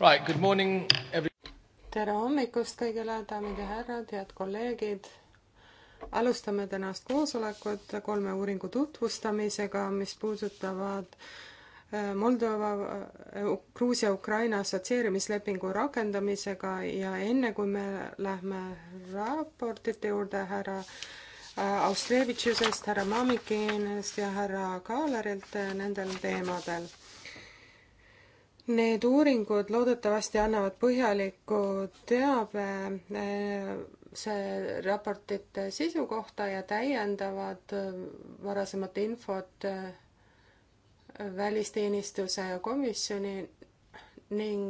Right, good morning every-. tere hommikust kõigile, daamid ja härrad, head kolleegid. alustame tänast koosolekut kolme uuringu tutvustamisega, mis puudutavad äh, Moldova, äh, Gruusia, Ukraina assotsieerimislepingu rakendamisega ja enne kui me lähme raportite juurde, härra äh, Austrevitšusest, härra Mamikinest ja härra Kaalerilt nendel teemadel Need uuringud loodetavasti annavad põhjaliku teabe eh, see raportite sisu kohta ja täiendavad eh, varasemat infot eh, välisteenistuse ja komisjoni ning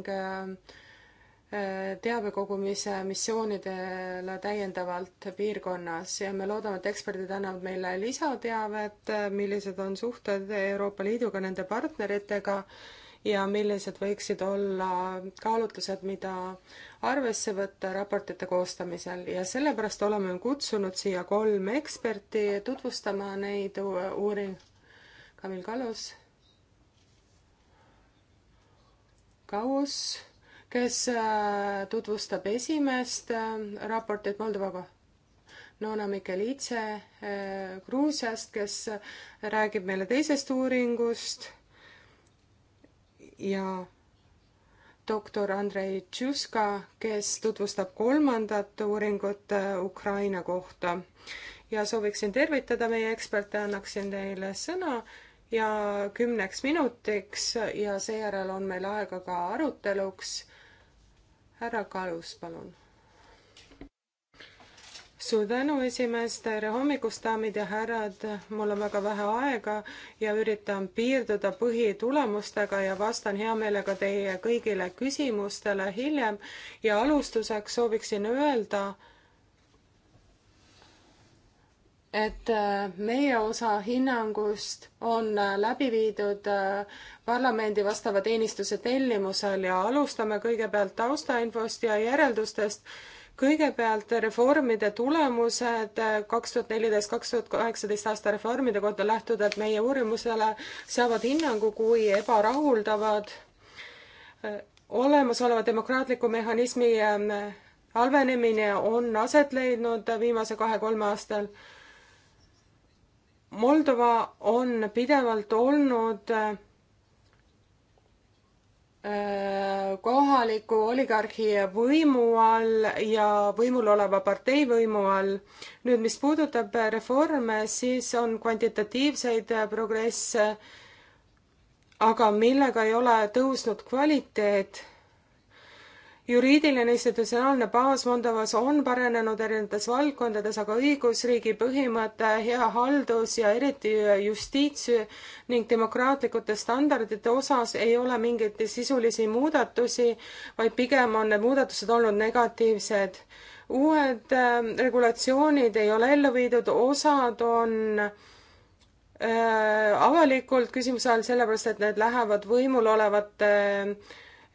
teabe kogumise missioonidele täiendavalt piirkonnas ja me loodame, et eksperdid annavad meile lisateavet, millised on suhted Euroopa Liiduga, nende partneritega ja millised võiksid olla kaalutlused, mida arvesse võtta raportite koostamisel ja sellepärast oleme kutsunud siia kolm eksperti tutvustama neid uuring-, Kamil Kalus, Kaus, kes äh, tutvustab esimest äh, raportit Moldovaga Nona Mikelitse äh, Gruusiast, kes räägib meile teisest uuringust ja doktor Andrei Tšuska, kes tutvustab kolmandat uuringut äh, Ukraina kohta. ja sooviksin tervitada meie eksperte, annaksin teile sõna ja kümneks minutiks ja seejärel on meil aega ka aruteluks. härra Kalus, palun suur tänu, esimees, tere hommikust, daamid ja härrad. mul on väga vähe aega ja üritan piirduda põhitulemustega ja vastan hea meelega teie kõigile küsimustele hiljem. ja alustuseks sooviksin öelda, et äh, meie osa hinnangust on äh, läbi viidud äh, parlamendi vastava teenistuse tellimusel ja alustame kõigepealt taustainfost ja järeldustest kõigepealt reformide tulemused kaks tuhat neliteist, kaks tuhat kaheksateist aasta reformide kohta lähtuvalt meie uurimusele saavad hinnangu kui ebarahuldavad äh, olemasoleva demokraatliku mehhanismi ähm, halvenemine on aset leidnud viimase kahe-kolme aastal. Moldova on pidevalt olnud äh, Äh, kohaliku oligarhi võimu all ja võimul oleva partei võimu all. nüüd, mis puudutab reforme, siis on kvantitatiivseid progresse, aga millega ei ole tõusnud kvaliteet juriidiline institutsionaalne baas Moldovas on paranenud erinevates valdkondades, aga õigusriigi põhimõte, hea haldus ja eriti justiits ning demokraatlikute standardite osas ei ole mingeid sisulisi muudatusi, vaid pigem on need muudatused olnud negatiivsed. uued ähm, regulatsioonid ei ole ellu viidud, osad on äh, avalikult küsimuse all, sellepärast et need lähevad võimul olevate äh,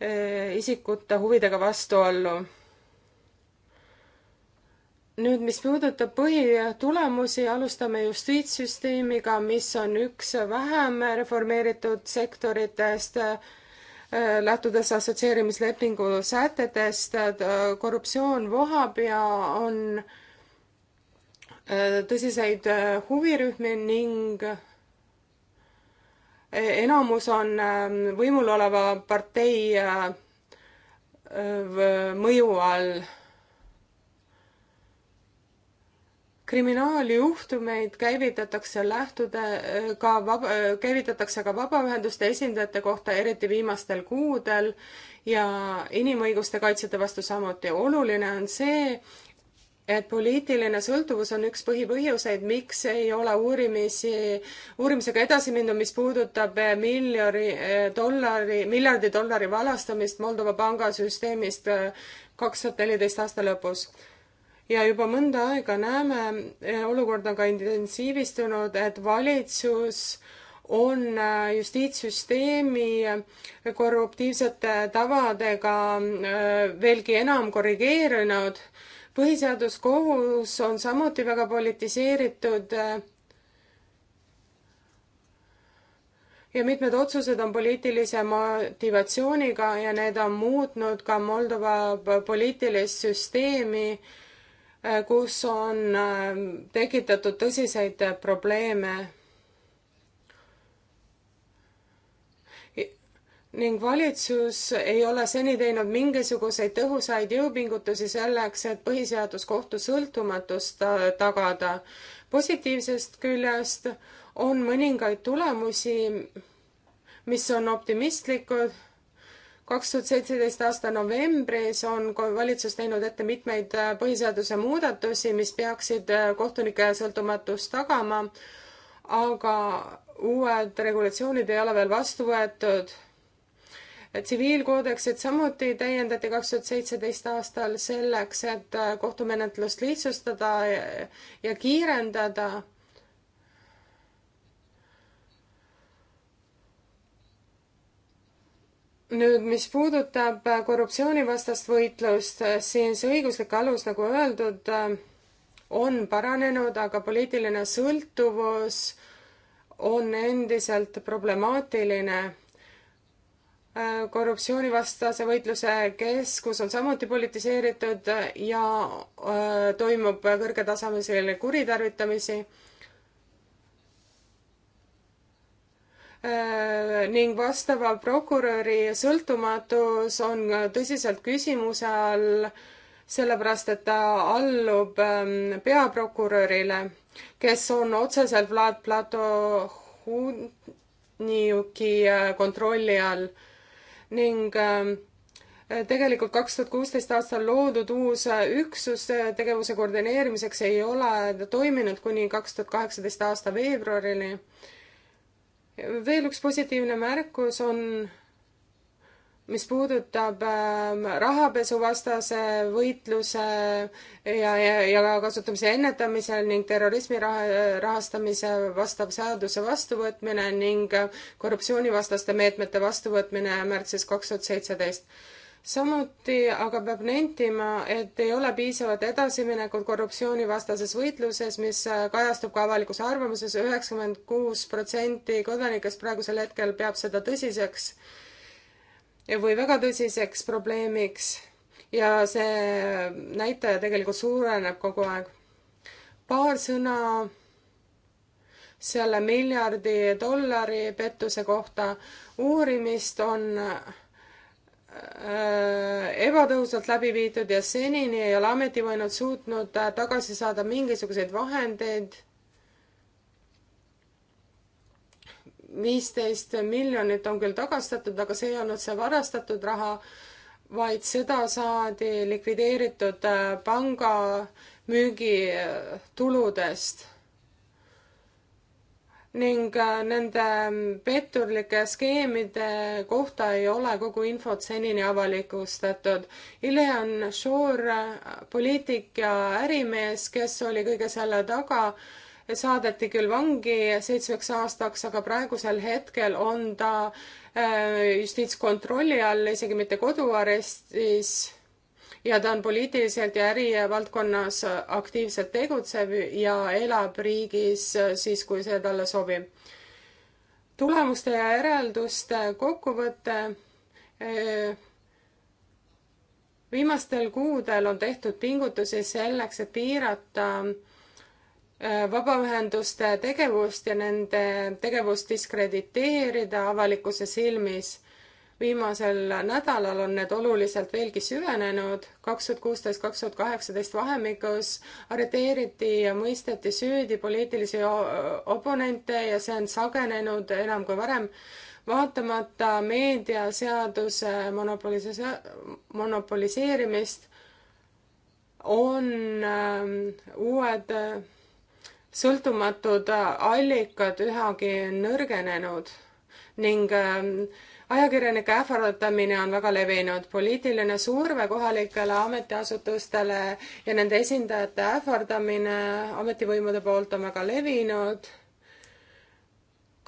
Eh, isikute huvidega vastuollu. nüüd, mis puudutab põhitulemusi, alustame justiitssüsteemiga, mis on üks vähem reformeeritud sektoritest, eh, lähtudes assotsieerimislepingu sätetest, eh, korruptsioon vohab ja on tõsiseid huvirühmi ning enamus on ähm, võimul oleva partei äh, mõju all. kriminaaljuhtumeid käivitatakse lähtude äh, ka vaba, äh, käivitatakse ka vabaühenduste esindajate kohta, eriti viimastel kuudel ja inimõiguste kaitsjate vastu samuti. oluline on see, et poliitiline sõltuvus on üks põhipõhjuseid, miks ei ole uurimisi, uurimisega edasi mindud, mis puudutab eh, miljoni eh, dollari, miljardi dollari valastamist Moldova pangasüsteemist eh, kaks tuhat neliteist aasta lõpus. ja juba mõnda aega näeme, olukord on ka intensiivistunud, et valitsus on justiitssüsteemi korruptiivsete tavadega veelgi enam korrigeerinud põhiseaduskohus on samuti väga politiseeritud ja mitmed otsused on poliitilise motivatsiooniga ja need on muutnud ka Moldova poliitilist süsteemi, kus on äh, tekitatud tõsiseid probleeme ning valitsus ei ole seni teinud mingisuguseid tõhusaid jõupingutusi selleks, et põhiseaduskohtu sõltumatust tagada. positiivsest küljest on mõningaid tulemusi, mis on optimistlikud. kaks tuhat seitseteist aasta novembris on valitsus teinud ette mitmeid äh, põhiseaduse muudatusi, mis peaksid äh, kohtunike sõltumatust tagama, aga uued regulatsioonid ei ole veel vastu võetud tsiviilkoodeksit samuti täiendati kaks tuhat seitseteist aastal selleks, et äh, kohtumenetlust lihtsustada ja kiirendada nüüd, mis puudutab äh, korruptsioonivastast võitlust, äh, siis õiguslik alus, nagu öeldud, on paranenud, aga poliitiline sõltuvus on endiselt problemaatiline korruptsioonivastase võitluse keskus on samuti politiseeritud ja toimub kõrgetasemelisele kuritarvitamisi. ning vastava prokuröri sõltumatus on tõsiselt küsimuse all, sellepärast et ta allub peaprokurörile, kes on otseselt Vlad Platohuniuki kontrolli all ning ähm, äh, tegelikult kaks tuhat kuusteist aastal loodud uus äh, üksus äh, tegevuse koordineerimiseks ei ole toiminud kuni kaks tuhat kaheksateist aasta veebruarini. veel üks positiivne märkus on mis puudutab ähm, rahapesuvastase võitluse ja, ja, ja kasutamise ennetamisel ning terrorismi raha, rahastamise vastav seaduse vastuvõtmine ning korruptsioonivastaste meetmete vastuvõtmine märtsis kaks tuhat seitseteist samuti aga peab nentima, et ei ole piisavat edasiminekut korruptsioonivastases võitluses, mis kajastub ka avalikus arvamuses. üheksakümmend kuus protsenti kodanikest praegusel hetkel peab seda tõsiseks või väga tõsiseks probleemiks ja see näitaja tegelikult suureneb kogu aeg. paar sõna selle miljardi dollari pettuse kohta. uurimist on äh, ebatõhusalt läbi viidud ja senini ei ole ametivõimud suutnud äh, tagasi saada mingisuguseid vahendeid viisteist miljonit on küll tagastatud, aga see ei olnud see varastatud raha, vaid seda saadi likvideeritud äh, panga müügituludest äh, ning äh, nende mm, petturlike skeemide kohta ei ole kogu infot senini avalikustatud. Ilean Shore, poliitik ja ärimees, kes oli kõige selle taga, saadeti küll vangi seitsmeks aastaks, aga praegusel hetkel on ta äh, justiitskontrolli all, isegi mitte koduarestis. ja ta on poliitiliselt ja ärivaldkonnas aktiivselt tegutsev ja elab riigis äh, siis, kui see talle sobib. tulemuste ja järelduste kokkuvõte äh, viimastel kuudel on tehtud pingutusi selleks, et piirata Äh, vabaühenduste tegevust ja nende tegevust diskrediteerida avalikkuse silmis. viimasel nädalal on need oluliselt veelgi süvenenud. kaks tuhat kuusteist, kaks tuhat kaheksateist vahemikus arreteeriti ja mõisteti süüdi poliitilisi oponente ja see on sagenenud enam kui varem vaatamata meediaseaduse monopolise-, monopoliseerimist on äh, uued äh, sõltumatud allikad ühagi nõrgenenud ning ähm, ajakirjanike ähvardamine on väga levinud. poliitiline surve kohalikele ametiasutustele ja nende esindajate ähvardamine ametivõimude poolt on väga levinud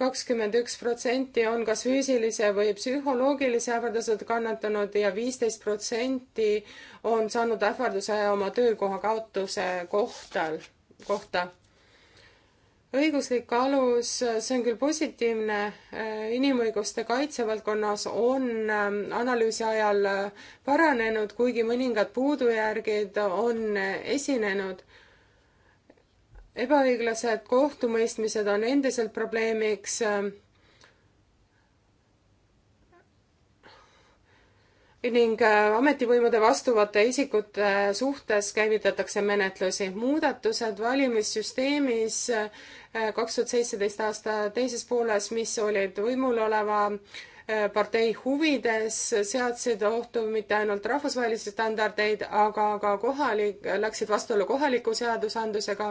kakskümmend üks protsenti on kas füüsilise või psühholoogilise ähvardused kannatanud ja viisteist protsenti on saanud ähvarduse oma töökoha kaotuse kohtal, kohta õiguslik alus, see on küll positiivne, äh, inimõiguste kaitsevaldkonnas on ähm, analüüsi ajal äh, paranenud, kuigi mõningad puudujärgid on äh, esinenud. ebaõiglased kohtumõistmised on endiselt probleemiks. Ähm, ning ametivõimude vastuvate isikute suhtes käivitatakse menetlusi. muudatused valimissüsteemis äh, kaks tuhat seitseteist aasta teises pooles, mis olid võimul oleva äh, partei huvides, seadsid ohtu mitte ainult rahvusvahelisi standardeid, aga ka kohalik, läksid vastuollu kohaliku seadusandlusega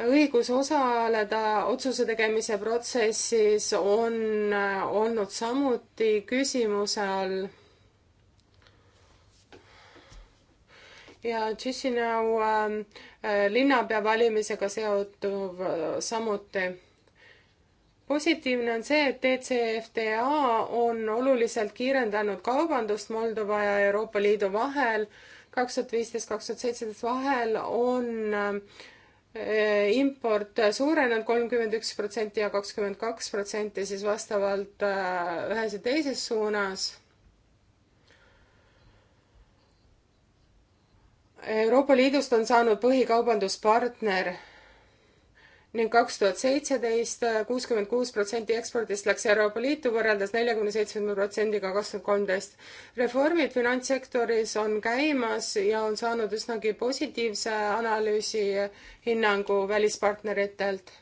õigus osaleda otsuse tegemise protsessis on äh, olnud samuti küsimuse all ja Chisinau ähm, äh, linnapea valimisega seotuv äh, samuti. positiivne on see, et DCFTA on oluliselt kiirendanud kaubandust Moldova ja Euroopa Liidu vahel. kaks tuhat viisteist, kaks tuhat seitseteist vahel on äh, import suurenenud kolmkümmend üks protsenti ja kakskümmend kaks protsenti siis vastavalt ühes ja teises suunas Euroopa Liidust on saanud põhikaubanduspartner ning kaks tuhat seitseteist kuuskümmend kuus protsenti ekspordist läks Euroopa Liitu võrreldes neljakümne seitsme protsendiga kaks tuhat kolmteist. reformid finantssektoris on käimas ja on saanud üsnagi positiivse analüüsi hinnangu välispartneritelt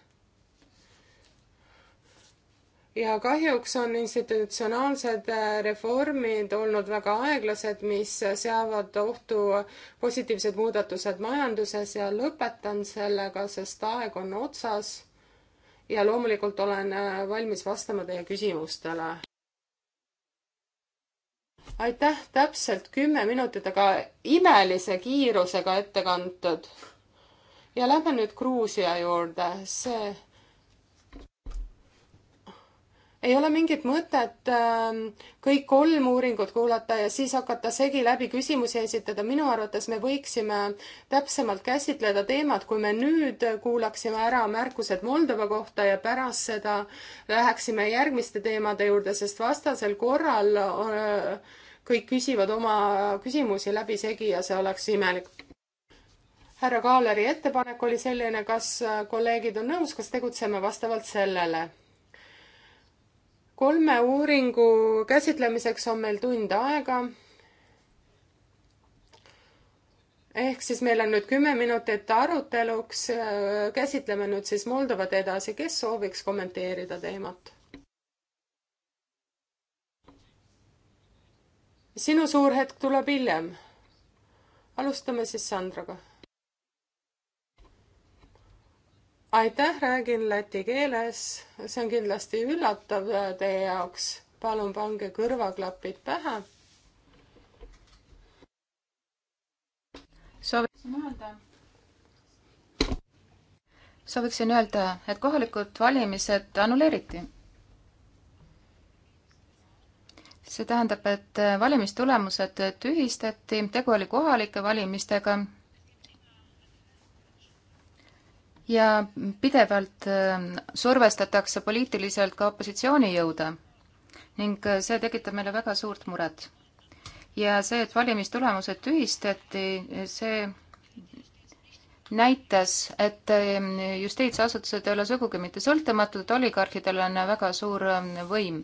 ja kahjuks on institutsionaalsed äh, reformid olnud väga aeglased, mis seavad ohtu positiivsed muudatused majanduses ja lõpetan sellega, sest aeg on otsas. ja loomulikult olen äh, valmis vastama teie küsimustele. aitäh, täpselt kümme minutit, aga imelise kiirusega ette kantud. ja lähme nüüd Gruusia juurde, see ei ole mingit mõtet ähm, kõik kolm uuringut kuulata ja siis hakata segi läbi küsimusi esitada. minu arvates me võiksime täpsemalt käsitleda teemat, kui me nüüd kuulaksime ära märkused Moldova kohta ja pärast seda läheksime järgmiste teemade juurde, sest vastasel korral äh, kõik küsivad oma küsimusi läbisegi ja see oleks imelik. härra Kaaleri ettepanek oli selline, kas äh, kolleegid on nõus, kas tegutseme vastavalt sellele? kolme uuringu käsitlemiseks on meil tund aega. ehk siis meil on nüüd kümme minutit aruteluks. käsitleme nüüd siis Moldovat edasi, kes sooviks kommenteerida teemat? sinu suur hetk tuleb hiljem. alustame siis Sandraga aitäh, räägin läti keeles. see on kindlasti üllatav äh, teie jaoks. palun pange kõrvaklapid pähe. sooviksin öelda, sooviksin öelda, et kohalikud valimised annuleeriti. see tähendab, et valimistulemused tühistati, tegu oli kohalike valimistega ja pidevalt äh, survestatakse poliitiliselt ka opositsioonijõude ning äh, see tekitab meile väga suurt muret. ja see, et valimistulemused tühistati, see näitas, et äh, justiitsasutused ei ole sugugi mitte sõltumatud, oligarhidel on väga suur võim.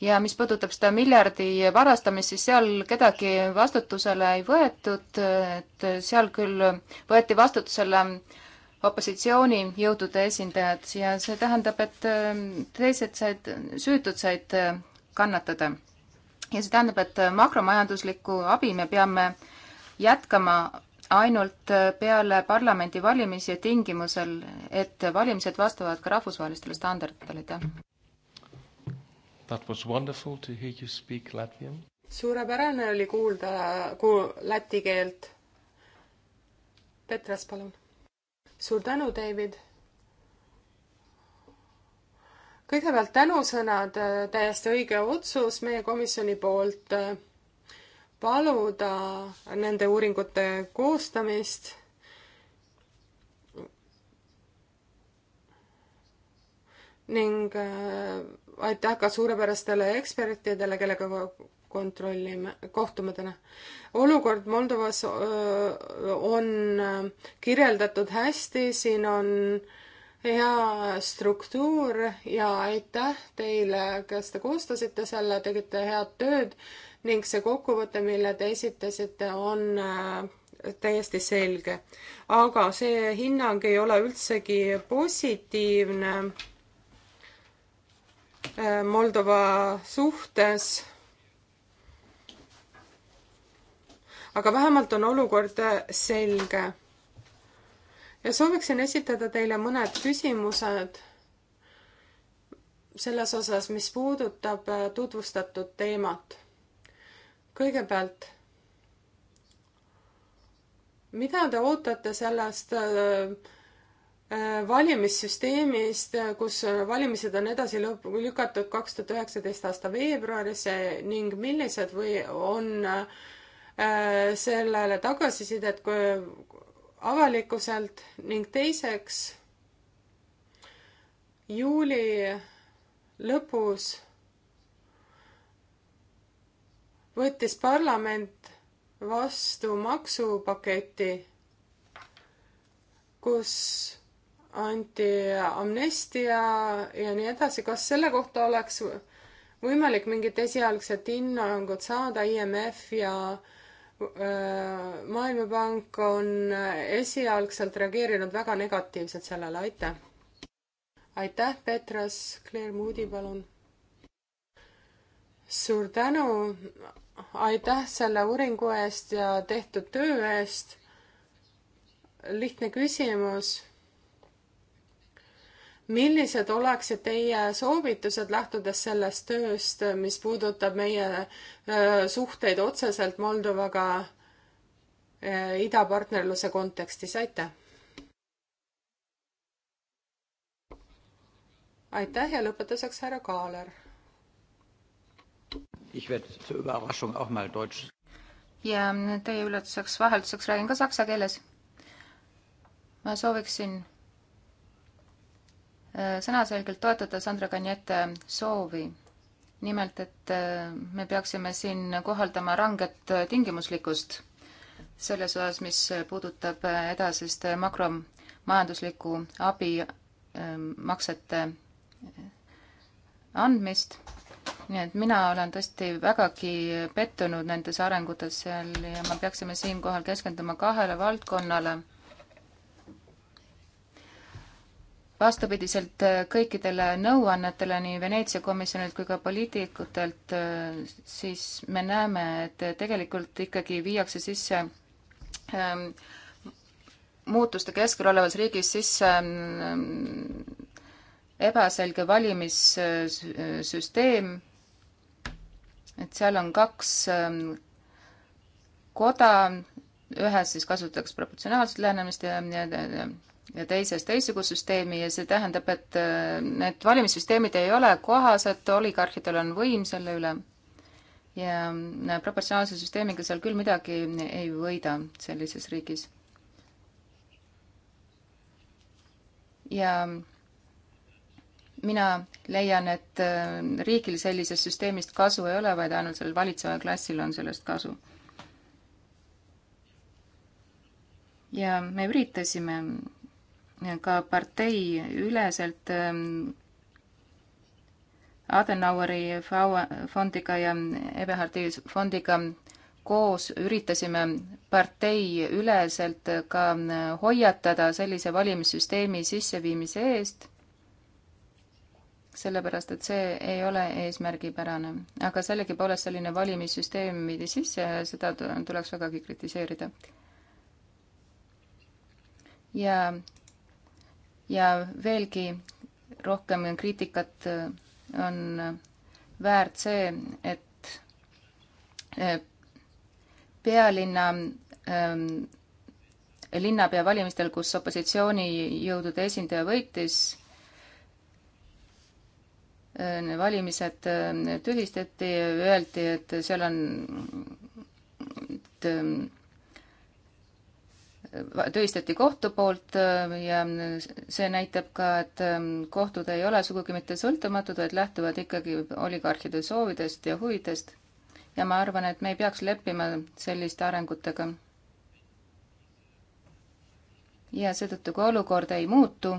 ja mis puudutab seda miljardi varastamist, siis seal kedagi vastutusele ei võetud, et seal küll võeti vastutusele äh, opositsioonijõudude esindajad ja see tähendab, et ähm, teised said, süütud said äh, kannatada. ja see tähendab, et äh, makromajanduslikku abi me peame jätkama ainult äh, peale parlamendivalimisi tingimusel, et valimised vastavad ka rahvusvahelistele standarditele, aitäh. That was wonderful to hear you speak latvian. suurepärane oli kuulda ku-, läti keelt. Petras, palun suur tänu, David. kõigepealt tänusõnad, äh, täiesti õige otsus meie komisjoni poolt äh, paluda nende uuringute koostamist. ning äh, aitäh ka suurepärastele ekspertidele, kellega kontrollime, kohtume täna. olukord Moldovas on kirjeldatud hästi, siin on hea struktuur ja aitäh teile, kes te koostasite selle, tegite head tööd ning see kokkuvõte, mille te esitasite, on täiesti selge. aga see hinnang ei ole üldsegi positiivne Moldova suhtes aga vähemalt on olukord selge. ja sooviksin esitada teile mõned küsimused selles osas, mis puudutab äh, tutvustatud teemat. kõigepealt, mida te ootate sellest äh, äh valimissüsteemist, kus valimised on edasi lükatud kaks tuhat üheksateist aasta veebruarisse ning millised või on äh, Äh, sellele tagasisidet avalikkuselt ning teiseks juuli lõpus võttis parlament vastu maksupaketi, kus anti amnestia ja nii edasi, kas selle kohta oleks võimalik mingit esialgset hinnangut saada IMF ja äh, Äh, Maailmapank on äh, esialgselt reageerinud väga negatiivselt sellele, aitäh. aitäh, Petras, Claire Moody, palun. suur tänu, aitäh selle uuringu eest ja tehtud töö eest. lihtne küsimus millised oleksid teie soovitused, lähtudes sellest tööst, mis puudutab meie äh, suhteid otseselt Moldovaga äh, idapartnerluse kontekstis, aitäh! aitäh ja lõpetuseks härra Kaaler. ja teie üllatuseks, vahelduseks räägin ka saksa keeles. ma sooviksin Äh, sõnaselgelt toetada Sandra Kanjete soovi. nimelt, et äh, me peaksime siin kohaldama ranget äh, tingimuslikkust selles osas, mis puudutab edasist makromajandusliku abi ähm, maksete andmist. nii et mina olen tõesti vägagi pettunud nendes arengutes seal ja me peaksime siinkohal keskenduma kahele valdkonnale vastupidiselt äh, kõikidele nõuannetele nii Veneetsia komisjonilt kui ka poliitikutelt, äh, siis me näeme, et tegelikult ikkagi viiakse sisse ähm, muutuste keskel olevas riigis sisse ähm, ebaselge valimissüsteem, et seal on kaks ähm, koda, ühes siis kasutatakse proportsionaalset lähenemist ja, ja, ja teises teistsugust süsteemi ja see tähendab, et need valimissüsteemid ei ole kohased, oligarhidel on võim selle üle ja äh, proportsionaalse süsteemiga seal küll midagi ei võida sellises riigis. ja mina leian, et äh, riigil sellisest süsteemist kasu ei ole, vaid ainult sellel valitseval klassil on sellest kasu ja me üritasime ka parteiüleselt ähm, Adenaueri fondiga ja Eberhardi fondiga koos üritasime parteiüleselt ka äh, hoiatada sellise valimissüsteemi sisseviimise eest, sellepärast et see ei ole eesmärgipärane. aga sellegipoolest selline valimissüsteem viidi sisse ja seda tuleks vägagi kritiseerida. ja ja veelgi rohkem kriitikat äh, on väärt see, et äh, pealinna ähm, linnapea valimistel, kus opositsioonijõudude esindaja võitis, äh, valimised tühistati, öeldi, et seal on, et ähm, tühistati kohtu poolt äh, ja see näitab ka, et ähm, kohtud ei ole sugugi mitte sõltumatud, vaid lähtuvad ikkagi oligarhide soovidest ja huvidest. ja ma arvan, et me ei peaks leppima selliste arengutega. ja seetõttu, kui olukord ei muutu,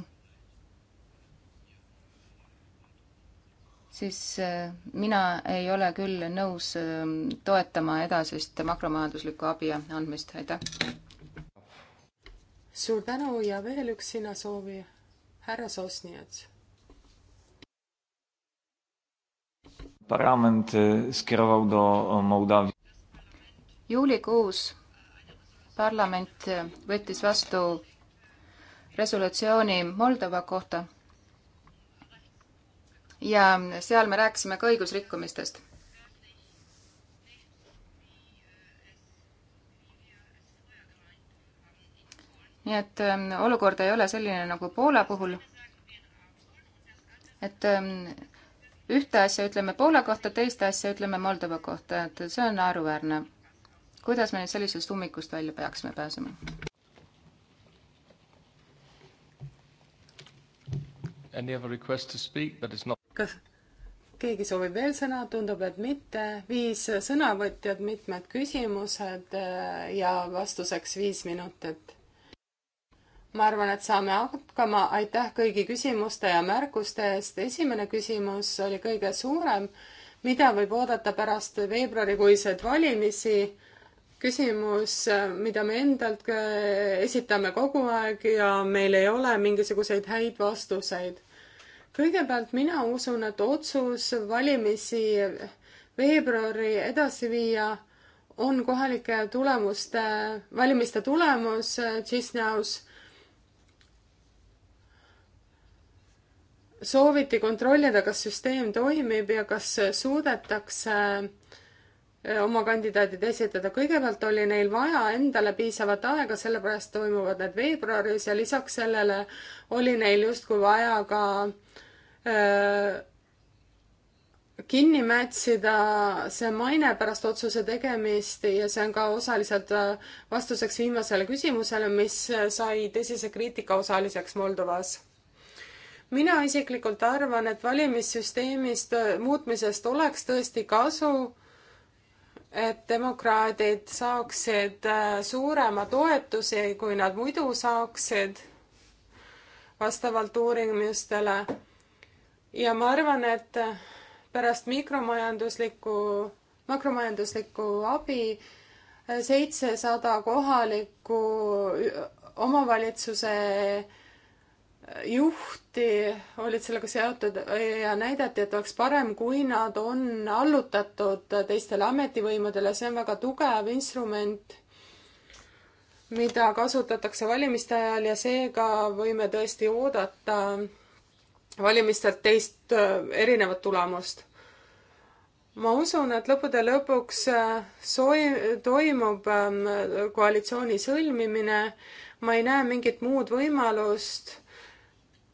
siis äh, mina ei ole küll nõus ähm, toetama edasist makromajanduslikku abi andmist, aitäh! suur tänu ja veel üks sõnasoovi, härra Sosniats. parlament e, skierował do e, Moldaavi. juulikuus parlament e, võttis vastu resolutsiooni Moldova kohta ja seal me rääkisime ka õigusrikkumistest nii et ähm, olukord ei ole selline nagu Poola puhul, et ähm, ühte asja ütleme Poola kohta, teist asja ütleme Moldova kohta, et see on naeruväärne. kuidas me nüüd sellisest ummikust välja peaksime pääsema? kas keegi soovib veel sõna, tundub, et mitte. viis sõnavõtjat, mitmed küsimused äh, ja vastuseks viis minutit ma arvan, et saame hakkama, aitäh kõigi küsimuste ja märkuste eest. esimene küsimus oli kõige suurem. mida võib oodata pärast veebruarikuiseid valimisi? küsimus, mida me endalt esitame kogu aeg ja meil ei ole mingisuguseid häid vastuseid. kõigepealt mina usun, et otsus valimisi veebruari edasi viia on kohalike tulemuste, valimiste tulemus Tšisnjaus sooviti kontrollida, kas süsteem toimib ja kas suudetakse eh, oma kandidaadid esitada. kõigepealt oli neil vaja endale piisavat aega, sellepärast toimuvad need veebruaris ja lisaks sellele oli neil justkui vaja ka öö, eh, kinni mätsida see maine pärast otsuse tegemist ja see on ka osaliselt eh, vastuseks viimasele küsimusele, mis sai tõsise kriitika osaliseks Moldovas mina isiklikult arvan, et valimissüsteemist äh, muutmisest oleks tõesti kasu, et demokraadid saaksid äh, suurema toetuse, kui nad muidu saaksid vastavalt uurimustele. ja ma arvan, et äh, pärast mikromajanduslikku, makromajanduslikku abi seitsesada kohalikku omavalitsuse juhti olid sellega seotud ja näidati, et oleks parem, kui nad on allutatud teistele ametivõimudele, see on väga tugev instrument, mida kasutatakse valimiste ajal ja seega võime tõesti oodata valimistelt teist äh, erinevat tulemust. ma usun, et lõppude lõpuks äh, soi-, toimub ähm, koalitsiooni sõlmimine, ma ei näe mingit muud võimalust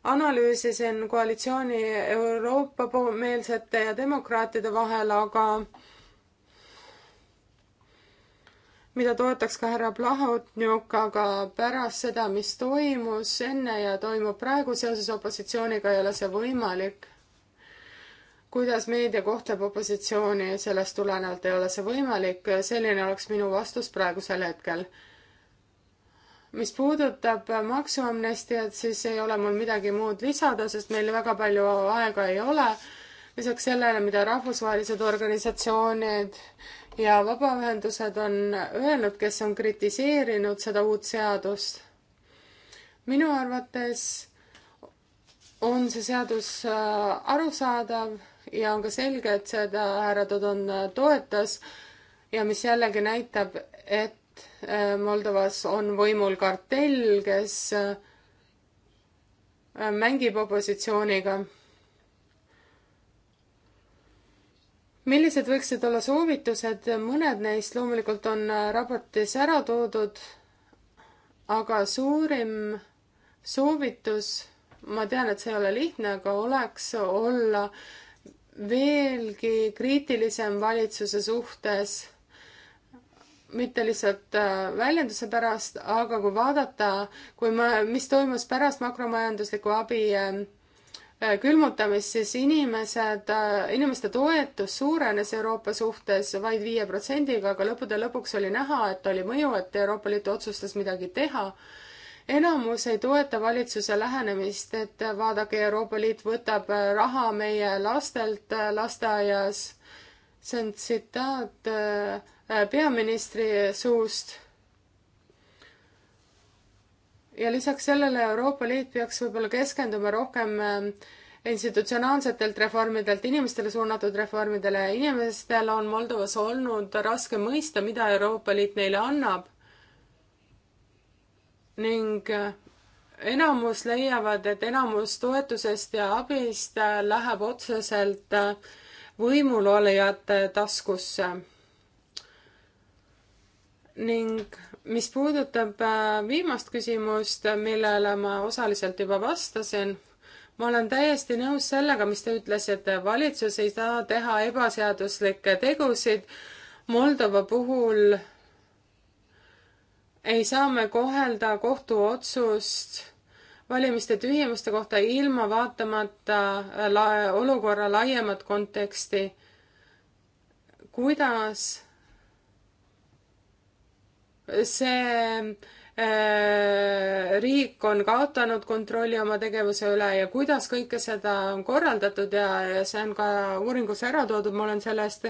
analüüsisin koalitsiooni Euroopa-meelsete ja demokraatide vahel, aga mida toetaks ka härra Plahotniuk, aga pärast seda, mis toimus enne ja toimub praegu seoses opositsiooniga, ei ole see võimalik. kuidas meedia kohtleb opositsiooni, sellest tulenevalt ei ole see võimalik, selline oleks minu vastus praegusel hetkel mis puudutab äh, maksuamnestiat, siis ei ole mul midagi muud lisada, sest meil väga palju aega ei ole. lisaks sellele, mida rahvusvahelised organisatsioonid ja vabaühendused on öelnud, kes on kritiseerinud seda uut seadust. minu arvates on see seadus äh, arusaadav ja on ka selge, et seda härra Dodon äh, toetas ja mis jällegi näitab, et Äh, Moldovas on võimul kartell, kes äh, mängib opositsiooniga. millised võiksid olla soovitused, mõned neist loomulikult on äh, raportis ära toodud, aga suurim soovitus, ma tean, et see ei ole lihtne, aga oleks olla veelgi kriitilisem valitsuse suhtes mitte lihtsalt äh, väljenduse pärast, aga kui vaadata, kui ma, mis toimus pärast makromajandusliku abi ähm, äh, külmutamist, siis inimesed, äh, inimeste toetus suurenes Euroopa suhtes vaid viie protsendiga, aga lõppude lõpuks oli näha, et oli mõju, et Euroopa Liit otsustas midagi teha. enamus ei toeta valitsuse lähenemist, et vaadake, Euroopa Liit võtab raha meie lastelt lasteaias. see on tsitaat Äh, peaministri suust. ja lisaks sellele Euroopa Liit peaks võib-olla keskenduma rohkem äh, institutsionaalsetelt reformidelt inimestele suunatud reformidele. inimestel on Moldovas olnud raske mõista, mida Euroopa Liit neile annab. ning äh, enamus leiavad, et enamus toetusest ja abist läheb otseselt võimulolijate taskusse ning mis puudutab äh, viimast küsimust, millele ma osaliselt juba vastasin, ma olen täiesti nõus sellega, mis te ütlesite, valitsus ei saa teha ebaseaduslikke tegusid. Moldova puhul ei saa me kohelda kohtuotsust valimiste tühimuste kohta ilma vaatamata äh, la olukorra laiemat konteksti. kuidas see äh, riik on kaotanud kontrolli oma tegevuse üle ja kuidas kõike seda on korraldatud ja, ja see on ka uuringus ära toodud, ma olen sellest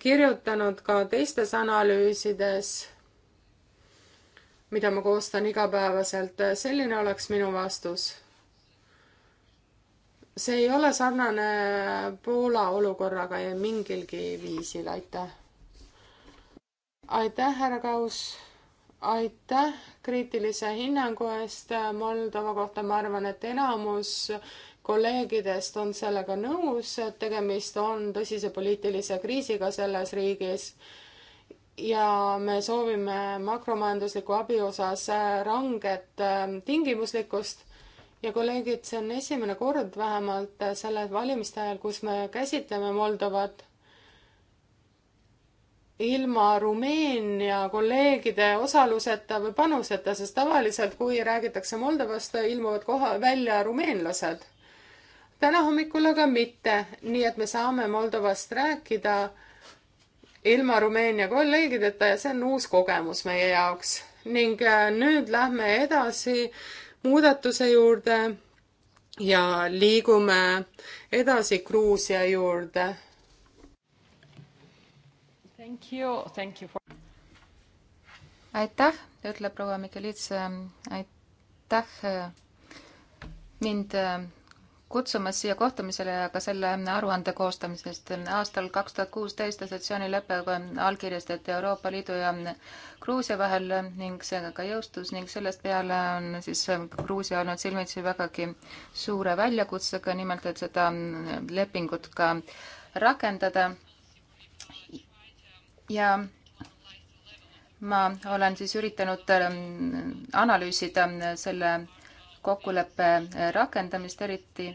kirjutanud ka teistes analüüsides, mida ma koostan igapäevaselt, selline oleks minu vastus. see ei ole sarnane Poola olukorraga mingilgi viisil, aitäh aitäh, härra Kaus. aitäh kriitilise hinnangu eest Moldova kohta, ma arvan, et enamus kolleegidest on sellega nõus, et tegemist on tõsise poliitilise kriisiga selles riigis. ja me soovime makromajandusliku abi osas ranget ähm, tingimuslikkust ja kolleegid, see on esimene kord vähemalt äh, selle valimiste ajal, kus me käsitleme Moldovat ilma Rumeenia kolleegide osaluseta või panuseta, sest tavaliselt, kui räägitakse Moldovast, ilmuvad koha, välja rumeenlased. täna hommikul aga mitte, nii et me saame Moldovast rääkida ilma Rumeenia kolleegideta ja see on uus kogemus meie jaoks. ning äh, nüüd lähme edasi muudatuse juurde ja liigume edasi Gruusia juurde For... aitäh, ütleb proua Mikelits, aitäh äh, mind äh, kutsumas siia kohtumisele ja ka selle aruande koostamisest. aastal kaks tuhat kuusteist assotsiatsioonilepe allkirjastati Euroopa Liidu ja Gruusia vahel äh, ning see ka jõustus ning sellest peale on siis Gruusia olnud silmitsi vägagi suure väljakutsega, nimelt et seda lepingut ka rakendada ja ma olen siis üritanud ähm, analüüsida ähm, selle kokkuleppe äh, rakendamist, eriti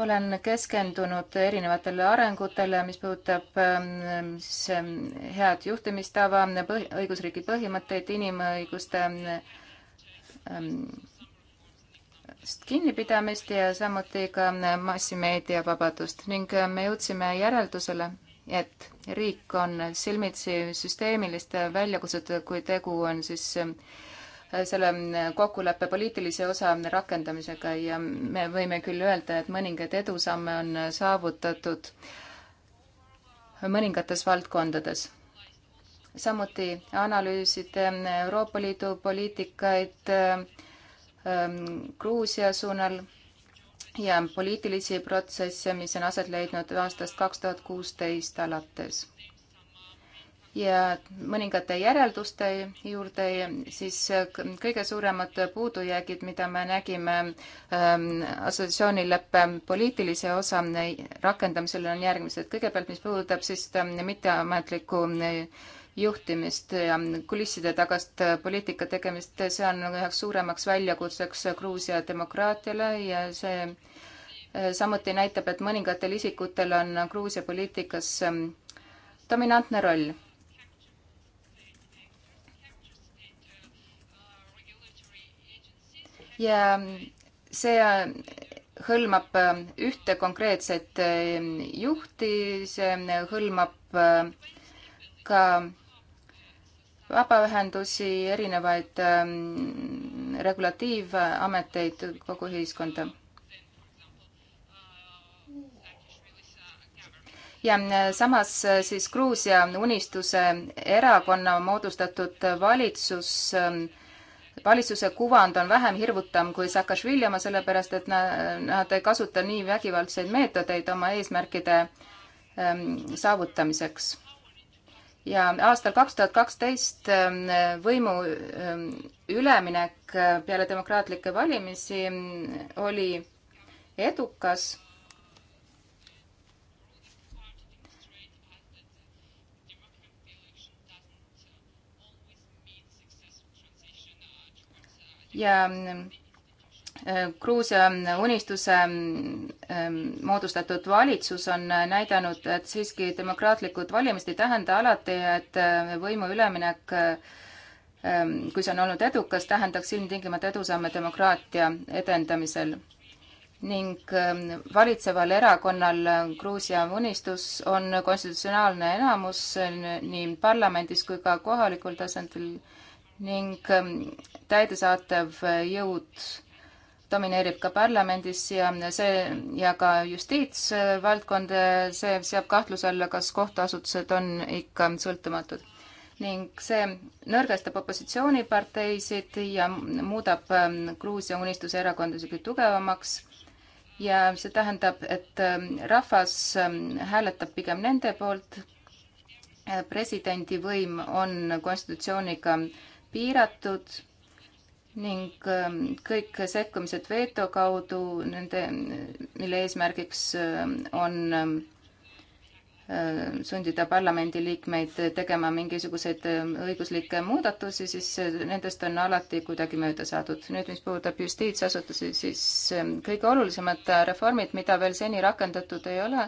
olen keskendunud erinevatele arengutele, mis puudutab ähm, siis head juhtimistava, õigusriigi põhimõtteid, inimõiguste kinnipidamist ja samuti ka äh, massimeediavabadust ning äh, me jõudsime järeldusele, et riik on silmitsi süsteemiliste väljakutsetega, kui tegu on siis äh, selle äh, kokkuleppe poliitilise osa rakendamisega ja me võime küll öelda, et mõningaid edusamme on äh, saavutatud mõningates valdkondades. samuti analüüsida Euroopa Liidu poliitikaid Gruusia suunal ja poliitilisi protsesse, mis on aset leidnud aastast kaks tuhat kuusteist alates. ja mõningate järelduste juurde siis kõige suuremad puudujäägid, mida me nägime ähm, assotsiatsioonileppe poliitilise osa rakendamisel on järgmised. kõigepealt, mis puudutab siis ähm, mitteametlikku äh, juhtimist ja kulisside tagast poliitika tegemist, see on üheks suuremaks väljakutseks Gruusia demokraatiale ja see eh, samuti näitab, et mõningatel isikutel on Gruusia poliitikas eh, dominantne roll ja see eh, hõlmab ühte konkreetset juhti, see hõlmab ka vabaühendusi, erinevaid ähm, regulatiivameteid, kogu ühiskonda. ja äh, samas äh, siis Gruusia Unistuse erakonna moodustatud valitsus ähm, valitsuse kuvand on vähem hirmutav kui Saakašvili oma, sellepärast et nad ei kasuta nii vägivaldseid meetodeid oma eesmärkide ähm, saavutamiseks ja aastal kaks tuhat kaksteist ähm, võimu ähm, üleminek äh, peale demokraatlikke valimisi ähm, oli edukas. ja Gruusia Unistuse mm, mm, moodustatud valitsus on näidanud, et siiski demokraatlikud valimised ei tähenda alati, et äh, võimu üleminek, ähm, kui see on olnud edukas, tähendaks ilmtingimata edusamme demokraatia edendamisel. ning ähm, valitseval erakonnal Gruusia Unistus on konstitutsionaalne enamus nii parlamendis kui ka kohalikul tasandil ning ähm, täidesaatev jõud domineerib ka parlamendis ja see ja ka justiitsvaldkond, see seab kahtluse alla, kas kohtuasutused on ikka sõltumatud. ning see nõrgestab opositsiooniparteisid ja muudab ähm, Gruusia Unistuse erakonda isegi tugevamaks ja see tähendab, et ähm, rahvas ähm, hääletab pigem nende poolt, äh, presidendi võim on konstitutsiooniga piiratud ning ähm, kõik sekkumised veto kaudu, nende, mille eesmärgiks ähm, on ähm, äh, sundida parlamendiliikmeid tegema mingisuguseid õiguslikke muudatusi, siis äh, nendest on alati kuidagi mööda saadud. nüüd, mis puudutab justiitsasutusi, siis kõige olulisemad reformid, mida veel seni rakendatud ei ole,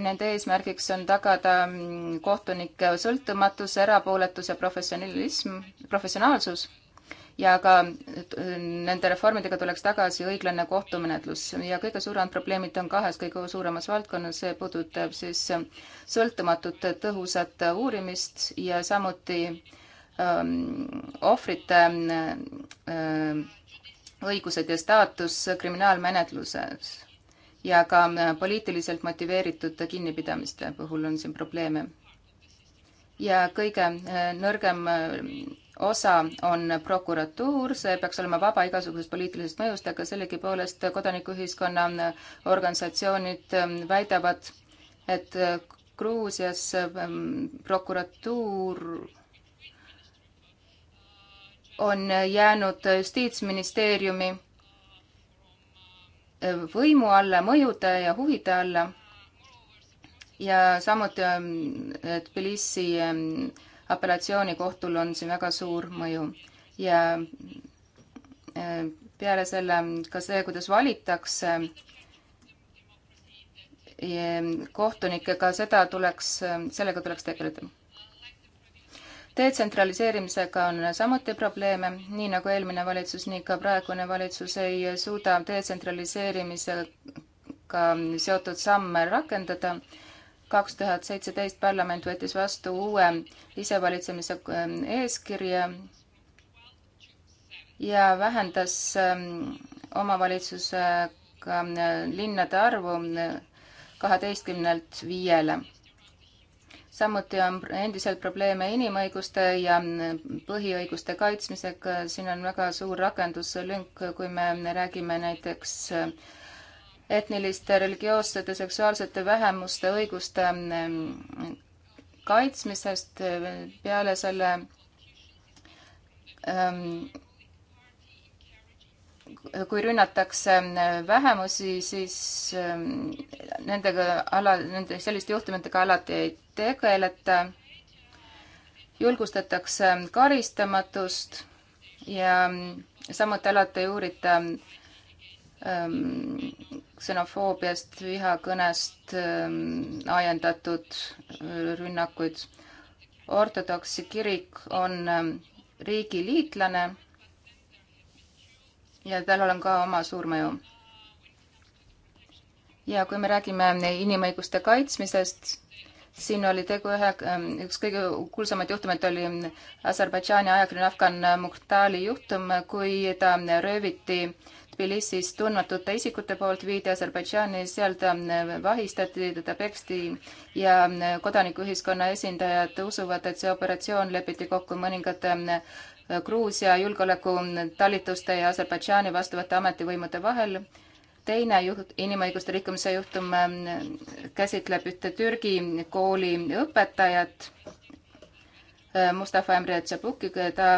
nende eesmärgiks on tagada mm, kohtunike sõltumatus, erapooletus ja professionalism, professionaalsus ja ka äh, nende reformidega tuleks tagasi õiglane kohtumenetlus ja kõige suuremad probleemid on kahes kõige suuremas valdkonnas, see puudutab siis äh, sõltumatut äh, tõhusat uurimist ja samuti ähm, ohvrite ähm, õigused ja staatus kriminaalmenetluses ja ka poliitiliselt motiveeritud kinnipidamiste puhul on siin probleeme ja kõige nõrgem osa on prokuratuur, see peaks olema vaba igasugusest poliitilisest mõjust, aga sellegipoolest kodanikuühiskonna organisatsioonid ähm, väidavad, et äh, Gruusias ähm, prokuratuur on jäänud justiitsministeeriumi äh, võimu alla, mõjude ja huvide alla ja samuti ähm, Tbilisi apellatsioonikohtul on siin väga suur mõju ja e, peale selle ka see, kuidas valitakse e, kohtunikke, ka seda tuleks, sellega tuleks tegeleda. detsentraliseerimisega on samuti probleeme, nii nagu eelmine valitsus, nii ka praegune valitsus ei suuda detsentraliseerimisega seotud samme rakendada kaks tuhat seitseteist parlament võttis vastu uue isevalitsemise ähm, eeskirja ja vähendas ähm, omavalitsusega äh, linnade arvu äh, kaheteistkümnelt viiele. samuti on endiselt probleeme inimõiguste ja äh, põhiõiguste kaitsmisega, siin on väga suur rakenduslünk, kui me räägime näiteks äh, etniliste, religioossete, seksuaalsete vähemuste õiguste mm, kaitsmisest eh, peale selle ehm, kui rünnatakse mm, vähemusi, siis ehm, nendega ala, nende selliste juhtumitega alati ei tegeleta. julgustatakse mm, karistamatust ja samuti alati ei uurita ehm, ksenofoobiast, vihakõnest ähm, ajendatud äh, rünnakuid. ortodoksi kirik on ähm, riigi liitlane ja tal on ka oma suur mõju. ja kui me räägime inimõiguste kaitsmisest, siin oli tegu ühe, ähm, üks kõige kuulsamaid juhtumeid oli Aserbaidžaani ajakirjane Afgan Muhtali juhtum, kui ta rööviti Tbilisis tundmatute isikute poolt viidi Aserbaidžaani, seal ta ähm, vahistati, teda peksti ja ähm, kodanikuühiskonna esindajad usuvad, et see operatsioon lepiti kokku mõningate ähm, Gruusia julgeolekutalituste ja Aserbaidžaani vastavate ametivõimude vahel. teine juht, inimõiguste rikkumise juhtum käsitleb ühte Türgi kooli õpetajat, äh, Mustafa Emre Tšabuki, ta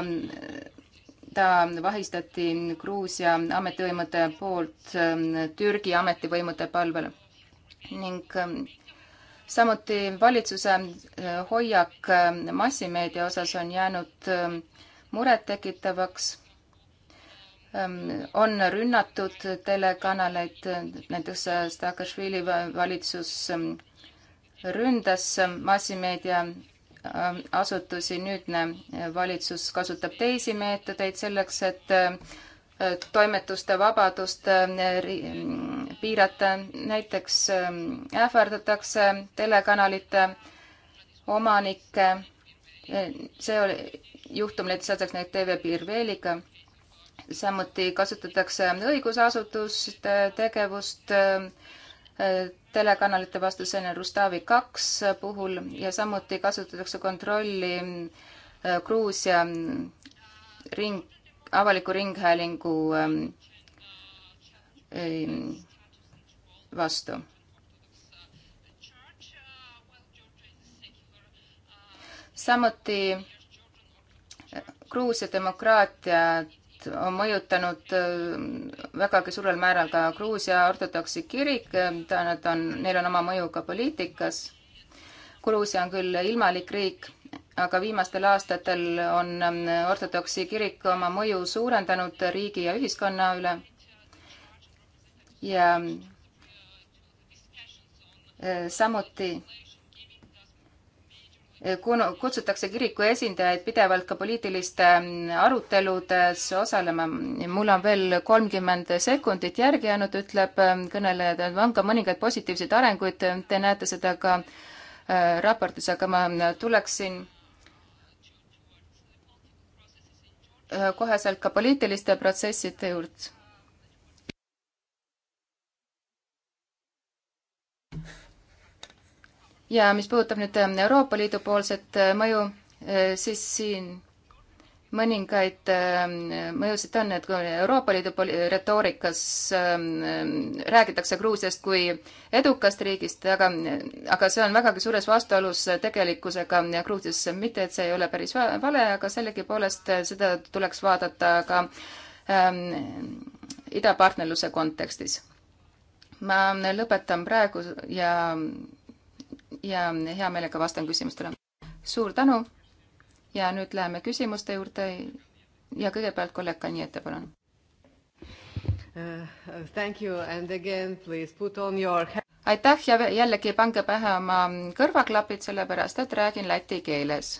ta vahistati Gruusia ametivõimude poolt ähm, Türgi ametivõimude palvel ning ähm, samuti valitsuse äh, hoiak ähm, massimeedia osas on jäänud murettekitavaks. on rünnatud telekanaleid, näiteks äh, Saakašvili valitsus ründas äh, massimeedia asutusi, nüüdne valitsus kasutab teisi meetodeid selleks, et toimetuste vabadust piirata, näiteks ähm, ähvardatakse telekanalite omanikke, see oli, juhtum näiteks näiteks TV Pirveliga, samuti kasutatakse õigusasutuste tegevust äh, telekanalite vastusena Rustavi kaks puhul ja samuti kasutatakse kontrolli äh, Gruusia ring, avaliku ringhäälingu ähm, vastu samuti äh, Gruusia demokraatia on mõjutanud äh, vägagi suurel määral ka Gruusia ortodoksi kirik, äh, nad on, neil on oma mõju ka poliitikas. Gruusia on küll ilmalik riik, aga viimastel aastatel on ähm, ortodoksi kirik oma mõju suurendanud riigi ja ühiskonna üle ja äh, samuti kuna kutsutakse kiriku esindajaid pidevalt ka poliitiliste ähm, aruteludes osalema. mul on veel kolmkümmend sekundit järgi jäänud, ütleb ähm, kõneleja, et on ka mõningaid positiivseid arenguid, te näete seda ka äh, raportis, aga ma tuleksin äh, koheselt ka poliitiliste protsesside juurde ja mis puudutab nüüd ähm, Euroopa Liidu poolset äh, mõju, äh, siis siin mõningaid ähm, mõjusid on, et kui Euroopa Liidu retoorikas ähm, räägitakse Gruusiast kui edukast riigist, aga, aga see on vägagi suures vastuolus tegelikkusega Gruusias, mitte et see ei ole päris vale, aga sellegipoolest äh, seda tuleks vaadata ka ähm, idapartnerluse kontekstis. ma lõpetan praegu ja ja hea meelega vastan küsimustele. suur tänu ja nüüd läheme küsimuste juurde ja kõigepealt kolleeg Kaniete, palun. Uh, thank you and again please put on your aitäh ja jällegi pange pähe oma kõrvaklapid, sellepärast et räägin läti keeles.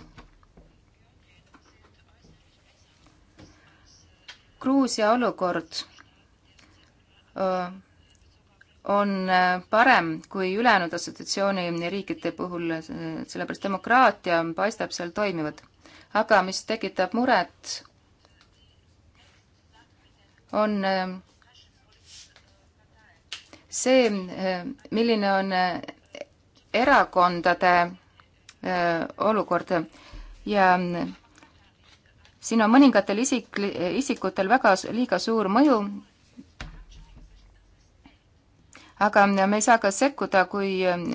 Gruusia olukord uh, on äh, parem kui ülejäänud assotsiatsiooni riikide puhul, sellepärast demokraatia paistab seal toimivat. aga mis tekitab muret, on äh, see, äh, milline on erakondade olukord ja siin on mõningatel isik, isikutel väga liiga suur mõju aga me ei saa ka sekkuda, kui ähm,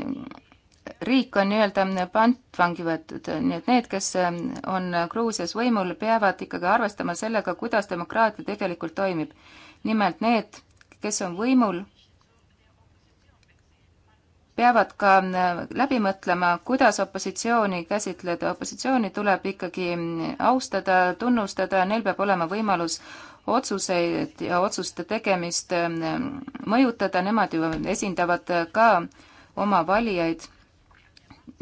riik on nii-öelda pantvangi võetud, nii et need, kes ähm, on Gruusias võimul, peavad ikkagi arvestama sellega, kuidas demokraatia tegelikult toimib. nimelt need, kes on võimul, peavad ka äh, läbi mõtlema, kuidas opositsiooni käsitleda. opositsiooni tuleb ikkagi ähm, austada, tunnustada, neil peab olema võimalus otsuseid ja otsuste tegemist ähm, mõjutada, nemad ju esindavad ka oma valijaid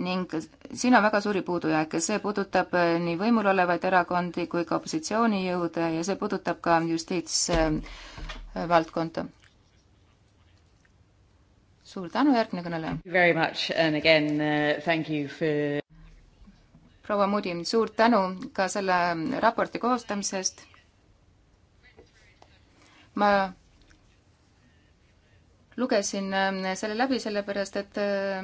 ning siin on väga suuri puudujääke, see puudutab äh, nii võimul olevaid erakondi kui ka opositsioonijõude ja see puudutab ka justiitsvaldkonda. suur tänu, järgmine kõneleja. Uh, proua Mudim, suur tänu ka selle ähm, raporti koostamise eest ma lugesin äh, selle läbi sellepärast, et äh,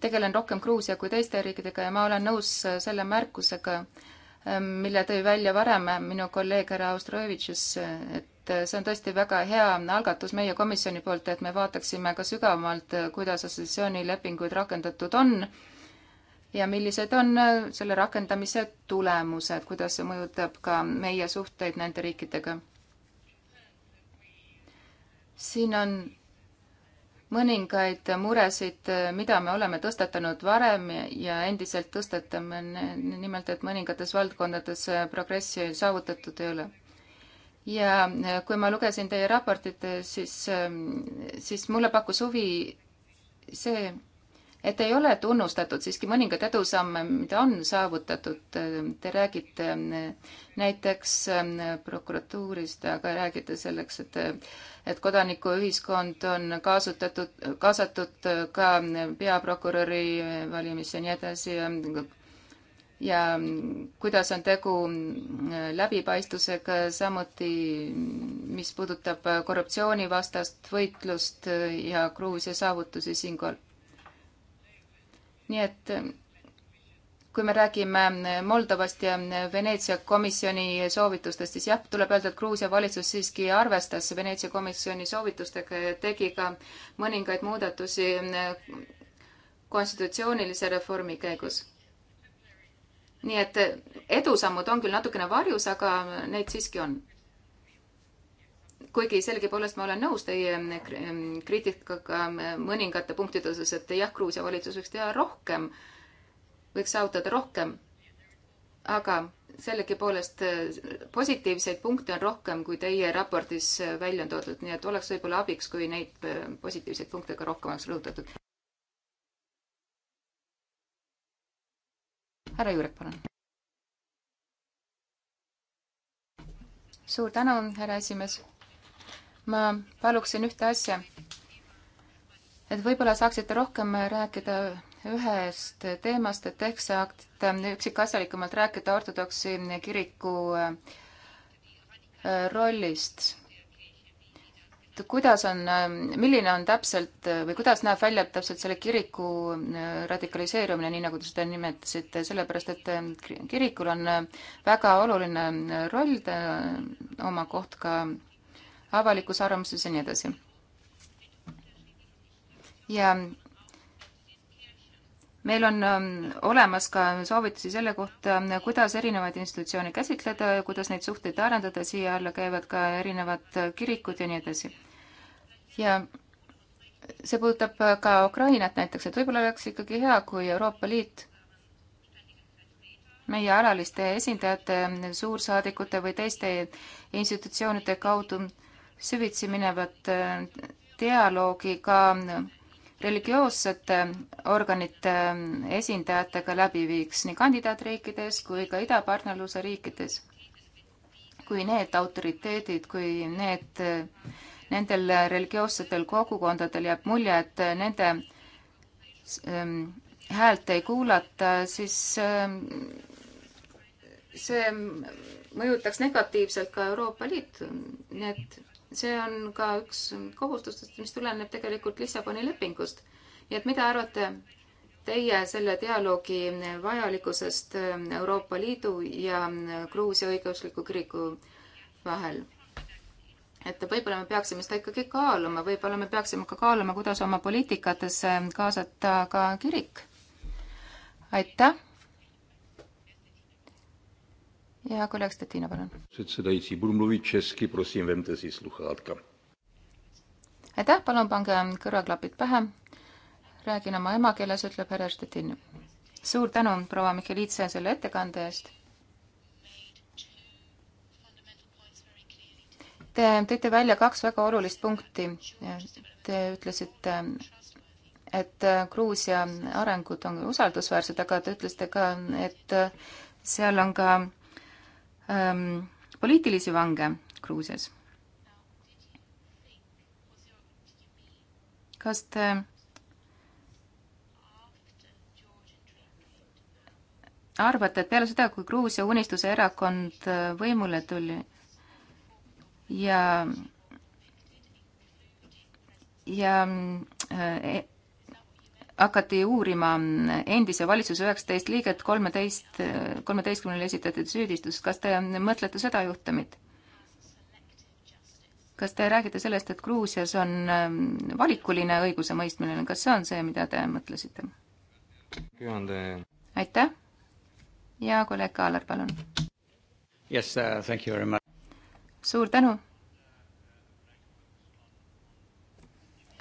tegelen rohkem Gruusia kui teiste riikidega ja ma olen nõus äh, selle märkusega, mille tõi välja varem minu kolleeg härra Ostrovitšus, et see on tõesti väga hea algatus meie komisjoni poolt, et me vaataksime ka sügavamalt, kuidas assotsiatsioonilepinguid rakendatud on ja millised on selle rakendamise tulemused, kuidas see mõjutab ka meie suhteid nende riikidega siin on mõningaid muresid, mida me oleme tõstatanud varem ja endiselt tõstatame, nimelt et mõningates valdkondades progressi saavutatud ei ole. ja kui ma lugesin teie raportit, siis, siis mulle pakkus huvi see, et ei ole tunnustatud siiski mõningaid edusamme, mida on saavutatud. Te räägite ähm, näiteks ähm, prokuratuurist, aga räägite selleks, et, et kodanikuühiskond on kaasutatud, kaasatud ka peaprokuröri valimisse ja nii edasi. ja kuidas on tegu äh, läbipaistvusega, samuti äh, mis puudutab korruptsioonivastast võitlust äh, ja Gruusia saavutusi siinkohal nii et eh, kui me räägime eh, Moldovast ja eh, Veneetsia komisjoni soovitustest, siis jah, tuleb öelda, et Gruusia valitsus siiski arvestas Veneetsia komisjoni soovitustega ja tegi ka mõningaid muudatusi konstitutsioonilise reformi käigus. nii et edusammud on küll natukene varjus, aga neid siiski on kuigi sellegipoolest ma olen nõus teie kriitikaga mõningate punktide osas, et jah, Gruusia valitsus võiks teha rohkem, võiks saavutada rohkem. aga sellegipoolest eh, positiivseid punkte on rohkem, kui teie raportis eh, välja on toodud, nii et oleks võib-olla abiks, kui neid eh, positiivseid punkte ka rohkem oleks rõhutatud. härra Juurek, palun. suur tänu, härra esimees ma paluksin ühte asja. et võib-olla saaksite rohkem rääkida ühest teemast, et ehk saate üksikasjalikumalt rääkida ortodoksi kiriku äh, rollist. et kuidas on, äh, milline on täpselt äh, või kuidas näeb välja täpselt selle kiriku radikaliseerumine, nii nagu te seda nimetasite, sellepärast et kirikul on väga oluline roll, oma koht ka avalikus arvamuses ja nii edasi. ja meil on ähm, olemas ka soovitusi selle kohta, ähm, kuidas erinevaid institutsioone käsitleda ja kuidas neid suhteid arendada, siia alla käivad ka erinevad äh, kirikud ja nii edasi. ja see puudutab äh, ka Ukrainat näiteks, et võib-olla oleks ikkagi hea, kui Euroopa Liit meie alaliste esindajate, suursaadikute või teiste institutsioonide kaudu süvitsi minevat äh, dialoogi ka religioossete organite äh, esindajatega läbi viiks nii kandidaatriikides kui ka idapartnerluse riikides. kui need autoriteedid, kui need, äh, nendel religioossetel kogukondadel jääb mulje, et nende ähm, häält ei kuulata, siis ähm, see mõjutaks negatiivselt ka Euroopa Liitu, nii et see on ka üks kohustustest, mis tuleneb tegelikult Lissaboni lepingust. nii et mida arvate teie selle dialoogi vajalikkusest ähm, Euroopa Liidu ja äh, Gruusia õigeuskliku kiriku vahel? et võib-olla me peaksime seda ikkagi kaaluma, võib-olla me peaksime ka kaaluma, kuidas oma poliitikatesse äh, kaasata ka kirik. aitäh ja kolleeg Stettina, palun. aitäh, palun pange kõrvaklapid pähe. räägin oma emakeeles, ütleb härra Stettin. suur tänu, proua Mihhailitsa, selle ettekande eest. Te tõite välja kaks väga olulist punkti. Te ütlesite, et Gruusia arengud on usaldusväärsed, aga te ütlesite ka, et seal on ka ähm, poliitilisi vange Gruusias. kas te arvate, et peale seda, kui Gruusia Unistuse erakond äh, võimule tuli ja ja äh, hakati uurima endise valitsuse üheksateist liiget, kolmeteist, kolmeteistkümnele esitati süüdistus. kas te mõtlete seda juhtumit? kas te räägite sellest, et Gruusias on ähm, valikuline õigusemõistmine, kas see on see, mida te mõtlesite? aitäh ja kolleeg Kaaler, palun. Yes uh,, thank you very much. suur tänu.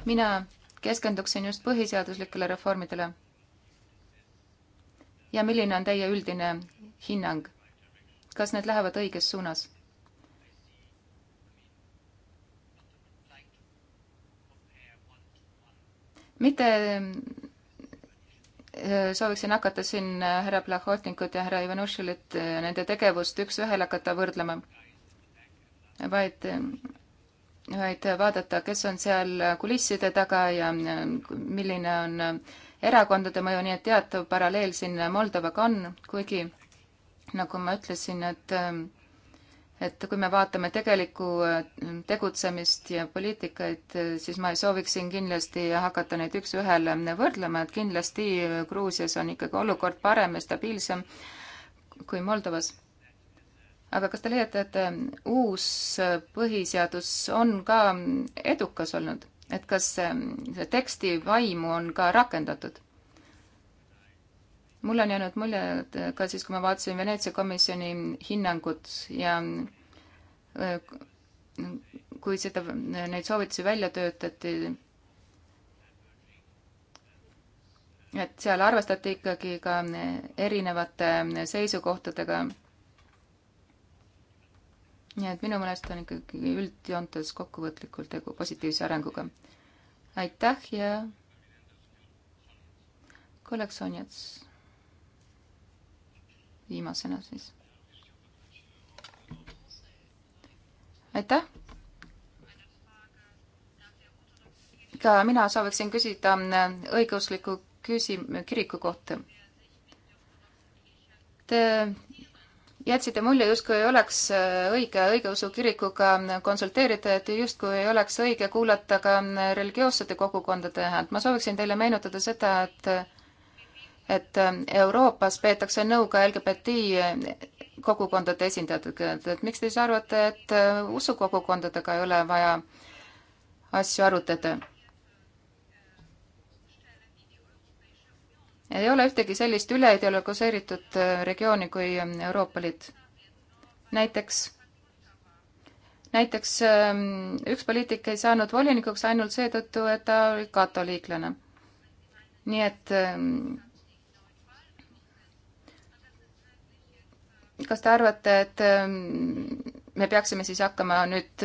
mina keskenduksin just põhiseaduslikele reformidele. ja milline on teie üldine hinnang? kas need lähevad õiges suunas? mitte äh, sooviksin hakata siin äh, härra Plahotnikut ja härra Ivanušilit, äh, nende tegevust üks-ühele hakata võrdlema, vaid vaid vaadata, kes on seal kulisside taga ja äh, milline on äh, erakondade mõju, nii et teatav paralleel siin Moldovaga on, kuigi nagu ma ütlesin, et äh, et kui me vaatame tegelikku tegutsemist ja poliitikaid, siis ma ei sooviks siin kindlasti hakata neid üks-ühele võrdlema, et kindlasti Gruusias on ikkagi olukord parem ja stabiilsem kui Moldovas aga kas te leiate, et äh, uus äh, põhiseadus on ka mm, edukas olnud, et kas ähm, see teksti vaimu on ka rakendatud? mul on jäänud mulje, et äh, ka siis, kui ma vaatasin Veneetsia komisjoni hinnangut ja kui seda, neid soovitusi välja töötati, et seal arvestati ikkagi ka erinevate seisukohtadega nii et minu meelest on ikkagi üldjoontes kokkuvõtlikult tegu positiivse arenguga. aitäh ja kolleeg Sonjats viimasena siis. aitäh! ka mina sooviksin küsida mm, õigeuskliku küsim-, kiriku kohta. Te jätsite mulje, justkui ei oleks äh, õige õigeusu kirikuga konsulteerida, et justkui ei oleks õige kuulata ka mm, religioossete kogukondade häält. ma sooviksin teile meenutada seda, et et äh, Euroopas peetakse nõu ka LGBT äh, kogukondade esindajatega, et, et miks te siis arvate, et usukogukondadega ei ole vaja asju arutada? ei ole ühtegi sellist üle ideologiseeritud äh, regiooni kui ähm, Euroopa Liit. näiteks, näiteks ähm, üks poliitik ei saanud volinikuks ainult seetõttu, et ta oli katoliiklane. nii et ähm, kas te arvate, et me peaksime siis hakkama nüüd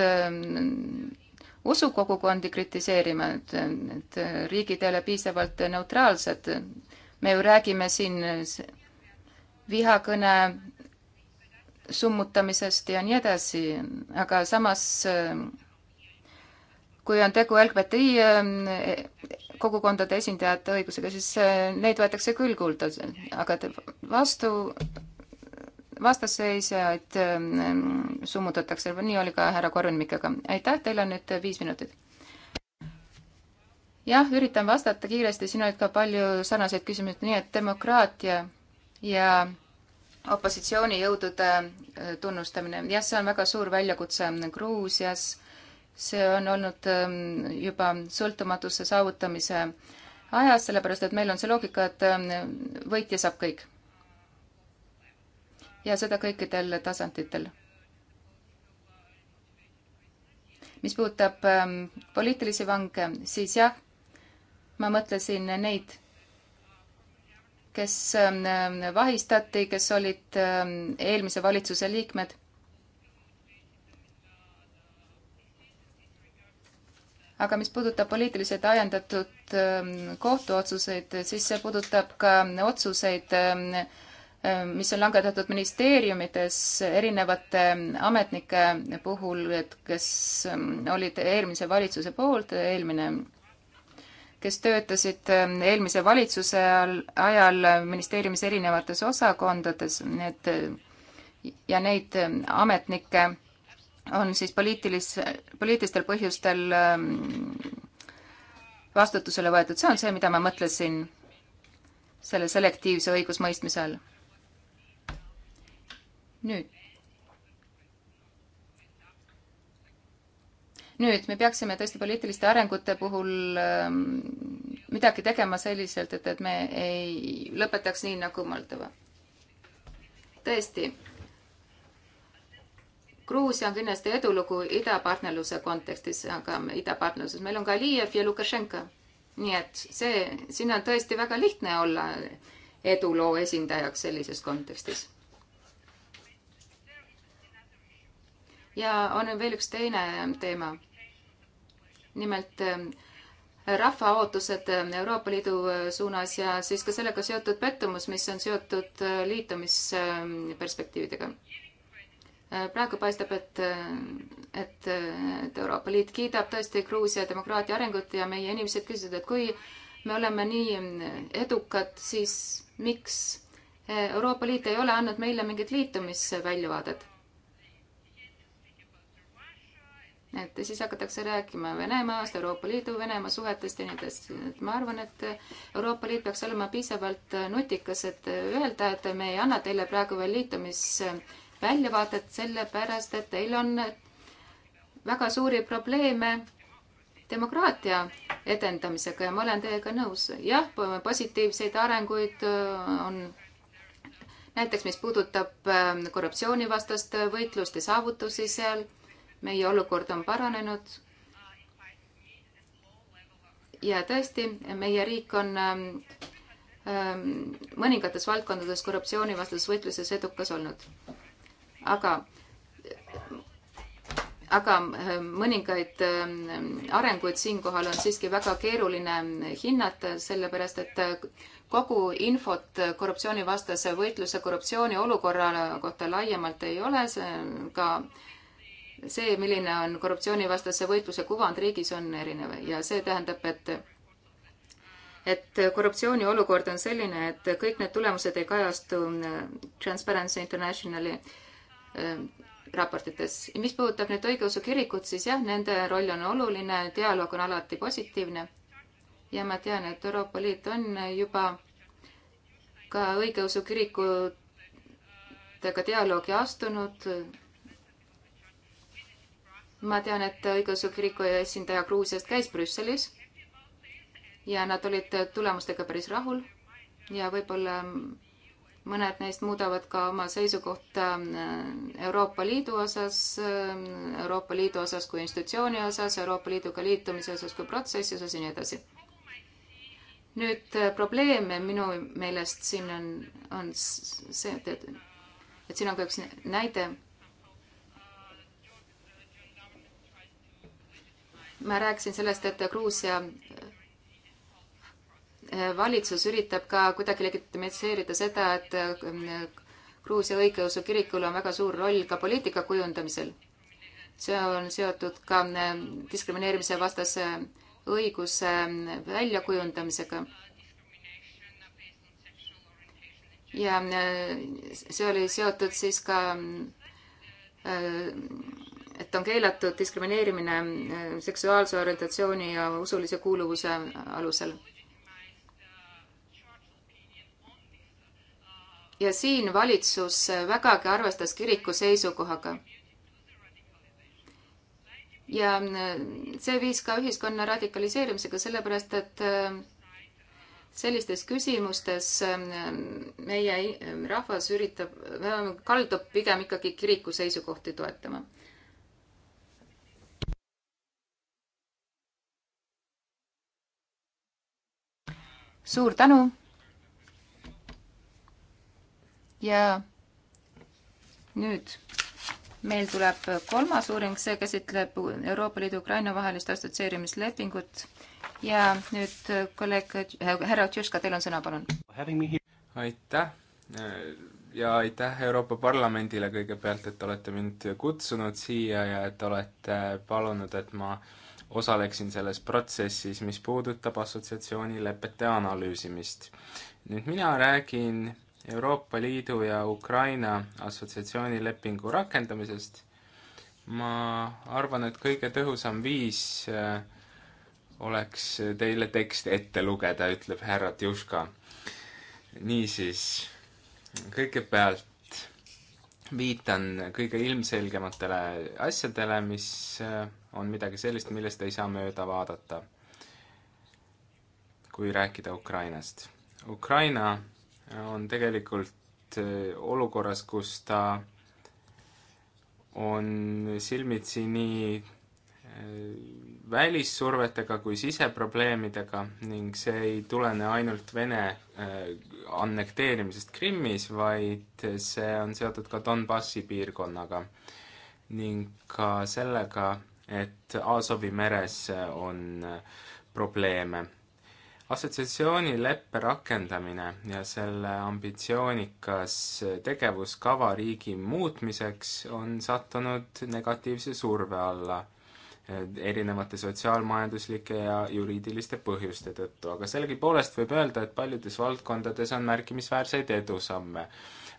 usukogukondi kritiseerima, et, et riigid ei ole piisavalt neutraalsed, me ju räägime siin vihakõne summutamisest ja nii edasi, aga samas kui on tegu LGBTI eh, kogukondade esindajate õigusega, siis eh, neid võetakse küll kuulda, aga vastu, vastasseisjaid eh, summutatakse, nii oli ka härra Korvin Mikkega. aitäh, teil on nüüd viis minutit jah, üritan vastata kiiresti, siin olid ka palju sarnaseid küsimusi, nii et demokraatia ja opositsioonijõudude äh, tunnustamine, jah, see on väga suur väljakutse Gruusias, see on olnud ähm, juba sõltumatuse saavutamise ajas, sellepärast et meil on see loogika, et ähm, võitja saab kõik. ja seda kõikidel tasanditel mis puudutab ähm, poliitilisi vange, siis jah, ma mõtlesin neid, kes ähm, vahistati, kes olid ähm, eelmise valitsuse liikmed. aga mis puudutab poliitiliselt ajendatud ähm, kohtuotsuseid, siis see puudutab ka otsuseid, mis on langetatud ministeeriumides erinevate ametnike puhul, et kes olid eelmise valitsuse poolt, eelmine kes töötasid ähm, eelmise valitsuse ajal, ajal äh, ministeeriumis erinevates osakondades, need äh, ja neid ähm, ametnikke on siis poliitilis-, poliitilistel põhjustel ähm, vastutusele võetud, see on see, mida ma mõtlesin selle selektiivse õigusmõistmise all. nüüd nüüd me peaksime tõesti poliitiliste arengute puhul ähm, midagi tegema selliselt, et, et me ei lõpetaks nii nagu Moldova. tõesti. Gruusia on kindlasti edulugu idapartnerluse kontekstis, aga idapartnerluses meil on Kalijev ja Lukašenka. nii et see, siin on tõesti väga lihtne olla eduloo esindajaks sellises kontekstis ja on veel üks teine ähm, teema. nimelt ähm, rahva ootused ähm, Euroopa Liidu äh, suunas ja siis ka sellega seotud pettumus, mis on seotud äh, liitumisperspektiividega. Äh, praegu paistab, et, et, et Euroopa Liit kiidab tõesti Gruusia demokraatia arengut ja meie inimesed küsisid, et kui me oleme nii edukad, siis miks Euroopa Liit ei ole andnud meile mingit liitumisväljavaadet et siis hakatakse rääkima Venemaast, Euroopa Liidu, Venemaa suhetest ja nii edasi. et ma arvan, et Euroopa Liit peaks olema piisavalt nutikas, et öelda, et me ei anna teile praegu veel liitumisväljavaadet, sellepärast et teil on väga suuri probleeme demokraatia edendamisega ja ma olen teiega nõus. jah, positiivseid arenguid äh, on näiteks, mis puudutab äh, korruptsioonivastast võitlust ja saavutusi seal meie olukord on paranenud. ja tõesti, meie riik on ähm, ähm, mõningates valdkondades korruptsioonivastases võitluses edukas olnud. aga, aga ähm, mõningaid arenguid siinkohal on siiski väga keeruline hinnata, sellepärast et äh, kogu infot korruptsioonivastase võitluse korruptsiooni olukorra kohta laiemalt ei ole, see on ka äh, see, milline on korruptsioonivastase võitluse kuvand riigis, on erinev ja see tähendab, et et korruptsiooni olukord on selline, et kõik need tulemused ei kajastu äh, Transparency Internationali äh, raportites. mis puudutab nüüd õigeusu kirikut, siis jah, nende roll on oluline, dialoog on alati positiivne. ja ma tean, et Euroopa Liit on juba ka õigeusu kirikutega dialoogi astunud ma tean, et õigeusu kiriku esindaja Gruusiast käis Brüsselis ja nad olid tulemustega päris rahul ja võib-olla mõned neist muudavad ka oma seisukohta äh, Euroopa Liidu osas, äh, Euroopa Liidu osas kui institutsiooni osas, Euroopa Liiduga liitumise osas kui protsessi osas ja nii edasi. nüüd äh, probleeme minu meelest siin on, on see, et siin on ka üks näide ma rääkisin sellest, et Gruusia äh, valitsus üritab ka kuidagi legitimiseerida seda, et äh, Gruusia õigeusu kirikul on väga suur roll ka poliitika kujundamisel. see on seotud ka äh, diskrimineerimise vastase õiguse väljakujundamisega. ja see oli seotud siis ka et on keelatud diskrimineerimine äh, seksuaalse orientatsiooni ja usulise kuuluvuse alusel. ja siin valitsus vägagi arvestas kiriku seisukohaga. ja äh, see viis ka ühiskonna radikaliseerimisega, sellepärast et äh, sellistes küsimustes meie rahvas üritab, kaldub pigem ikkagi kiriku seisukohti toetama. suur tänu. ja nüüd meil tuleb kolmas uuring, see käsitleb Euroopa Liidu Ukraina vahelist assotsieerimislepingut ja nüüd kolleeg härra Tšuška, teil on sõna, palun. aitäh ja aitäh Euroopa Parlamendile kõigepealt, et olete mind kutsunud siia ja et olete palunud, et ma äh, osaleksin selles protsessis, mis puudutab assotsiatsioonilepete analüüsimist. nüüd mina räägin Euroopa Liidu ja Ukraina assotsiatsioonilepingu rakendamisest. ma arvan, et kõige tõhusam viis äh, oleks teile tekst ette lugeda, ütleb härra Tjuška. niisiis, kõigepealt viitan kõige ilmselgematele asjadele, mis äh, on midagi sellist, millest ei saa mööda vaadata, kui rääkida Ukrainast. Ukraina on tegelikult äh, olukorras, kus ta on silmitsi nii välissurvetega kui siseprobleemidega ning see ei tulene ainult Vene äh, annekteerimisest Krimmis, vaid see on seotud ka Donbassi piirkonnaga ning ka sellega, et Aasovi meres äh, on äh, probleeme. assotsiatsioonileppe rakendamine ja selle ambitsioonikas tegevuskava riigi muutmiseks on sattunud negatiivse surve alla Eh, erinevate sotsiaalmajanduslike ja juriidiliste põhjuste tõttu, aga sellegipoolest võib öelda, et paljudes valdkondades on märkimisväärseid edusamme.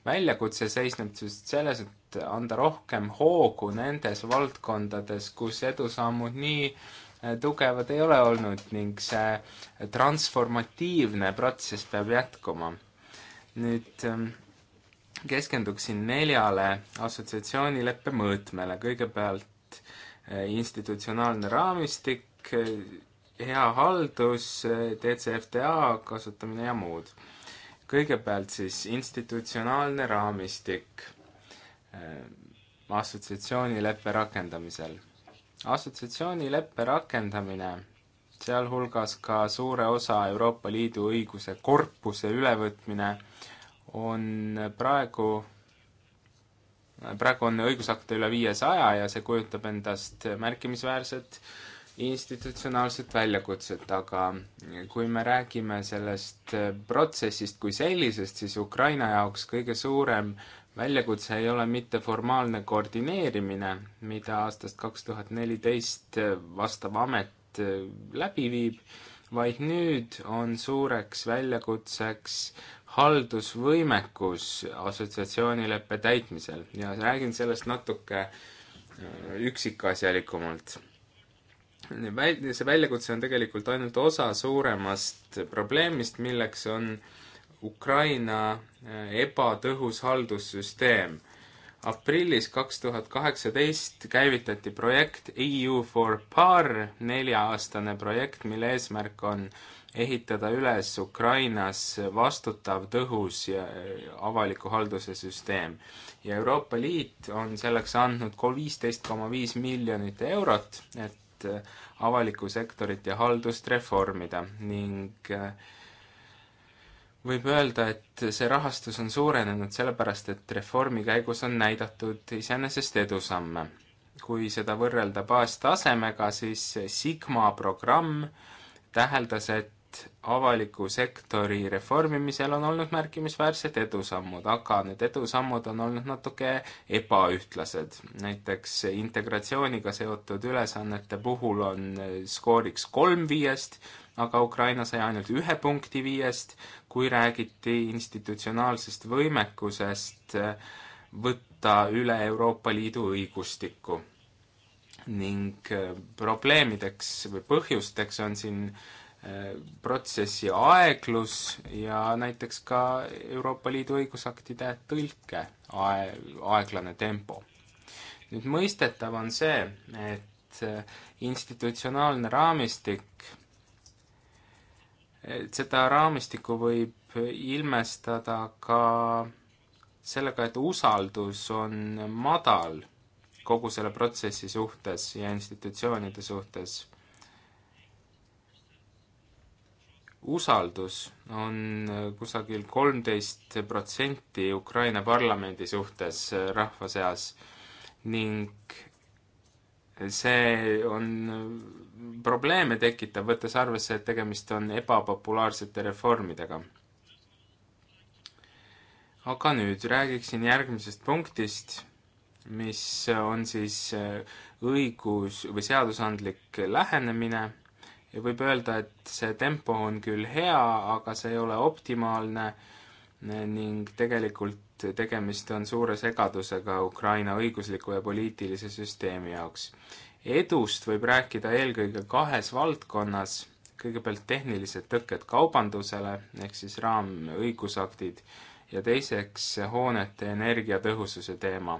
väljakutse seisneb just selles, et anda rohkem hoogu nendes valdkondades, kus edusammud nii eh, tugevad ei ole olnud ning see transformatiivne protsess peab jätkuma. nüüd ehm, keskenduksin neljale assotsiatsioonileppe mõõtmele, kõigepealt Eh, institutsionaalne raamistik, eh, hea haldus, eh, DCFTA kasutamine ja muud. kõigepealt siis institutsionaalne raamistik assotsiatsioonileppe rakendamisel. assotsiatsioonileppe rakendamine, sealhulgas ka suure osa Euroopa Liidu õiguse korpuse ülevõtmine, on praegu praegu on õigusakte üle viiesaja ja see kujutab endast märkimisväärset institutsionaalset väljakutset, aga kui me räägime sellest protsessist kui sellisest, siis Ukraina jaoks kõige suurem väljakutse ei ole mitte formaalne koordineerimine, mida aastast kaks tuhat neliteist vastav amet läbi viib, vaid nüüd on suureks väljakutseks haldusvõimekus assotsiatsioonileppe täitmisel ja räägin sellest natuke äh, üksikasjalikumalt. Väl-, see väljakutse on tegelikult ainult osa suuremast probleemist, milleks on Ukraina äh, ebatõhus haldussüsteem. aprillis kaks tuhat kaheksateist käivitati projekt EU for Par, nelja-aastane projekt, mille eesmärk on äh, ehitada üles Ukrainas vastutav, tõhus ja äh, avaliku halduse süsteem. ja Euroopa Liit on selleks andnud viisteist koma viis miljonit eurot, et äh, avalikku sektorit ja haldust reformida ning äh, võib öelda, et see rahastus on suurenenud sellepärast, et reformi käigus on näidatud iseenesest edusamme. kui seda võrrelda baastasemega, siis Sigma programm täheldas, et et avaliku sektori reformimisel on olnud märkimisväärsed edusammud, aga need edusammud on olnud natuke ebaühtlased. näiteks integratsiooniga seotud ülesannete puhul on skooriks kolm viiest, aga Ukraina sai ainult ühe punkti viiest, kui räägiti institutsionaalsest võimekusest võtta üle Euroopa Liidu õigustikku ning probleemideks või põhjusteks on siin protsessi aeglus ja näiteks ka Euroopa Liidu õigusaktide tõlke ae-, aeglane tempo. nüüd mõistetav on see, et eh, institutsionaalne raamistik, et eh, seda raamistikku võib ilmestada ka sellega, et usaldus on madal kogu selle protsessi suhtes ja institutsioonide suhtes usaldus on äh, kusagil kolmteist protsenti Ukraina parlamendi suhtes äh, rahva seas ning see on äh, probleeme tekitav, võttes arvesse, et tegemist on ebapopulaarsete reformidega. aga nüüd räägiksin järgmisest punktist, mis on siis õigus või seadusandlik lähenemine ja võib öelda, et see tempo on küll hea, aga see ei ole optimaalne ning tegelikult tegemist on suure segadusega Ukraina õigusliku ja poliitilise süsteemi jaoks. edust võib rääkida eelkõige kahes valdkonnas, kõigepealt tehnilised tõkked kaubandusele, ehk siis raamõigusaktid, ja teiseks hoonete energiatõhususe teema,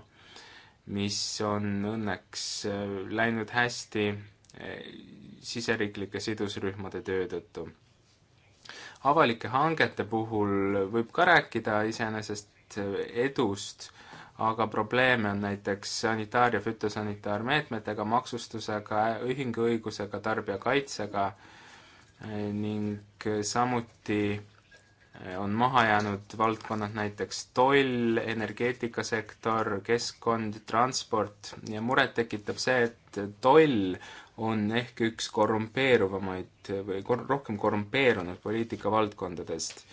mis on õnneks läinud hästi siseriiklike sidusrühmade töö tõttu. avalike hangete puhul võib ka rääkida iseenesest edust, aga probleeme on näiteks sanitaar- ja fütosanitaarmeetmetega, maksustusega, ühinguõigusega, tarbijakaitsega eh, ning samuti eh, on maha jäänud valdkonnad näiteks toll, energeetikasektor, keskkond, transport ja muret tekitab see, et et toll on ehk üks korrumpeeruvamaid või kor-, rohkem korrumpeerunud poliitikavaldkondadest.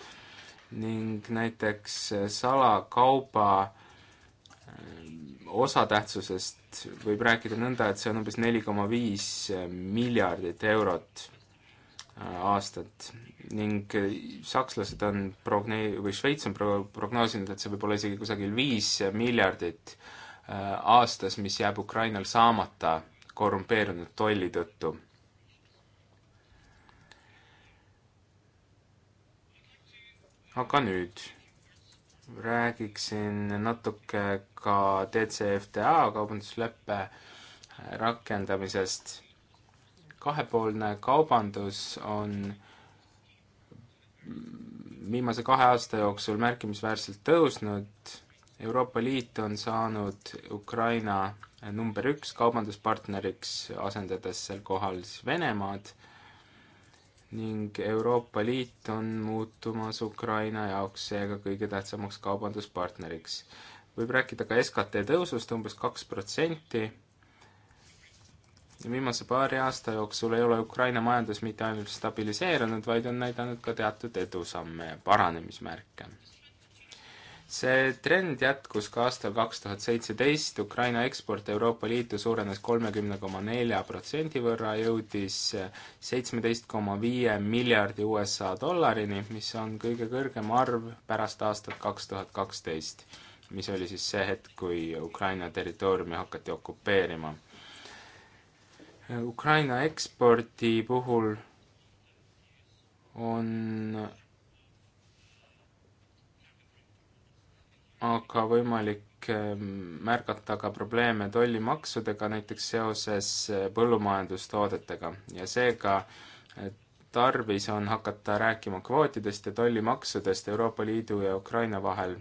ning näiteks salakauba ähm, osatähtsusest võib rääkida nõnda, et see on umbes neli koma viis miljardit eurot äh, aastat ning äh, sakslased on progne-, või Šveits on pro-, prognoosinud, et see võib olla isegi kusagil viis miljardit äh, aastas, mis jääb Ukrainal saamata korrumpeerunud tolli tõttu. aga nüüd räägiksin natuke ka DCFTA kaubandusleppe rakendamisest. kahepoolne kaubandus on viimase kahe aasta jooksul märkimisväärselt tõusnud. Euroopa Liit on saanud Ukraina Eh, number üks kaubanduspartneriks, asendades sel kohal siis Venemaad ning Euroopa Liit on muutumas Ukraina jaoks seega kõige tähtsamaks kaubanduspartneriks. võib rääkida ka SKT tõusust umbes kaks protsenti. viimase paari aasta jooksul ei ole Ukraina majandus mitte ainult stabiliseerunud, vaid on näidanud ka teatud edusamme ja paranemismärke see trend jätkus ka aastal kaks tuhat seitseteist, Ukraina eksport Euroopa Liitu suurenes kolmekümne koma nelja protsendi võrra, jõudis seitsmeteist koma viie miljardi USA dollarini, mis on kõige kõrgem arv pärast aastat kaks tuhat kaksteist, mis oli siis see hetk, kui Ukraina territooriumi hakati okupeerima Ukraina ekspordi puhul on aga võimalik ehm, märgata ka probleeme tollimaksudega, näiteks seoses eh, põllumajandustoodetega ja seega eh, tarvis on hakata rääkima kvootidest ja tollimaksudest Euroopa Liidu ja Ukraina vahel.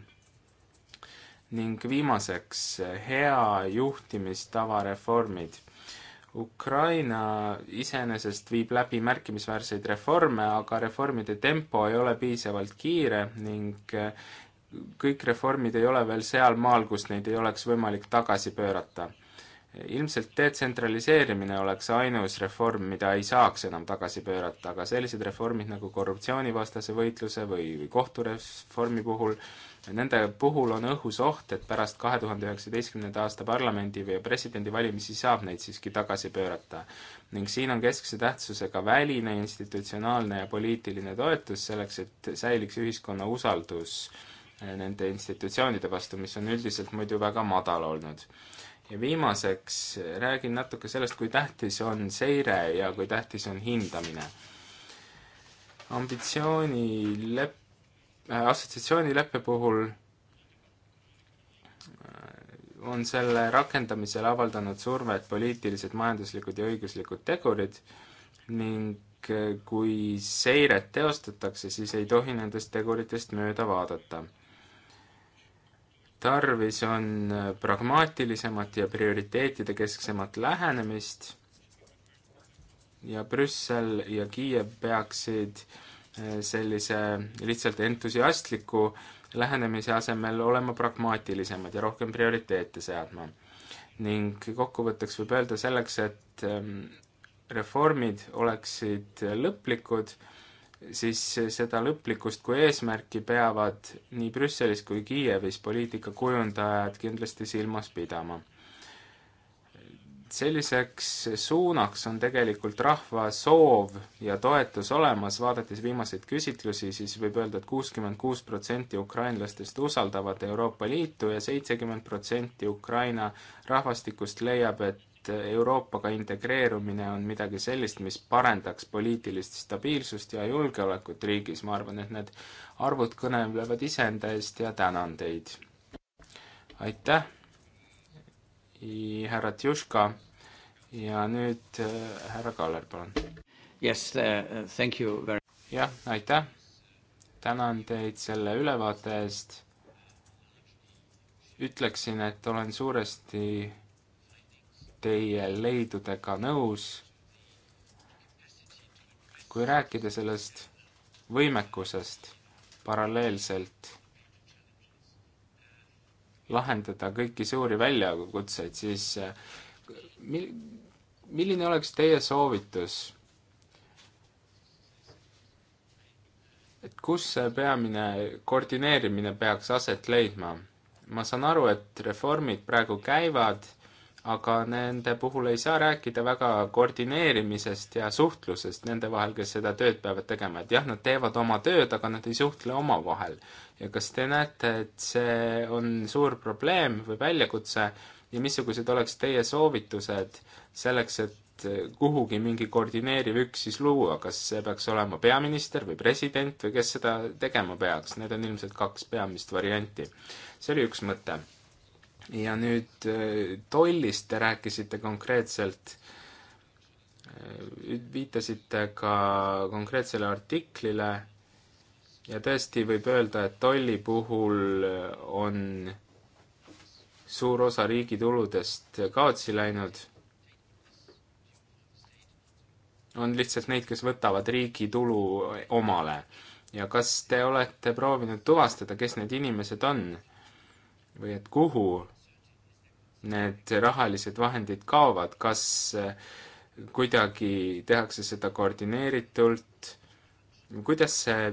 ning viimaseks, eh, hea juhtimistava reformid. Ukraina iseenesest viib läbi märkimisväärseid reforme, aga reformide tempo ei ole piisavalt kiire ning kõik reformid ei ole veel sealmaal, kus neid ei oleks võimalik tagasi pöörata. ilmselt detsentraliseerimine oleks ainus reform, mida ei saaks enam tagasi pöörata, aga sellised reformid nagu korruptsioonivastase võitluse või, või kohtureformi puhul, nende puhul on õhus oht, et pärast kahe tuhande üheksateistkümnenda aasta parlamendi või presidendivalimisi saab neid siiski tagasi pöörata. ning siin on keskse tähtsusega väline institutsionaalne ja poliitiline toetus selleks, et säiliks ühiskonna usaldus äh, Äh, nende institutsioonide vastu, mis on üldiselt muidu väga madal olnud. ja viimaseks äh, räägin natuke sellest, kui tähtis on seire ja kui tähtis on hindamine. ambitsioonilep- äh,, assotsiatsioonileppe puhul äh, on selle rakendamisel avaldanud survet poliitilised, majanduslikud ja õiguslikud tegurid ning kui seiret teostatakse, siis ei tohi nendest teguritest mööda vaadata tarvis on pragmaatilisemat ja prioriteetide kesksemat lähenemist ja Brüssel ja Kiiev peaksid äh, sellise lihtsalt entusiastliku lähenemise asemel olema pragmaatilisemad ja rohkem prioriteete seadma. ning kokkuvõtteks võib öelda selleks, et ähm, reformid oleksid lõplikud siis seda lõplikkust kui eesmärki peavad nii Brüsselis kui Kiievis poliitikakujundajad kindlasti silmas pidama. selliseks suunaks on tegelikult rahva soov ja toetus olemas, vaadates viimaseid küsitlusi, siis võib öelda et, et kuuskümmend kuus protsenti ukrainlastest usaldavad Euroopa Liitu ja seitsekümmend protsenti Ukraina rahvastikust leiab, et Euroopaga integreerumine on midagi sellist, mis parendaks poliitilist stabiilsust ja julgeolekut riigis, ma arvan, et need arvud kõnelevad iseenda eest ja tänan teid. aitäh, härra Tjuška ja nüüd äh, härra Kaller, palun. Yes uh,, thank you very jah, aitäh, tänan teid selle ülevaate eest, ütleksin, et olen suuresti teie leidudega nõus. kui rääkida sellest võimekusest paralleelselt lahendada kõiki suuri väljakutseid, siis eh, mil-, milline oleks teie soovitus? et kus see peamine koordineerimine peaks aset leidma? ma saan aru, et reformid praegu käivad aga nende puhul ei saa rääkida väga koordineerimisest ja suhtlusest nende vahel, kes seda tööd peavad tegema, et jah, nad teevad oma tööd, aga nad ei suhtle omavahel. ja kas te näete, et see on suur probleem või väljakutse ja missugused oleks teie soovitused selleks, et kuhugi mingi koordineeriv üksus luua, kas see peaks olema peaminister või president või kes seda tegema peaks, need on ilmselt kaks peamist varianti. see oli üks mõte ja nüüd äh, tollist te rääkisite konkreetselt, äh, viitasite ka konkreetsele artiklile ja tõesti võib öelda, et tolli puhul äh, on suur osa riigi tuludest kaotsi läinud. on lihtsalt neid, kes võtavad riigi tulu omale. ja kas te olete proovinud tuvastada, kes need inimesed on? või et kuhu need rahalised vahendid kaovad, kas eh, kuidagi tehakse seda koordineeritult, kuidas see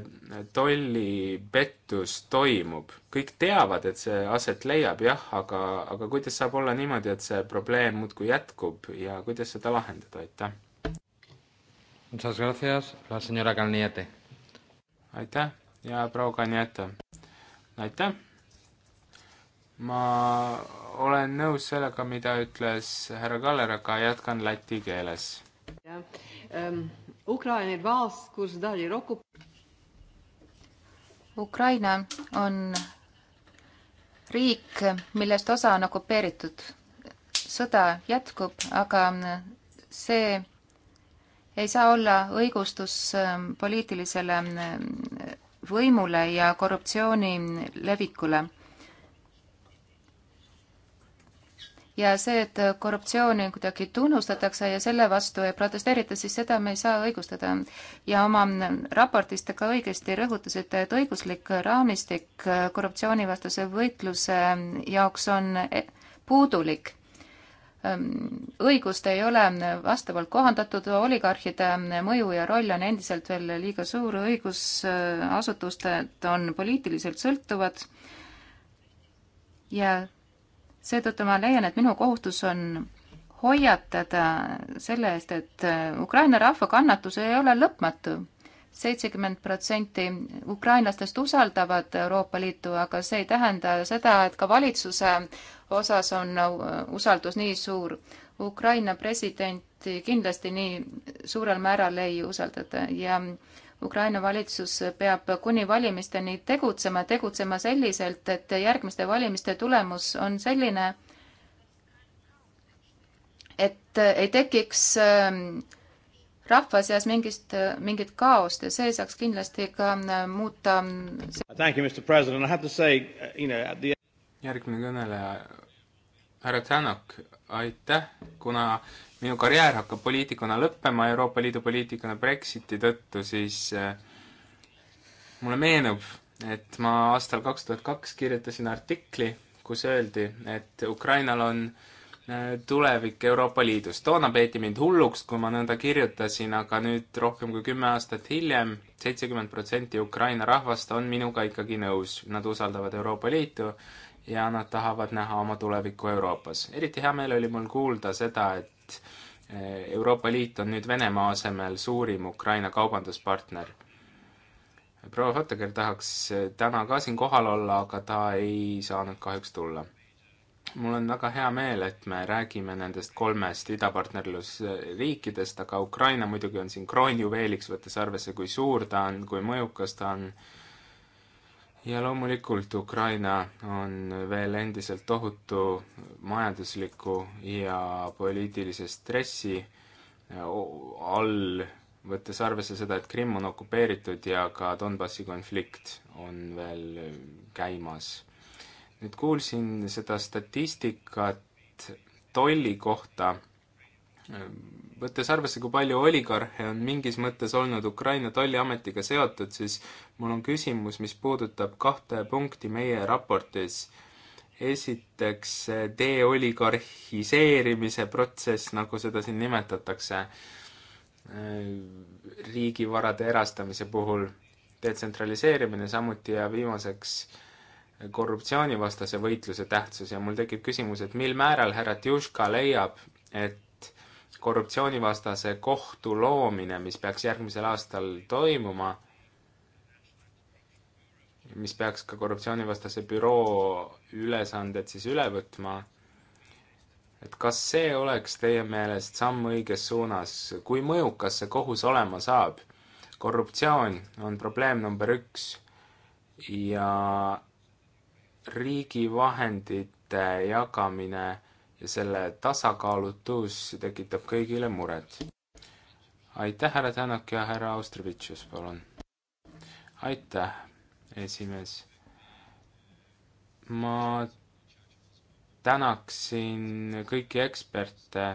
tollipettus toimub? kõik teavad, et see aset leiab, jah, aga, aga kuidas saab olla niimoodi, et see probleem muudkui jätkub ja kuidas seda lahendada, aitäh? Muchas gracias, la señora Calniete. aitäh ja proua Calniete. aitäh ma olen nõus sellega, mida ütles härra Kaller, aga jätkan läti keeles. Ukraina on riik, millest osa on okupeeritud. sõda jätkub, aga see ei saa olla õigustus poliitilisele võimule ja korruptsiooni levikule ja see, et korruptsiooni kuidagi tunnustatakse ja selle vastu ei protesteerita, siis seda me ei saa õigustada. ja oma raportis te ka õigesti rõhutasite, et õiguslik raamistik korruptsioonivastase võitluse jaoks on e-, puudulik ehm, õigust ei ole vastavalt kohandatud, oligarhide mõju ja roll on endiselt veel liiga suur, õigusasutused on poliitiliselt sõltuvad ja seetõttu ma leian, et minu kohustus on hoiatada selle eest, et äh, Ukraina rahva kannatus ei ole lõpmatu. seitsekümmend protsenti ukrainlastest usaldavad Euroopa Liitu, aga see ei tähenda seda, et ka valitsuse osas on äh, usaldus nii suur. Ukraina presidenti kindlasti nii suurel määral ei usaldata ja äh, Ukraina valitsus peab kuni valimisteni tegutsema, tegutsema selliselt, et järgmiste valimiste tulemus on selline, et ei tekiks ähm, rahva seas mingist, mingit kaost ja see saaks kindlasti ka äh, muuta. Uh, uh, järgmine kõneleja, härra Tänak, aitäh, kuna minu karjäär hakkab poliitikuna lõppema Euroopa Liidu poliitikuna Brexiti tõttu, siis äh, mulle meenub, et ma aastal kaks tuhat kaks kirjutasin artikli, kus öeldi, et Ukrainal on äh, tulevik Euroopa Liidus. toona peeti mind hulluks, kui ma nõnda kirjutasin, aga nüüd rohkem kui kümme aastat hiljem, seitsekümmend protsenti Ukraina rahvast on minuga ikkagi nõus. Nad usaldavad Euroopa Liitu ja nad tahavad näha oma tulevikku Euroopas. eriti hea meel oli mul kuulda seda, et Liit. Euroopa Liit on nüüd Venemaa asemel suurim Ukraina kaubanduspartner. proua Fataker tahaks täna ka siin kohal olla, aga ta ei saanud kahjuks tulla. mul on väga hea meel, et me räägime nendest kolmest idapartnerlusriikidest, aga Ukraina muidugi on siin kroonjuveeliks, võttes arvesse, kui suur ta on, kui mõjukas ta on ja loomulikult Ukraina on veel endiselt tohutu majandusliku ja poliitilise stressi eh, all, võttes arvesse seda, et Krimm on okupeeritud ja ka Donbassi konflikt on veel käimas. nüüd kuulsin seda statistikat tolli kohta võttes arvesse, kui palju oligarhe on mingis mõttes olnud Ukraina tolliametiga seotud, siis mul on küsimus, mis puudutab kahte punkti meie raportis. esiteks deoligarhiseerimise protsess, nagu seda siin nimetatakse, äh, riigivarade erastamise puhul detsentraliseerimine samuti ja viimaseks äh, korruptsioonivastase võitluse tähtsus ja mul tekib küsimus, et mil määral härra Tjuška leiab, et korruptsioonivastase kohtu loomine, mis peaks järgmisel aastal toimuma, mis peaks ka korruptsioonivastase büroo ülesanded siis üle võtma, et kas see oleks teie meelest samm õiges suunas, kui mõjukas see kohus olema saab? korruptsioon on probleem number üks ja riigi vahendite jagamine ja selle tasakaalutus tekitab kõigile muret. aitäh, härra Tänak ja härra Austrevitšus, palun. aitäh, esimees. ma tänaksin kõiki eksperte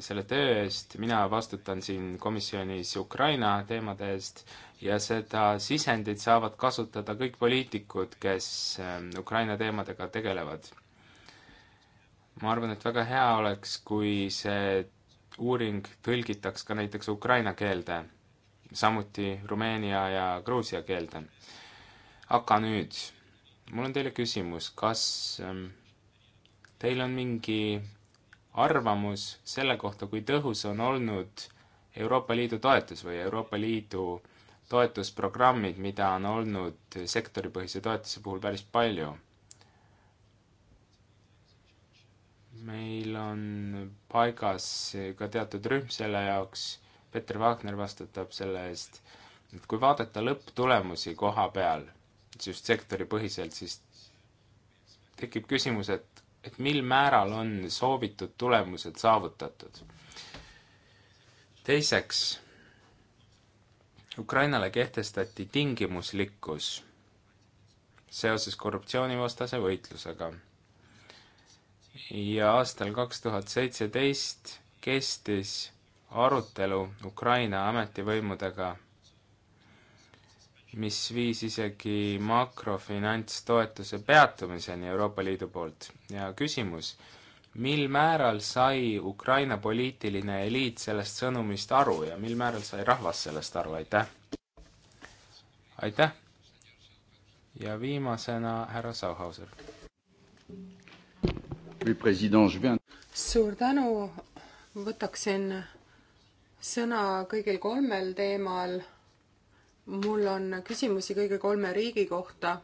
selle töö eest, mina vastutan siin komisjonis Ukraina teemade eest ja seda sisendit saavad kasutada kõik poliitikud, kes ähm, Ukraina teemadega tegelevad ma arvan, et väga hea oleks, kui see uuring tõlgitaks ka näiteks ukraina keelde, samuti rumeenia ja gruusia keelde. aga nüüd, mul on teile küsimus, kas ähm, teil on mingi arvamus selle kohta, kui tõhus on olnud Euroopa Liidu toetus või Euroopa Liidu toetusprogrammid, mida on olnud sektoripõhise toetuse puhul päris palju meil on paigas ka teatud rühm selle jaoks, Peeter Wagner vastutab selle eest, et kui vaadata lõpptulemusi koha peal, just sektoripõhiselt, siis tekib küsimus, et, et mil määral on soovitud tulemused saavutatud. teiseks, Ukrainale kehtestati tingimuslikkus seoses korruptsioonivastase võitlusega ja aastal kaks tuhat seitseteist kestis arutelu Ukraina ametivõimudega, mis viis isegi makrofinantstoetuse peatumiseni Euroopa Liidu poolt ja küsimus, mil määral sai Ukraina poliitiline eliit sellest sõnumist aru ja mil määral sai rahvas sellest aru, aitäh! aitäh! ja viimasena härra Sauhauser suur tänu, võtaksin sõna kõigil kolmel teemal. mul on küsimusi kõigi kolme riigi kohta.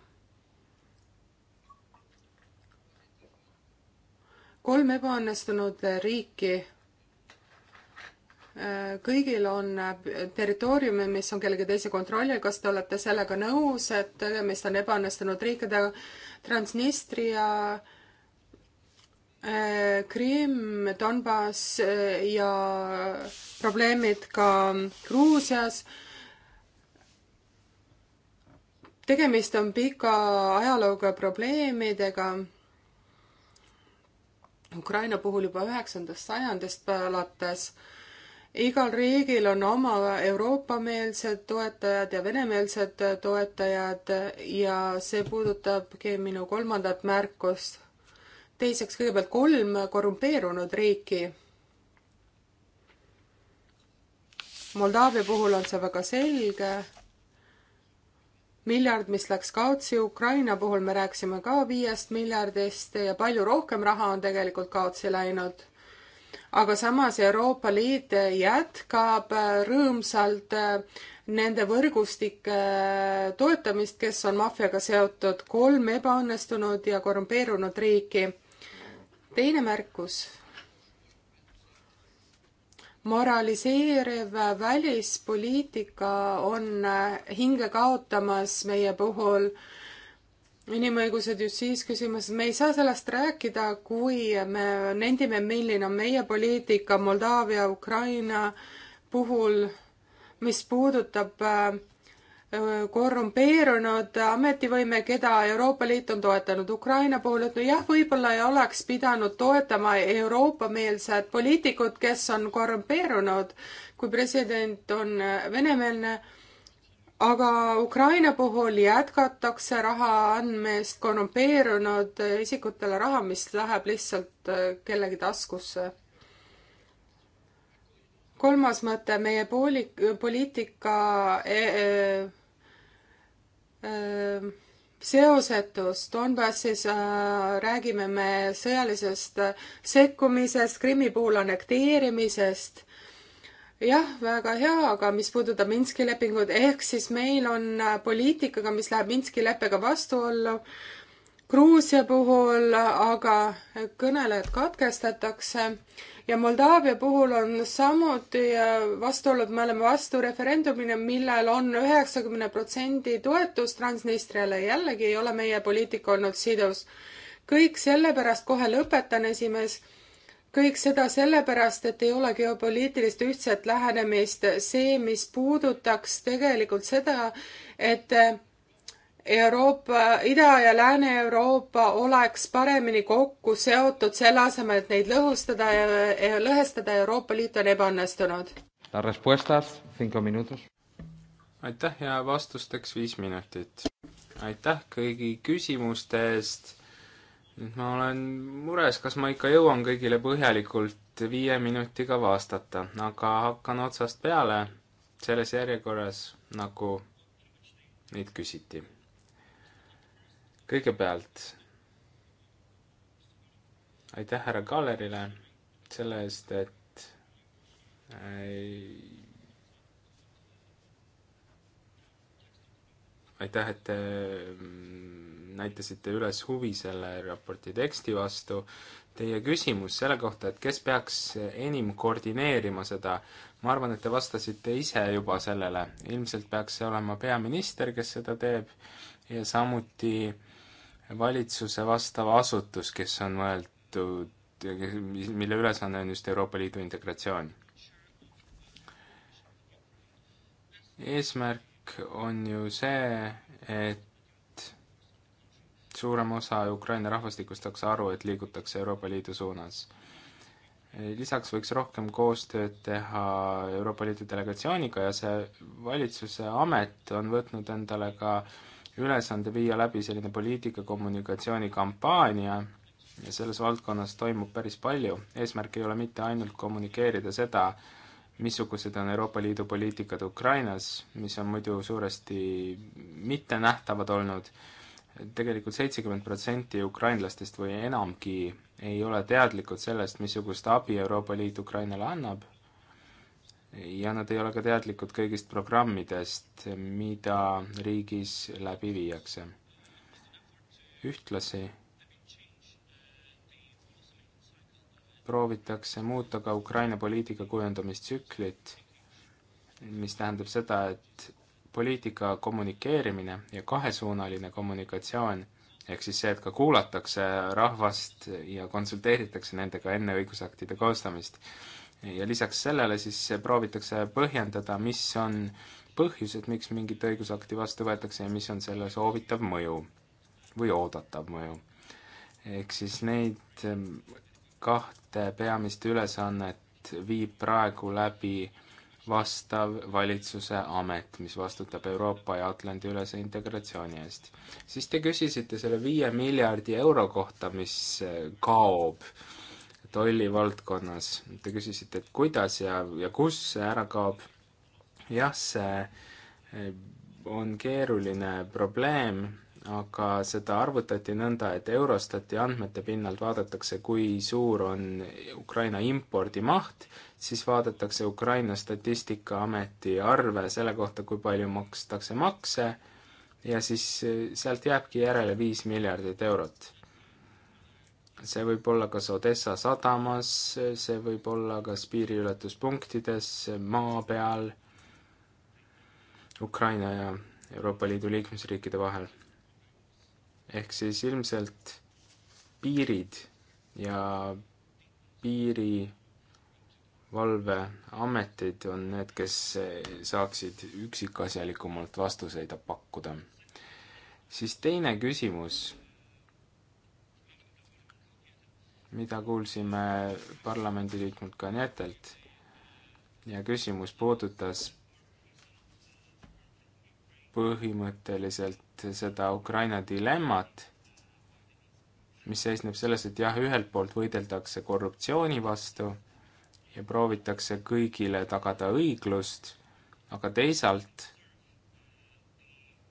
kolm ebaõnnestunud riiki. kõigil on territooriumi, mis on kellegi teise kontrolli, kas te olete sellega nõus, et tegemist on ebaõnnestunud riikidega? Transnistria äh, Äh, Krimm, Donbass äh, ja probleemid ka Gruusias. tegemist on pika ajalooga probleemidega. Ukraina puhul juba üheksandast sajandist alates. igal riigil on oma Euroopa-meelsed toetajad ja venemeelsed toetajad ja see puudutabki minu kolmandat märkust teiseks kõigepealt kolm korrumpeerunud riiki. Moldaavia puhul on see väga selge. miljard, mis läks kaotsi, Ukraina puhul me rääkisime ka viiest miljardist ja palju rohkem raha on tegelikult kaotsi läinud aga samas Euroopa Liit jätkab äh, rõõmsalt äh, nende võrgustike äh, toetamist, kes on maffiaga seotud, kolm ebaõnnestunud ja korrumpeerunud riiki teine märkus. moraliseeriv välispoliitika on äh, hinge kaotamas meie puhul inimõigused just siis küsimus, me ei saa sellest rääkida, kui me nendime, milline on meie poliitika Moldaavia, Ukraina puhul, mis puudutab äh, korrumpeerunud ametivõime, keda Euroopa Liit on toetanud Ukraina pool, et nojah, võib-olla ei oleks pidanud toetama Euroopa-meelsed poliitikud, kes on korrumpeerunud, kui president on venemeelne, aga Ukraina puhul jätkatakse raha andmist korrumpeerunud isikutele raha, mis läheb lihtsalt äh, kellegi taskusse kolmas mõte, meie pooli-, poliitika e e seosetus Donbassis äh, räägime me sõjalisest äh, sekkumisest, Krimmi puhul annekteerimisest. jah, väga hea, aga mis puudutab Minski lepingut, ehk siis meil on äh, poliitikaga, mis läheb Minski leppega vastuollu äh,, Gruusia puhul aga kõnelejad katkestatakse ja Moldaavia puhul on samuti vastuolud, me oleme vastu referendumile, millel on üheksakümne protsendi toetus Transnistriale, jällegi ei ole meie poliitika olnud sidus. kõik sellepärast, kohe lõpetan, esimees, kõik seda sellepärast, et ei ole geopoliitilist ühtset lähenemist, see, mis puudutaks tegelikult seda, et Euroopa, Ida- ja Lääne-Euroopa oleks paremini kokku seotud, selle asemel, et neid lõhustada ja lõhestada, Euroopa Liit on ebaõnnestunud. aitäh ja vastusteks viis minutit. aitäh kõigi küsimuste eest. ma olen mures, kas ma ikka jõuan kõigile põhjalikult viie minutiga vastata, aga hakkan otsast peale selles järjekorras, nagu neid küsiti kõigepealt aitäh härra Kallerile selle eest, et äh, aitäh, et te mm, näitasite üles huvi selle raporti teksti vastu. Teie küsimus selle kohta, et kes peaks enim koordineerima seda, ma arvan, et te vastasite ise juba sellele. ilmselt peaks see olema peaminister, kes seda teeb ja samuti äh, valitsuse vastav asutus, kes on mõeldud ja kes, mille ülesanne on just Euroopa Liidu integratsioon. eesmärk on ju see, et suurem osa Ukraina rahvastikust saaks aru, et liigutakse Euroopa Liidu suunas. lisaks võiks rohkem koostööd teha Euroopa Liidu delegatsiooniga ja see valitsuse amet on võtnud endale ka äh, ülesande viia läbi selline poliitikakommunikatsioonikampaania ja selles valdkonnas toimub päris palju. eesmärk ei ole mitte ainult kommunikeerida seda, missugused on Euroopa Liidu poliitikad Ukrainas, mis on muidu suuresti mittenähtavad olnud tegelikult, tegelikult seitsekümmend protsenti ukrainlastest või enamgi ei ole teadlikud sellest, missugust abi Euroopa Liit Ukrainale annab ja nad ei ole ka teadlikud kõigist programmidest, mida riigis läbi viiakse. ühtlasi proovitakse muuta ka Ukraina poliitika kujundamistsüklit, mis tähendab seda, et poliitika kommunikeerimine ja kahesuunaline kommunikatsioon, ehk siis see, et ka kuulatakse rahvast ja konsulteeritakse nendega enne õigusaktide koostamist, ja lisaks sellele siis proovitakse põhjendada, mis on põhjused, miks mingit õigusakti vastu võetakse ja mis on selle soovitav mõju või oodatav mõju. ehk siis neid ehm, kahte peamist ülesannet viib praegu läbi vastav valitsuse amet, mis vastutab Euroopa ja Atlandi ülese integratsiooni eest. siis te küsisite selle viie miljardi euro kohta, mis eh, kaob äh, tollivaldkonnas. Te küsisite, et kuidas ja, ja kus see ära kaob. jah, see eh, on keeruline probleem, aga seda arvutati nõnda, et Eurostati andmete pinnalt vaadatakse, kui suur on Ukraina impordimaht, siis vaadatakse Ukraina Statistikaameti arve selle kohta, kui palju makstakse makse ja siis eh, sealt jääbki järele viis miljardit eurot see võib olla kas Odessa sadamas, see võib olla kas piiriületuspunktides, maa peal, Ukraina ja Euroopa Liidu liikmesriikide vahel. ehk siis ilmselt piirid ja piirivalveametid on need, kes saaksid üksikasjalikumalt vastuseid pakkuda. siis teine küsimus mida kuulsime parlamendiliikmelt Kanetelt ja küsimus puudutas põhimõtteliselt seda Ukraina dilemmat, mis seisneb selles, et jah, ühelt poolt võideldakse korruptsiooni vastu ja proovitakse kõigile tagada õiglust, aga teisalt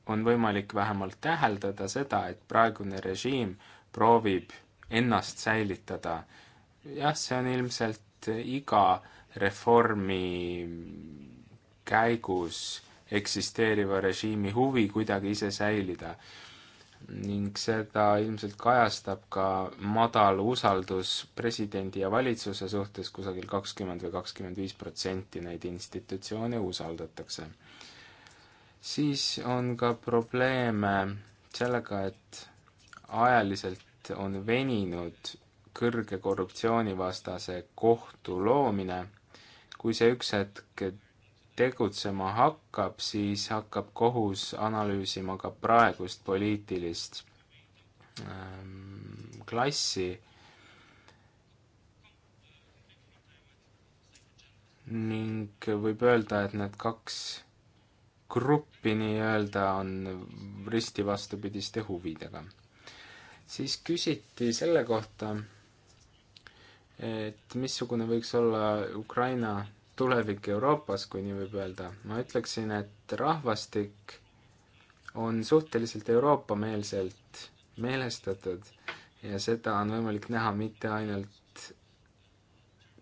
on võimalik vähemalt täheldada seda, et praegune režiim proovib ennast säilitada. jah, see on ilmselt iga reformi käigus eksisteeriva režiimi huvi kuidagi ise säilida. ning seda ilmselt kajastab ka madal usaldus presidendi ja valitsuse suhtes, kusagil kakskümmend või kakskümmend viis protsenti neid institutsioone usaldatakse. siis on ka probleeme sellega, et ajaliselt et on veninud kõrge korruptsioonivastase kohtu loomine. kui see üks hetk tegutsema hakkab, siis hakkab kohus analüüsima ka praegust poliitilist ähm, klassi. ning võib öelda, et need kaks gruppi nii-öelda on risti vastupidiste huvidega siis küsiti selle kohta, et missugune võiks olla Ukraina tulevik Euroopas, kui nii võib öelda. ma ütleksin, et rahvastik on suhteliselt Euroopa-meelselt meelestatud ja seda on võimalik näha mitte ainult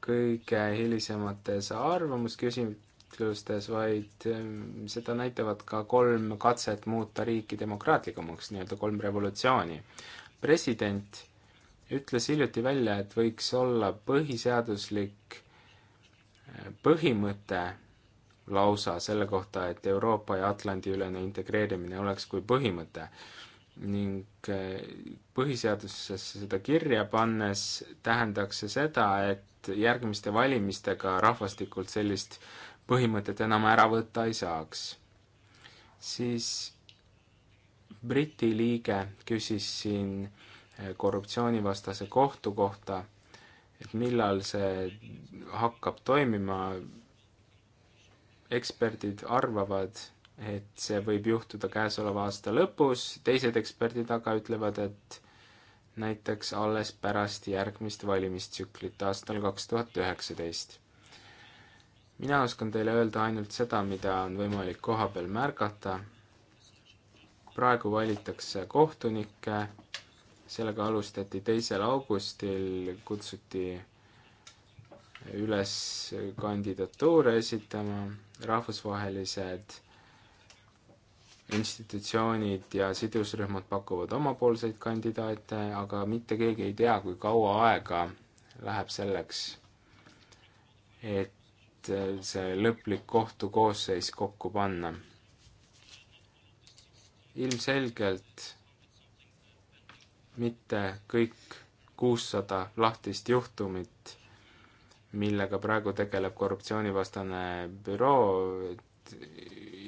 kõige hilisemates arvamusküsitlustes, vaid ehm, seda näitavad ka kolm katset muuta riiki demokraatlikumaks, nii-öelda kolm revolutsiooni president ütles hiljuti välja, et võiks olla põhiseaduslik äh, põhimõte lausa selle kohta, et Euroopa ja Atlandi ülene integreerimine oleks kui põhimõte. ning äh, põhiseadusesse seda kirja pannes tähendaks see seda, et järgmiste valimistega rahvastikult sellist põhimõtet enam ära võtta ei saaks. siis Briti liige küsis siin eh, korruptsioonivastase kohtu kohta, et millal see hakkab toimima. eksperdid arvavad, et see võib juhtuda käesoleva aasta lõpus, teised eksperdid aga ütlevad, et näiteks alles pärast järgmist valimistsüklit aastal kaks tuhat üheksateist. mina oskan teile öelda ainult seda, mida on võimalik kohapeal märgata praegu valitakse kohtunikke, sellega alustati teisel augustil, kutsuti üles kandidatuure esitama, rahvusvahelised institutsioonid ja sidusrühmad pakuvad omapoolseid kandidaate, aga mitte keegi ei tea, kui kaua aega läheb selleks, et see lõplik kohtukoosseis kokku panna ilmselgelt mitte kõik kuussada lahtist juhtumit, millega praegu tegeleb korruptsioonivastane büroo,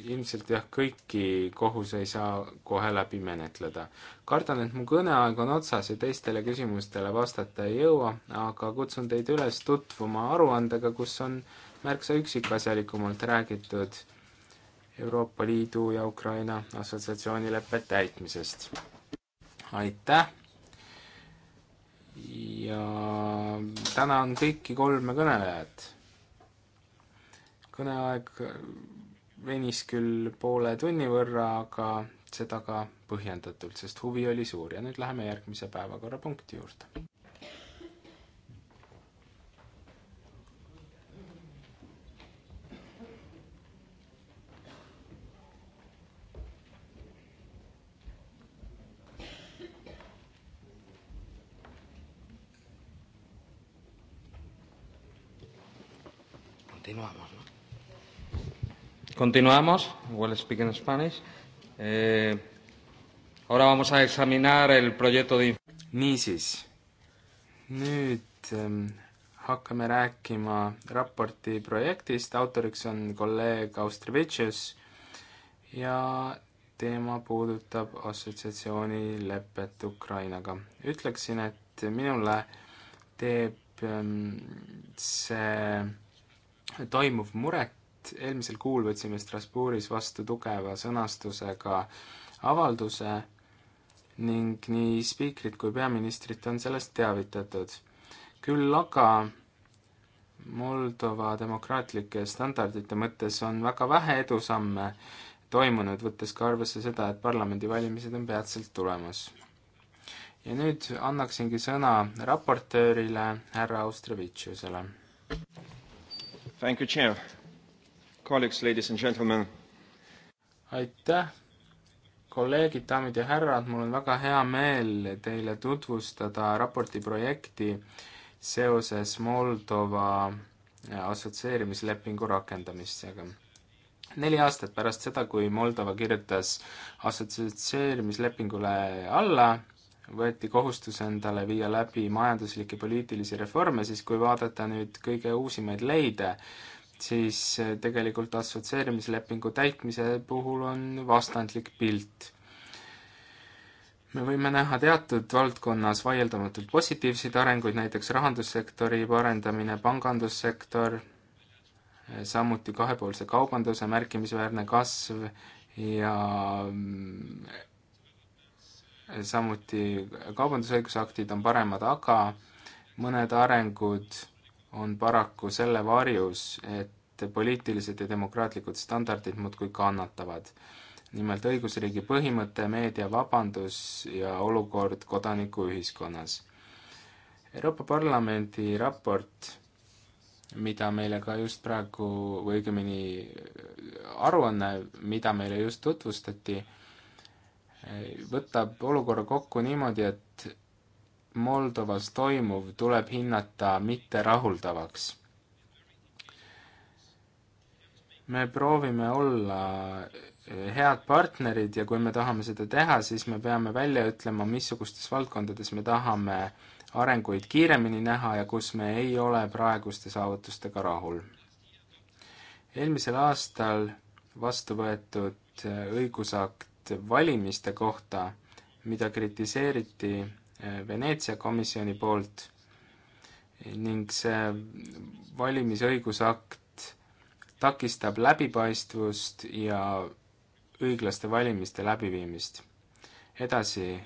ilmselt jah, kõiki kohus ei saa kohe läbi menetleda. kardan, et mu kõneaeg on otsas ja teistele küsimustele vastata ei jõua, aga kutsun teid üles tutvuma aruandega, kus on märksa üksikasjalikumalt räägitud Euroopa Liidu ja Ukraina assotsiatsioonileppe täitmisest. aitäh! ja tänan kõiki kolme kõnelejat. kõneaeg venis küll poole tunni võrra, aga seda ka põhjendatult, sest huvi oli suur ja nüüd läheme järgmise päevakorrapunkti juurde. Continuamos, ¿no? Continuamos. Well speaking in Spanish. Eh, ahora vamos a examinar el proyecto de... niisiis, nüüd ähm, hakkame rääkima raporti projektist, autoriks on kolleeg Austrevitšus ja teema puudutab assotsiatsioonilepet Ukrainaga. ütleksin, et minule teeb see toimuv muret. eelmisel kuul võtsime Strasbourgis vastu tugeva sõnastusega avalduse ning nii spiikrit kui peaministrit on sellest teavitatud. küll aga Moldova demokraatlike standardite mõttes on väga vähe edusamme toimunud, võttes ka arvesse seda, et parlamendivalimised on peatselt tulemas. ja nüüd annaksingi sõna raportöörile härra Austrevitšusele. Thank you, Chair. Colleagues, ladies and gentlemen. aitäh, kolleegid, daamid ja härrad, mul on väga hea meel teile tutvustada raporti projekti seoses Moldova assotsieerimislepingu rakendamisega. neli aastat pärast seda, kui Moldova kirjutas assotsieerimislepingule alla, võeti kohustus endale viia läbi majanduslikke poliitilisi reforme, siis kui vaadata nüüd kõige uusimaid leide, siis eh, tegelikult assotsieerimislepingu täitmise puhul on vastandlik pilt. me võime näha teatud valdkonnas vaieldamatult positiivseid arenguid, näiteks rahandussektori parendamine, pangandussektor, eh, samuti kahepoolse kaubanduse märkimisväärne kasv ja mm, samuti kaubandusõigusaktid on paremad, aga mõned arengud on paraku selle varjus, et poliitilised ja demokraatlikud standardid muudkui kannatavad. nimelt õigusriigi põhimõte, meediavabandus ja olukord kodanikuühiskonnas. Euroopa Parlamendi raport, mida meile ka just praegu, või õigemini aruanne, mida meile just tutvustati, võtab olukorra kokku niimoodi, et Moldovas toimuv tuleb hinnata mitterahuldavaks. me proovime olla eh, head partnerid ja kui me tahame seda teha, siis me peame välja ütlema, missugustes valdkondades me tahame arenguid kiiremini näha ja kus me ei ole praeguste saavutustega rahul. eelmisel aastal vastu võetud eh, õigusakt valimiste kohta, mida kritiseeriti eh, Veneetsia komisjoni poolt ning see valimisõigusakt takistab läbipaistvust ja õiglaste valimiste läbiviimist. edasi,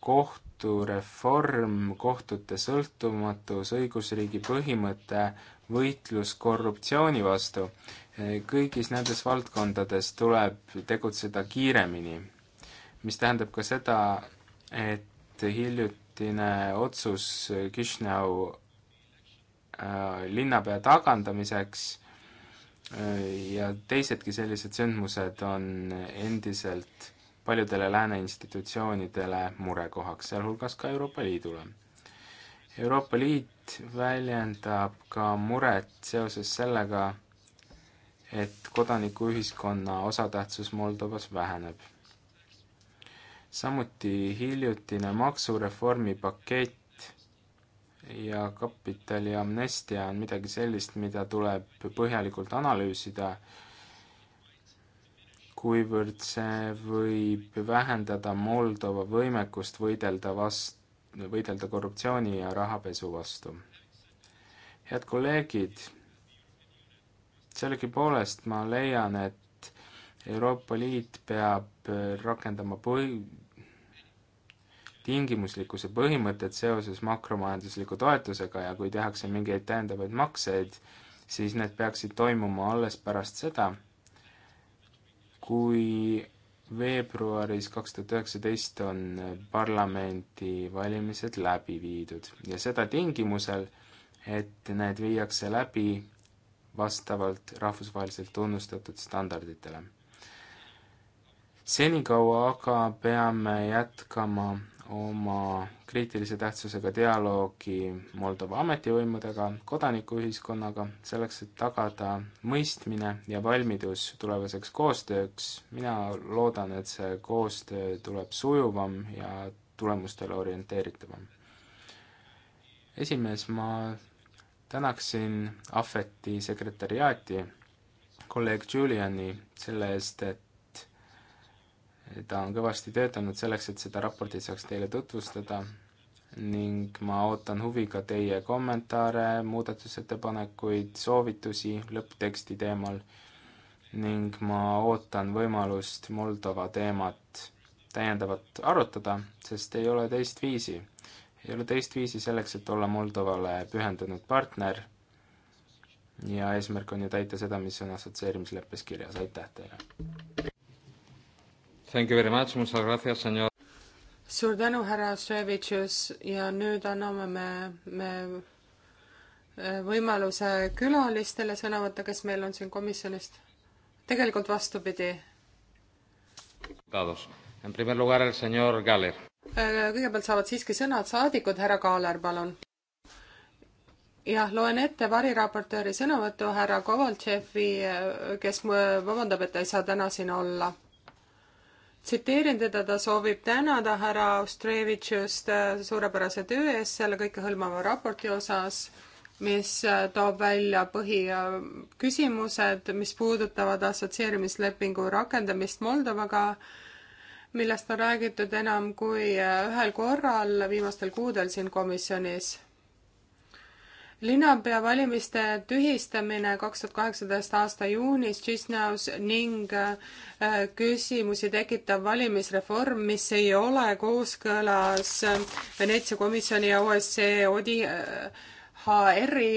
kohtureform, kohtute sõltumatus, õigusriigi põhimõte, võitlus korruptsiooni vastu kõigis nendes valdkondades tuleb tegutseda kiiremini, mis tähendab ka seda, et hiljutine otsus Kishnau äh, linnapea tagandamiseks äh, ja teisedki sellised sündmused on endiselt paljudele lääne institutsioonidele murekohaks, sealhulgas ka Euroopa Liidule. Euroopa Liit väljendab ka muret seoses sellega, et kodanikuühiskonna osatähtsus Moldovas väheneb. samuti hiljutine maksureformi pakett ja kapital ja amnestia on midagi sellist, mida tuleb põhjalikult analüüsida, kuivõrd see võib vähendada Moldova võimekust võidelda vast-, võidelda korruptsiooni ja rahapesu vastu. head kolleegid, sellegipoolest ma leian, et Euroopa Liit peab äh, rakendama põhi, tingimuslikkuse põhimõtet seoses makromajandusliku toetusega ja kui tehakse mingeid täiendavaid makseid, siis need peaksid toimuma alles pärast seda, kui veebruaris kaks tuhat üheksateist on parlamendivalimised läbi viidud ja seda tingimusel, et need viiakse läbi vastavalt rahvusvaheliselt tunnustatud standarditele. senikaua aga peame jätkama oma kriitilise tähtsusega dialoogi Moldova ametivõimudega, kodanikuühiskonnaga, selleks, et tagada mõistmine ja valmidus tulevaseks koostööks. mina loodan, et see koostöö tuleb sujuvam ja tulemustele orienteeritavam. esimees, ma tänaksin Ahveti sekretäriaati, kolleeg Giuliani selle eest, et ta on kõvasti töötanud selleks, et seda raportit saaks teile tutvustada ning ma ootan huviga teie kommentaare, muudatusettepanekuid, soovitusi lõppteksti teemal ning ma ootan võimalust Moldova teemat täiendavalt arutada, sest ei ole teist viisi ei ole teist viisi selleks, et olla Moldovale pühendunud partner ja eesmärk on ju täita seda, mis on assotsieerimisleppes kirjas, aitäh teile! Thank you very much, muchas gracias, senor. suur tänu, härra Ševitšus ja nüüd anname me, me e, võimaluse külalistele sõna võtta, kes meil on siin komisjonist. tegelikult vastupidi. En primer lugar el señor Galler. Äh, kõigepealt saavad siiski sõnad saadikud, härra Kaaler, palun. jah, loen ette variraportööri sõnavõtu härra Kovaltšefi, äh, kes vabandab, et ta ei saa täna siin olla. tsiteerin teda, ta soovib tänada härra Austrevitšust äh, suurepärase töö eest selle kõikehõlmava raporti osas, mis toob välja põhiküsimused, mis puudutavad assotsieerimislepingu rakendamist Moldovaga millest on räägitud enam kui äh, ühel korral viimastel kuudel siin komisjonis. linnapea valimiste tühistamine kaks tuhat kaheksateist aasta juunis Chisnaus ning äh, küsimusi tekitav valimisreform, mis ei ole kooskõlas äh, Veneetsia komisjoni ja OSCE ODI HR-i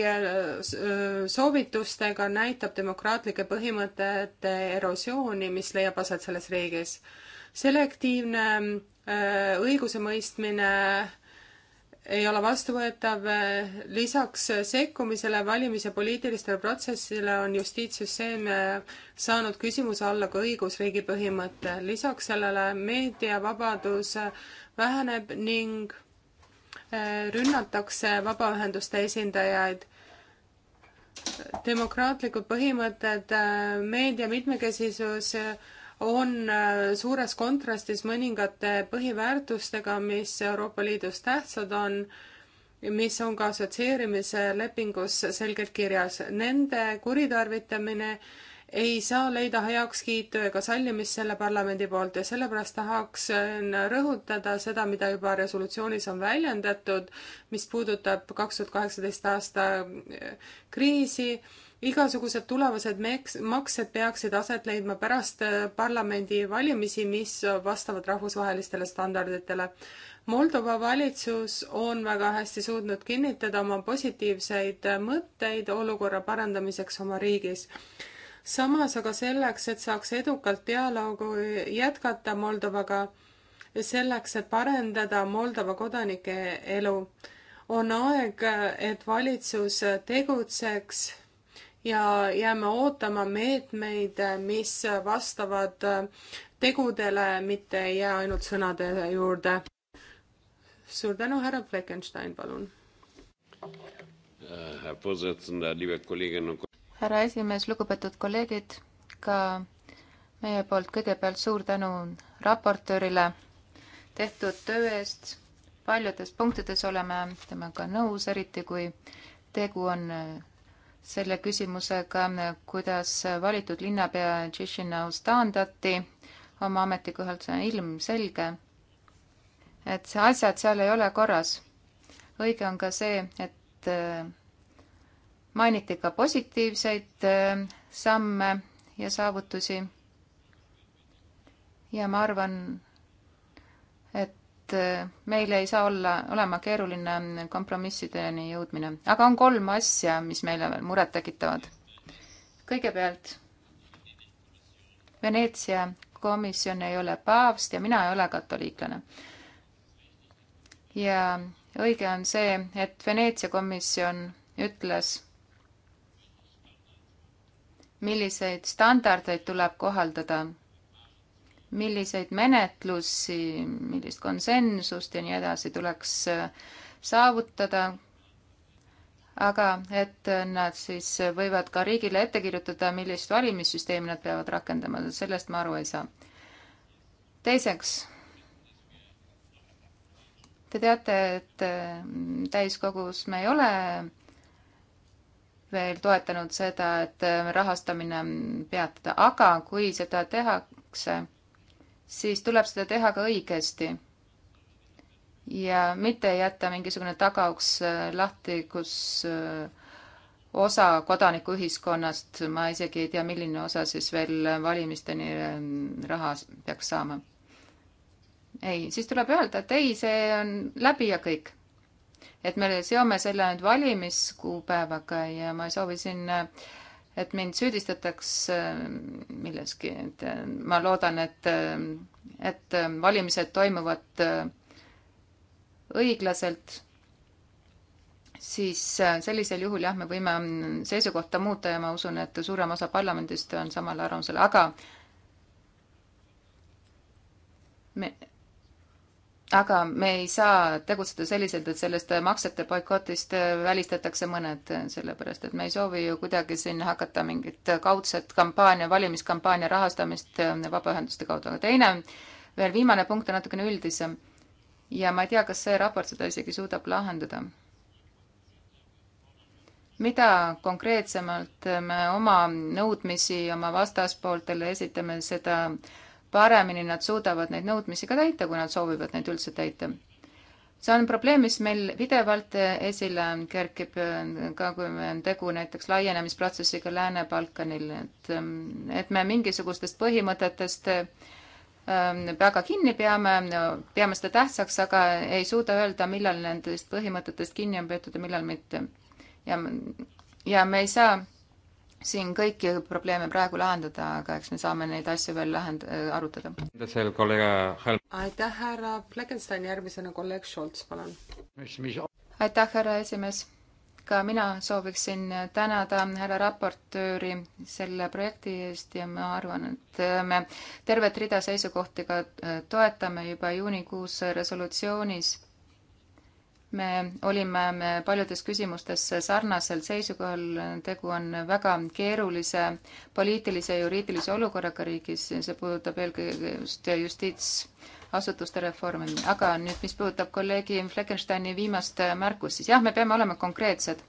soovitustega näitab demokraatlike põhimõtete erosiooni, mis leiab aset selles riigis selektiivne äh, õigusemõistmine ei ole vastuvõetav, lisaks sekkumisele valimise poliitilistele protsessile on justiitssüsteem äh, saanud küsimuse alla ka õigusriigi põhimõte. lisaks sellele meediavabadus äh, väheneb ning rünnatakse vabaühenduste esindajaid demokraatlikud põhimõtted, meedia mitmekesisus on äh, suures kontrastis mõningate põhiväärtustega, mis Euroopa Liidus tähtsad on, mis on ka assotsieerimise lepingus selgelt kirjas. Nende kuritarvitamine ei saa leida heakskiitu ega sallimist selle parlamendi poolt ja sellepärast tahaks äh, rõhutada seda, mida juba resolutsioonis on väljendatud, mis puudutab kaks tuhat kaheksateist aasta äh, kriisi igasugused tulevased meks-, maksed peaksid aset leidma pärast äh, parlamendivalimisi, mis vastavad rahvusvahelistele standarditele. Moldova valitsus on väga hästi suutnud kinnitada oma positiivseid äh, mõtteid olukorra parandamiseks oma riigis samas aga selleks, et saaks edukalt dialoogi jätkata Moldovaga, selleks, et parendada Moldova kodanike elu, on aeg, äh, et valitsus tegutseks ja jääme ootama meetmeid, mis vastavad tegudele, mitte ei jää ainult sõnade juurde. suur tänu, härra Fleckenstein, palun. härra esimees, lugupeetud kolleegid, ka meie poolt kõigepealt suur tänu raportöörile tehtud töö eest. paljudes punktides oleme temaga nõus, eriti kui tegu on selle küsimusega, kuidas valitud linnapea Tšišinaus taandati oma ametikohalt, see on ilmselge, et see asjad seal ei ole korras. õige on ka see, et äh, mainiti ka positiivseid äh, samme ja saavutusi. ja ma arvan, et äh, meil ei saa olla, olema keeruline kompromissideni jõudmine. aga on kolm asja, mis meile veel muret tekitavad. kõigepealt, Veneetsia komisjon ei ole paavst ja mina ei ole katoliiklane. ja õige on see, et Veneetsia komisjon ütles, milliseid standardeid tuleb kohaldada milliseid menetlusi, millist konsensust ja nii edasi tuleks äh, saavutada. aga et nad siis võivad ka riigile ette kirjutada, millist valimissüsteemi nad peavad rakendama, sellest ma aru ei saa. teiseks, te teate, et äh, täiskogus me ei ole veel toetanud seda, et äh, rahastamine peatada, aga kui seda tehakse, siis tuleb seda teha ka õigesti. ja mitte jätta mingisugune tagauks äh, lahti, kus äh, osa kodanikuühiskonnast, ma isegi ei tea, milline osa siis veel valimisteni äh, raha peaks saama. ei, siis tuleb öelda, et ei, see on läbi ja kõik. et me seome selle nüüd valimiskuupäevaga ja ma soovisin äh, et mind süüdistatakse äh, milleski, et äh, ma loodan, et, äh, et valimised toimuvad õiglaselt, siis sellisel juhul jah, me võime mm, seisukohta muuta ja ma usun, et suurem osa parlamendist on samal arvamusel, aga me, aga me ei saa tegutseda selliselt, et sellest maksete boikotist äh, välistatakse mõned, äh, sellepärast et me ei soovi ju kuidagi siin hakata mingit kaudset kampaania, valimiskampaania rahastamist äh, vabaühenduste kaudu, aga teine, veel viimane punkt on natukene üldisem. ja ma ei tea, kas see raport seda isegi suudab lahendada. mida konkreetsemalt me oma nõudmisi oma vastaspooltele esitame, seda äh, paremini nad suudavad neid nõudmisi ka täita, kui nad soovivad neid üldse täita. see on probleem, mis meil pidevalt esile kerkib, ka kui meil on tegu näiteks laienemisprotsessiga Lääne-Balkanil, et, ähm, et me mingisugustest põhimõtetest ähm, väga kinni peame, peame seda tähtsaks, aga ei suuda öelda, millal nendest põhimõtetest kinni on peetud ja millal mitte. ja, ja me ei saa siin kõiki probleeme praegu lahendada, aga eks me saame neid asju veel lahend-, äh, arutada. aitäh, härra Fleckenstein, järgmisena kolleeg Scholz, palun. aitäh, härra esimees. ka mina sooviksin tänada härra raportööri selle projekti eest ja ma arvan, et me tervet rida seisukohti ka äh, toetame juba juunikuus resolutsioonis me olime paljudes küsimustes sarnasel seisukohal, tegu on väga keerulise poliitilise ja juriidilise olukorraga riigis, see puudutab eelkõige just justiitsasutuste reformi, aga nüüd, mis puudutab kolleegi Fleckensteini viimast märkust, siis jah, me peame olema konkreetsed.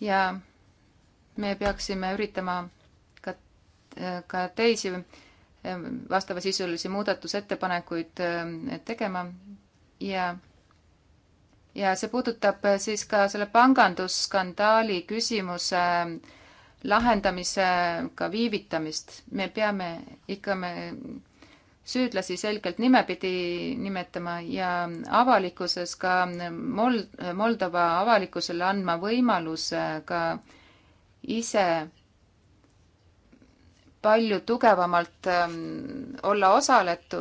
ja me peaksime üritama ka, ka teisi vastavasisulisi muudatusettepanekuid eh, tegema ja, ja see puudutab siis ka selle pangandusskandaali küsimuse ähm, lahendamisega viivitamist. me peame ikka me süüdlasi selgelt nimepidi nimetama ja avalikkuses ka Mol-, Moldova avalikkusele andma võimaluse ka ise palju tugevamalt ähm, olla osaletu,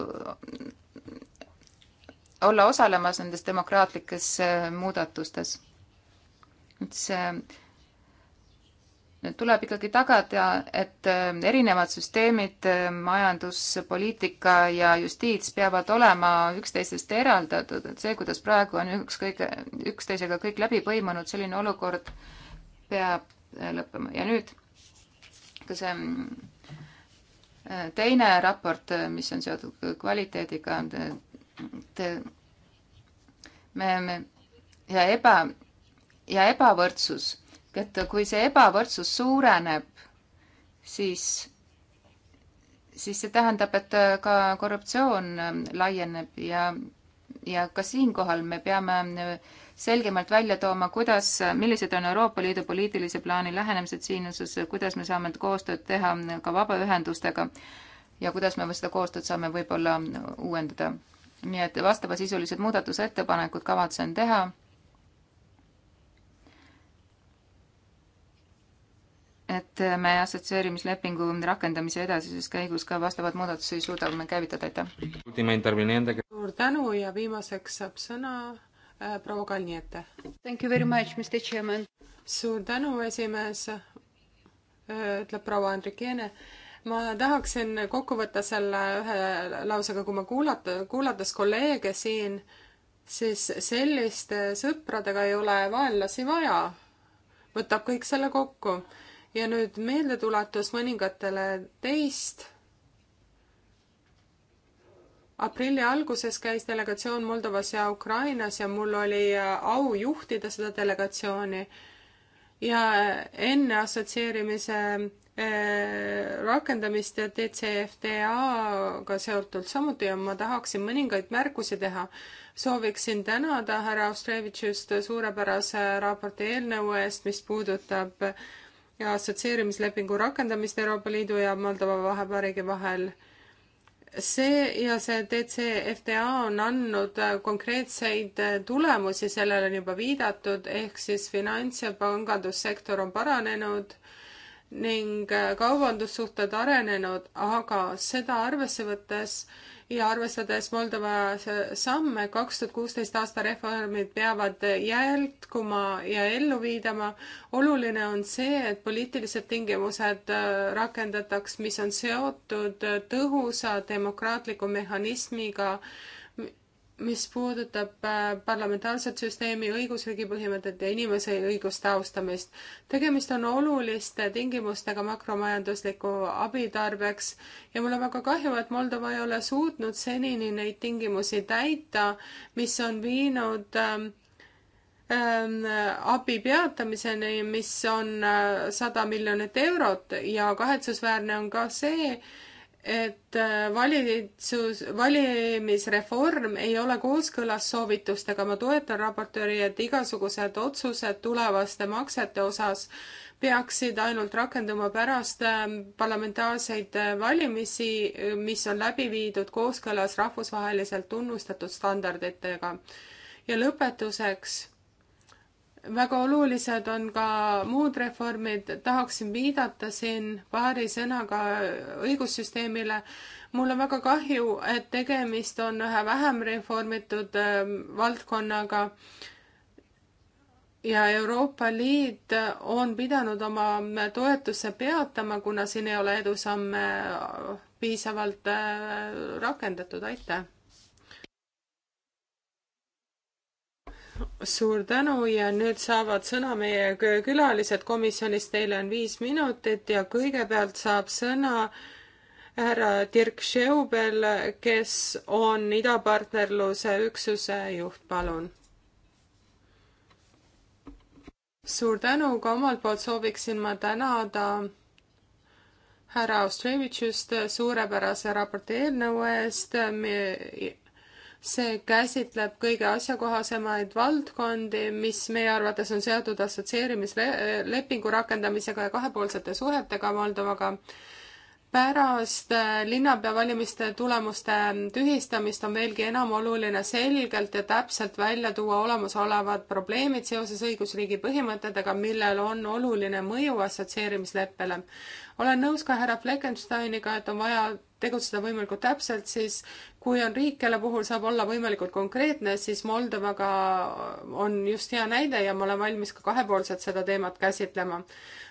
olla osalemas nendes demokraatlikes äh, muudatustes. et see tuleb ikkagi tagada, et äh, erinevad süsteemid, äh, majanduspoliitika ja justiits peavad olema üksteisest eraldatud, et see, kuidas praegu on üks kõige, üksteisega kõik läbi põimunud, selline olukord peab lõppema ja nüüd ka see teine raport, mis on seotud kvaliteediga, et me, me ja eba ja ebavõrdsus, et kui see ebavõrdsus suureneb, siis, siis see tähendab, et ka korruptsioon laieneb ja, ja ka siinkohal me peame selgemalt välja tooma, kuidas, millised on Euroopa Liidu poliitilise plaani lähenemised siin osas, kuidas me saame koostööd teha ka vabaühendustega ja kuidas me seda koostööd saame võib-olla uuendada nii et vastavasisulised muudatusettepanekud kavatsen teha. et me assotsieerimislepingu rakendamise edasises käigus ka vastavad muudatusi suudame käivitada, aitäh. suur tänu ja viimaseks saab sõna äh, proua Kalniete. suur tänu, esimees äh,, ütleb proua Andrikiene ma tahaksin kokku võtta selle ühe lausega, kui ma kuulata, kuulates kolleege siin, siis selliste sõpradega ei ole vaenlasi vaja. võtab kõik selle kokku. ja nüüd meeldetuletus mõningatele teist. aprilli alguses käis delegatsioon Moldovas ja Ukrainas ja mul oli au juhtida seda delegatsiooni ja enne assotsieerimise eh, rakendamist DCFTA-ga seotult samuti ja ma tahaksin mõningaid märkusi teha. sooviksin tänada härra Austrevitšust suurepärase raporti eelnõu eest, mis puudutab assotsieerimislepingu rakendamist Euroopa Liidu ja Moldova Vabariigi vahel see ja see DCFTA on andnud äh, konkreetseid äh, tulemusi, sellele on juba viidatud, ehk siis finants- ja pangandussektor on paranenud ning äh, kaubandussuhted arenenud, aga seda arvesse võttes ja arvestades Moldova samme, kaks tuhat kuusteist aasta reformid peavad jätkuma ja ellu viidama. oluline on see, et poliitilised tingimused äh, rakendataks, mis on seotud äh, tõhusa demokraatliku mehhanismiga mis puudutab äh, parlamentaarset süsteemi, õigusriigi põhimõtet ja inimese õiguste austamist. tegemist on oluliste tingimustega makromajandusliku abi tarbeks ja mul on väga kahju, et Moldova ei ole suutnud senini neid tingimusi täita, mis on viinud ähm, ähm, abi peatamiseni, mis on äh, sada miljonit eurot ja kahetsusväärne on ka see, et äh, valitsus, valimisreform ei ole kooskõlas soovitustega, ma toetan raportööri, et igasugused otsused tulevaste maksete osas peaksid ainult rakenduma pärast äh, parlamentaarseid äh, valimisi, mis on läbi viidud kooskõlas rahvusvaheliselt tunnustatud standarditega. ja lõpetuseks väga olulised on ka muud reformid, tahaksin viidata siin paari sõnaga õigussüsteemile. mul on väga kahju, et tegemist on ühe vähem reformitud ähm, valdkonnaga ja Euroopa Liit on pidanud oma toetuse peatama, kuna siin ei ole edusamme äh, piisavalt äh, rakendatud, aitäh! suur tänu ja nüüd saavad sõna meie külalised komisjonist, teil on viis minutit ja kõigepealt saab sõna härra Dirk Scheubel, kes on idapartnerluse üksuse juht, palun. suur tänu, ka omalt poolt sooviksin ma tänada härra Ostrevitšust suurepärase raporti eelnõu eest see käsitleb kõige asjakohasemaid valdkondi, mis meie arvates on seotud assotsieerimislepingu rakendamisega ja kahepoolsete suhetega Moldovaga. pärast äh, linnapeavalimiste tulemuste tühistamist on veelgi enam oluline selgelt ja täpselt välja tuua olemasolevad probleemid seoses õigusriigi põhimõtetega, millel on oluline mõju assotsieerimisleppele. olen nõus ka härra Fleckensteiniga, et on vaja tegutseda võimalikult täpselt, siis kui on riik, kelle puhul saab olla võimalikult konkreetne, siis Moldovaga on just hea näide ja ma olen valmis ka kahepoolselt seda teemat käsitlema.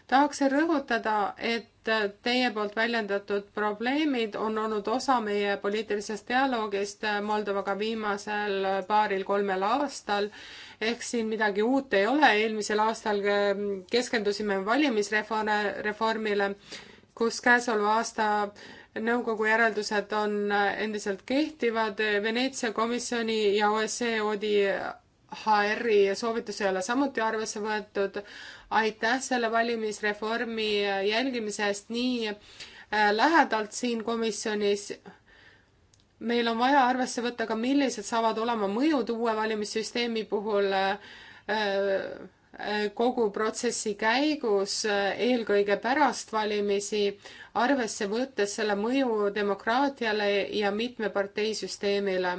tahaksin rõhutada, et teie poolt väljendatud probleemid on olnud osa meie poliitilisest dialoogist Moldovaga viimasel paaril-kolmel aastal, ehk siin midagi uut ei ole, eelmisel aastal keskendusime valimisreformile, kus käesoleva aasta nõukogu järeldused on endiselt kehtivad, Veneetsia komisjoni ja OSCE ODHR-i soovitusi ei ole samuti arvesse võetud. aitäh selle valimisreformi jälgimise eest nii äh, lähedalt siin komisjonis. meil on vaja arvesse võtta ka, millised saavad olema mõjud uue valimissüsteemi puhul äh, kogu protsessi käigus, eelkõige pärast valimisi, arvesse võttes selle mõju demokraatiale ja mitmeparteisüsteemile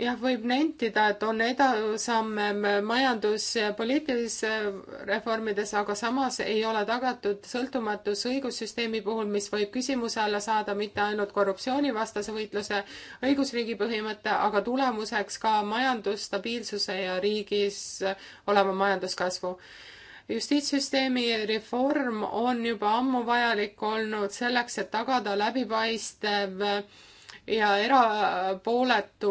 jah, võib nentida, et on edusamme majandus- ja poliitilises reformides, aga samas ei ole tagatud sõltumatus õigussüsteemi puhul, mis võib küsimuse alla saada mitte ainult korruptsioonivastase võitluse õigusriigi põhimõte, aga tulemuseks ka majandusstabiilsuse ja riigis oleva majanduskasvu justiitssüsteemi reform on juba ammu vajalik olnud selleks, et tagada läbipaistev äh, ja erapooletu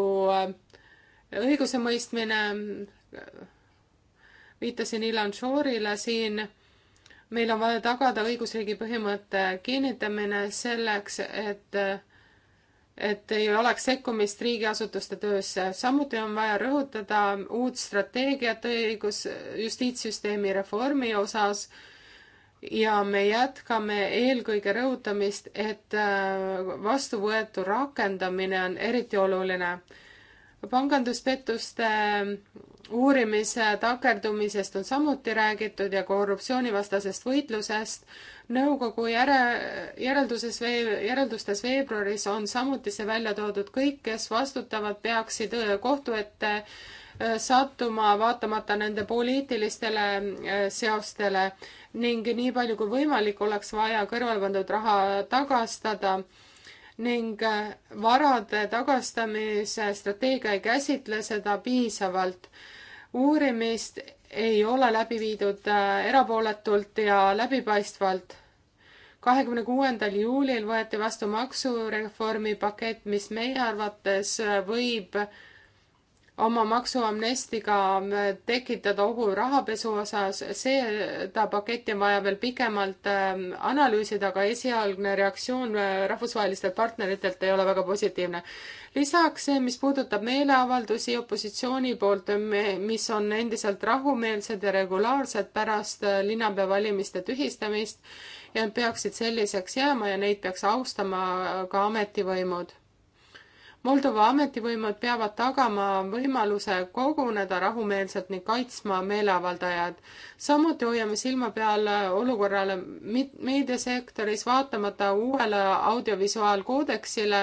õigusemõistmine, viitasin Ilan Shore'ile siin, meil on vaja tagada õigusriigi põhimõtte kinnitamine selleks, et et ei oleks sekkumist riigiasutuste töösse. samuti on vaja rõhutada uut strateegiat õigus, justiitssüsteemi reformi osas ja me jätkame eelkõige rõhutamist, et äh, vastuvõetu rakendamine on eriti oluline. panganduspettuste ähm, uurimise takerdumisest on samuti räägitud ja korruptsioonivastasest võitlusest nõukogu järe, järelduses, järeldustes veebruaris on samuti see välja toodud, kõik, kes vastutavad, peaksid äh, kohtu ette äh, sattuma vaatamata nende poliitilistele äh, seostele ning nii palju kui võimalik, oleks vaja kõrvalpandud raha tagastada ning varade tagastamise strateegia ei käsitle seda piisavalt uurimist ei ole läbi viidud äh, erapooletult ja läbipaistvalt. kahekümne kuuendal juulil võeti vastu maksureformi pakett, mis meie arvates äh, võib äh, oma maksuamnestiga äh, tekitada ohu rahapesu osas, seda paketti on vaja veel pikemalt ähm, analüüsida, aga esialgne reaktsioon äh, rahvusvahelistelt partneritelt ei ole väga positiivne. lisaks see, äh, mis puudutab meeleavaldusi opositsiooni poolt, mis on endiselt rahumeelsed ja regulaarsed pärast linnapea valimiste tühistamist ja peaksid selliseks jääma ja neid peaks austama ka ametivõimud Moldova ametivõimud peavad tagama võimaluse koguneda rahumeelselt ning kaitsma meeleavaldajad. samuti hoiame silma peal olukorrale meediasektoris vaatamata uuele audiovisuaalkoodeksile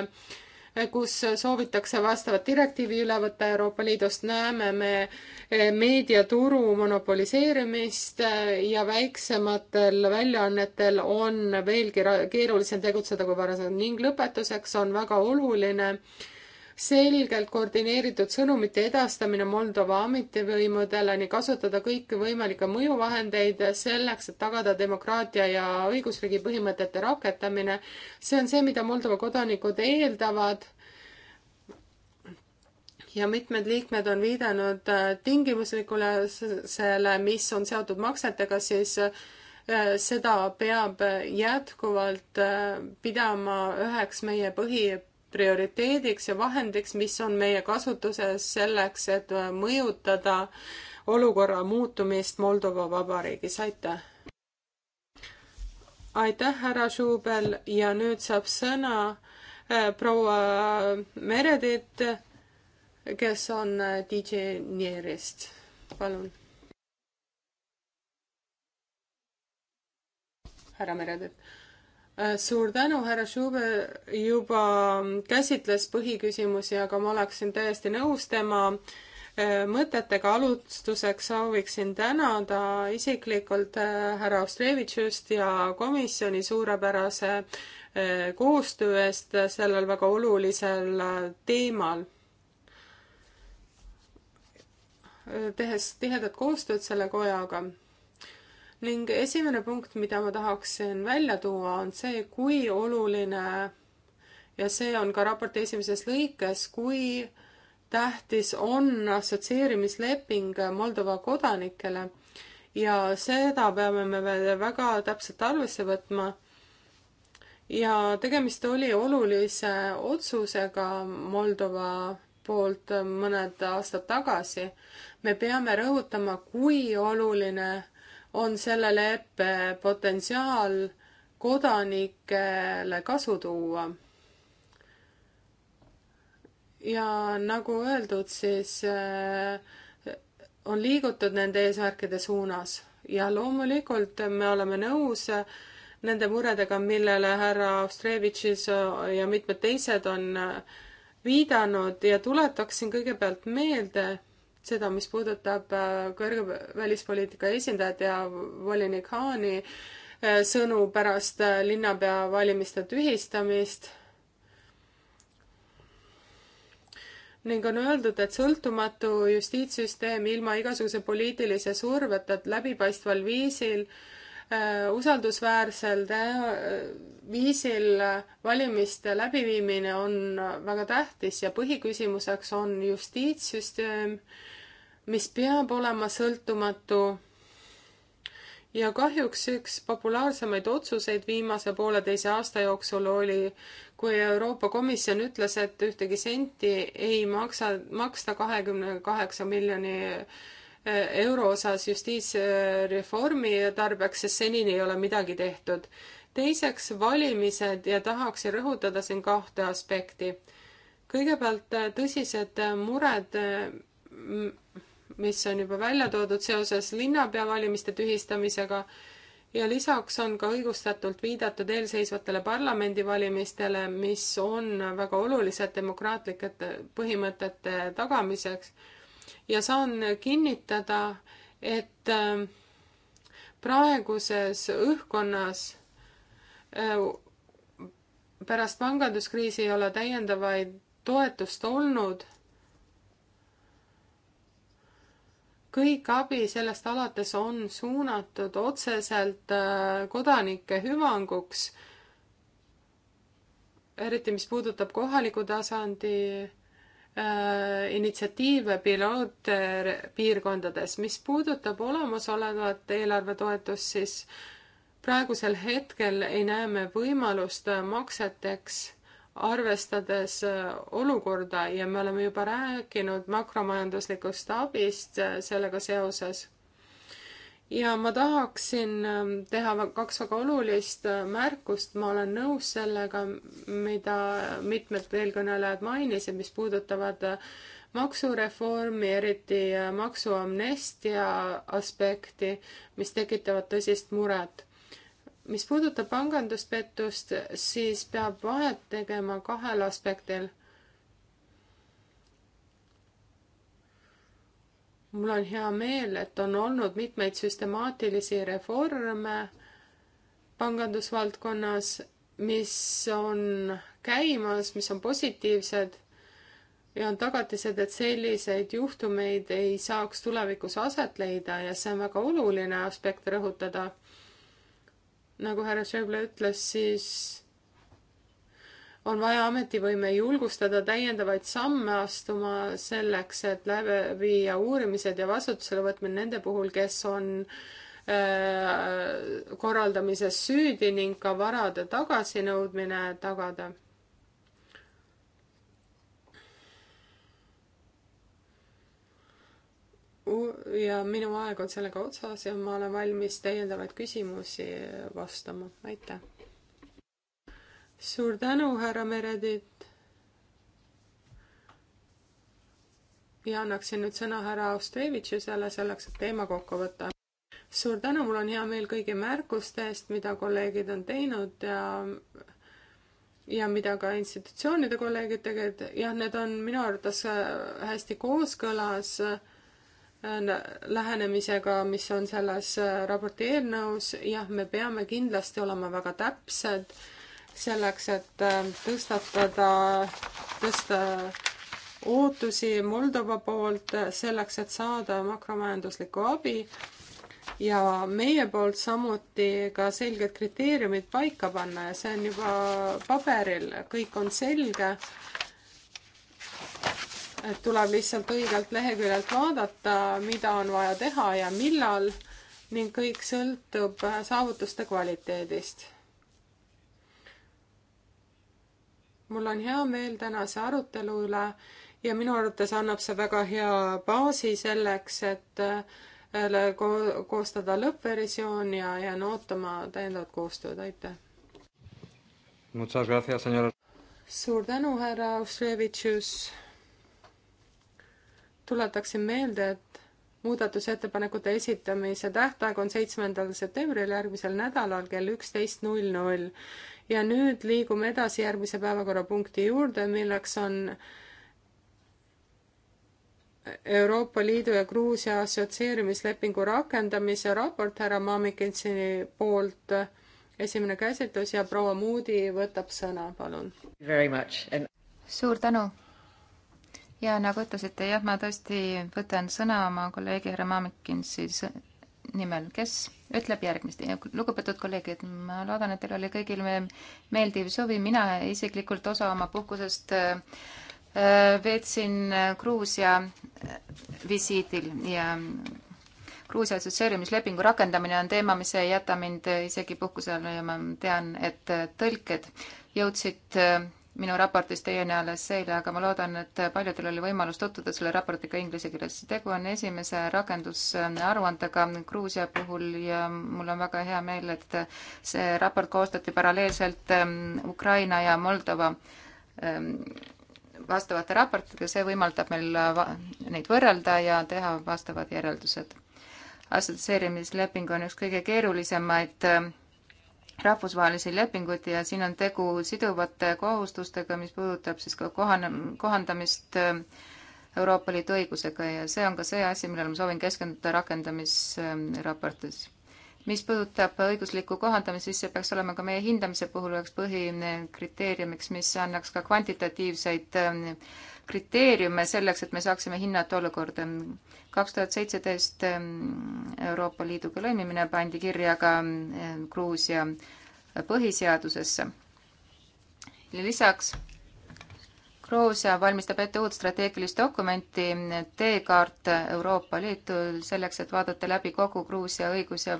Eh, kus soovitakse vastavat direktiivi üle võtta Euroopa Liidust, näeme me eh, meediaturu monopoliseerimist eh, ja väiksematel väljaannetel on veelgi keerulisem tegutseda kui varasem ning lõpetuseks on väga oluline, selgelt koordineeritud sõnumite edastamine Moldova ametivõimudele ning kasutada kõiki võimalikke mõjuvahendeid selleks, et tagada demokraatia ja õigusriigi põhimõtete rakendamine. see on see, mida Moldova kodanikud eeldavad ja mitmed liikmed on viidanud äh, tingimuslikule selle, mis on seotud maksetega, siis äh, seda peab äh, jätkuvalt pidama üheks meie põhi prioriteediks ja vahendiks, mis on meie kasutuses selleks, et mõjutada olukorra muutumist Moldova Vabariigis, aitäh! aitäh, härra Schuubel ja nüüd saab sõna äh, proua Meredit, kes on äh, DJ Nierist, palun. härra Meredit Äh, suur tänu, härra Schubert juba käsitles põhiküsimusi, aga ma oleksin täiesti nõus tema äh, mõtetega. alustuseks sooviksin tänada isiklikult äh, härra Ostrevitšust ja komisjoni suurepärase koostöö eest sellel väga olulisel teemal. tehes tihedat koostööd selle kojaga ning esimene punkt, mida ma tahaksin välja tuua, on see, kui oluline ja see on ka raporti esimeses lõikes, kui tähtis on assotsieerimisleping Moldova kodanikele ja seda peame me veel väga täpselt arvesse võtma. ja tegemist oli olulise otsusega Moldova poolt mõned aastad tagasi. me peame rõhutama, kui oluline on selle leppe potentsiaal kodanikele kasu tuua. ja nagu öeldud, siis äh, on liigutud nende eesmärkide suunas ja loomulikult me oleme nõus äh, nende muredega, millele härra Ostrevitšis äh, ja mitmed teised on viidanud ja tuletaksin kõigepealt meelde, seda, mis puudutab äh, kõrge välispoliitika esindajat ja volinik Haani äh, sõnu pärast äh, linnapea valimiste tühistamist. ning on öeldud, et sõltumatu justiitssüsteem ilma igasuguse poliitilise surveta läbipaistval viisil äh, Äh, usaldusväärsel äh, viisil valimiste läbiviimine on väga tähtis ja põhiküsimuseks on justiitssüsteem, mis peab olema sõltumatu. ja kahjuks üks populaarsemaid otsuseid viimase pooleteise aasta jooksul oli, kui Euroopa Komisjon ütles, et ühtegi senti ei maksa, maksta kahekümne kaheksa miljoni euro osas justiitsreformi tarbeks, sest senini ei ole midagi tehtud. teiseks, valimised ja tahaksin rõhutada siin kahte aspekti. kõigepealt tõsised mured, mis on juba välja toodud seoses linnapeavalimiste tühistamisega ja lisaks on ka õigustatult viidatud eelseisvatele parlamendivalimistele, mis on väga olulised demokraatlike põhimõtete tagamiseks ja saan kinnitada, et ähm, praeguses õhkkonnas äh, pärast panganduskriisi ei ole täiendavaid toetust olnud. kõik abi sellest alates on suunatud otseselt äh, kodanike hüvanguks, eriti mis puudutab kohaliku tasandi Äh, initsiatiive pilootpiirkondades. mis puudutab olemasolevat eelarvetoetust, siis praegusel hetkel ei näe me võimalust makseteks, arvestades äh, olukorda ja me oleme juba rääkinud makromajanduslikust abist äh, sellega seoses ja ma tahaksin ähm, teha kaks väga olulist äh, märkust, ma olen nõus sellega, mida mitmed eelkõnelejad mainisid, mis puudutavad äh, maksureformi, eriti äh, maksuamnestia aspekti, mis tekitavad tõsist muret. mis puudutab panganduspettust, siis peab vahet tegema kahel aspektil mul on hea meel, et on olnud mitmeid süstemaatilisi reforme pangandusvaldkonnas, mis on käimas, mis on positiivsed ja on tagatised, et selliseid juhtumeid ei saaks tulevikus aset leida ja see on väga oluline aspekt rõhutada. nagu härra Schäuble ütles, siis on vaja ametivõime julgustada täiendavaid samme astuma selleks, et läbi viia uurimised ja vastutusele võtmine nende puhul, kes on äh, korraldamises süüdi ning ka varade tagasinõudmine tagada. ja minu aeg on sellega otsas ja ma olen valmis täiendavaid küsimusi vastama, aitäh! suur tänu, härra Meredit. ja annaksin nüüd sõna härra Austrevitšusele selleks, et teema kokku võtta. suur tänu, mul on hea meel kõigi märkuste eest, mida kolleegid on teinud ja ja mida ka institutsioonide kolleegid tegid, jah, need on minu arvates hästi kooskõlas äh, lähenemisega, mis on selles äh, raporti eelnõus, jah, me peame kindlasti olema väga täpsed selleks, et äh, tõstatada, tõsta ootusi Moldova poolt, selleks, et saada makromajanduslikku abi ja meie poolt samuti ka selged kriteeriumid paika panna ja see on juba paberil, kõik on selge. et tuleb lihtsalt õigelt leheküljelt vaadata, mida on vaja teha ja millal ning kõik sõltub saavutuste kvaliteedist mul on hea meel tänase arutelu üle ja minu arvates annab see väga hea baasi selleks, et äh, ko-, koostada lõppversioon ja jään ootama täiendavat koostööd, aitäh! suur tänu, härra Austrevitšus! tuletaksin meelde, et muudatusettepanekute esitamise tähtaeg on seitsmendal septembril järgmisel nädalal kell üksteist null null ja nüüd liigume edasi järgmise päevakorrapunkti juurde, milleks on Euroopa Liidu ja Gruusia assotsieerimislepingu rakendamise raport härra Mamikintsi poolt, esimene käsitlus ja proua Moody võtab sõna, palun. And... suur tänu. ja nagu ütlesite, jah, ma tõesti võtan sõna oma kolleegi härra Mamikintsi nimel, kes ütleb järgmist. lugupeetud kolleegid, ma loodan, et teil oli kõigil meeldiv suvi, mina isiklikult osa oma puhkusest äh, äh, veetsin äh, Gruusia visiidil ja Gruusia assotsieerimislepingu rakendamine on teema, mis ei jäta mind isegi puhkuse all ja ma tean, et tõlked jõudsid minu raportis teieni alles eile, aga ma loodan, et paljudel oli võimalus tutvuda selle raportiga inglise keeles. tegu on esimese rakendusaruandega Gruusia puhul ja mul on väga hea meel, et see raport koostati paralleelselt ähm, Ukraina ja Moldova ähm, vastavate raportidega, see võimaldab meil äh, neid võrrelda ja teha vastavad järeldused. assotsieerimisleping on üks kõige keerulisemaid ähm, rahvusvahelisi lepinguid ja siin on tegu siduvate kohustustega, mis puudutab siis ka kohane, kohandamist äh, Euroopa Liidu õigusega ja see on ka see asi, millele ma soovin keskenduda rakendamisraportis äh, mis puudutab õiguslikku kohandamist, siis see peaks olema ka meie hindamise puhul üheks põhikriteeriumiks, mis annaks ka kvantitatiivseid ähm, kriteeriume selleks, et me saaksime hinnata olukorda. kaks tuhat seitseteist ähm, Euroopa Liiduga lõimimine pandi kirja ka ähm, Gruusia põhiseadusesse. lisaks Gruusia valmistab ette uut strateegilist dokumenti, teekaart Euroopa Liitu, selleks, et vaadata läbi kogu Gruusia õigus ja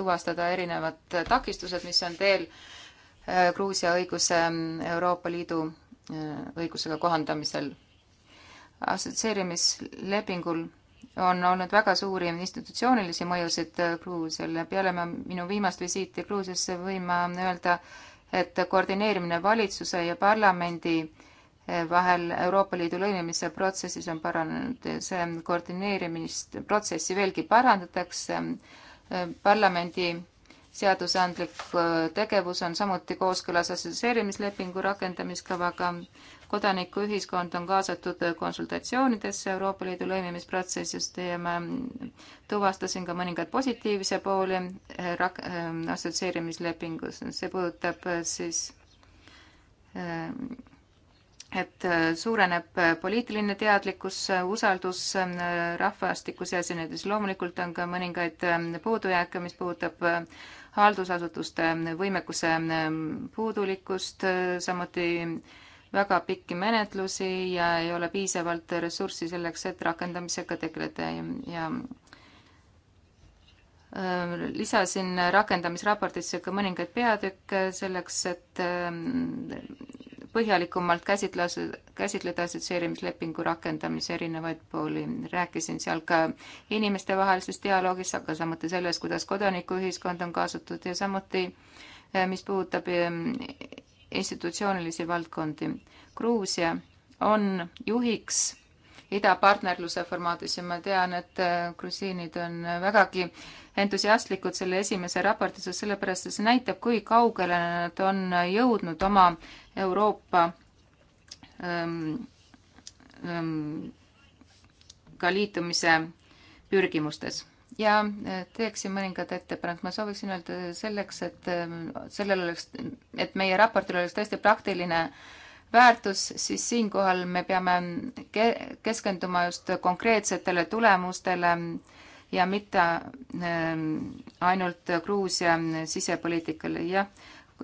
tuvastada erinevad takistused, mis on teel äh, Gruusia õiguse mm, Euroopa Liidu äh, õigusega kohandamisel. assotsieerimislepingul on olnud väga suuri institutsioonilisi mõjusid äh, Gruusiale. peale ma, minu viimast visiiti Gruusiasse võin ma öelda, et koordineerimine valitsuse ja parlamendi vahel Euroopa Liidu lõimimise protsessis on paranenud, see koordineerimist, protsessi veelgi parandatakse, parlamendi seadusandlik äh, tegevus on samuti kooskõlas assotsieerimislepingu rakendamiskavaga, kodanikuühiskond on kaasatud konsultatsioonidesse Euroopa Liidu lõimimisprotsessist ja ma tuvastasin ka mõningaid positiivse pooli äh, rak-, äh, assotsieerimislepingus, see puudutab siis äh, et äh, suureneb äh, poliitiline teadlikkus, äh, usaldus rahvastiku seas ja näiteks loomulikult on ka mõningaid ähm, puudujääke, mis puudutab haldusasutuste võimekuse ähm, puudulikkust, samuti väga pikki menetlusi ja ei ole piisavalt ressurssi selleks, et rakendamisega tegeleda ja lisasin rakendamisraportisse ka mõningaid peatükke selleks, et ähm, põhjalikumalt käsitles, käsitleda assotsieerimislepingu rakendamise erinevaid pooli. rääkisin seal ka inimestevahelisest dialoogist, aga samuti sellest, kuidas kodanikuühiskond on kaasatud ja samuti eh, mis puudutab eh, institutsioonilisi valdkondi. Gruusia on juhiks idapartnerluse formaadis ja ma tean, et eh, grusiinid on vägagi entusiastlikud selle esimese raporti osas, sellepärast et see näitab, kui kaugele nad on jõudnud oma Euroopa ähm, ähm, ka liitumise pürgimustes ja äh, teeksin mõningad ettepanekud, ma sooviksin öelda selleks, et ähm, sellel oleks, et meie raportil oleks tõesti praktiline väärtus, siis siinkohal me peame ke-, keskenduma just konkreetsetele tulemustele ja mitte ähm, ainult Gruusia sisepoliitikale, jah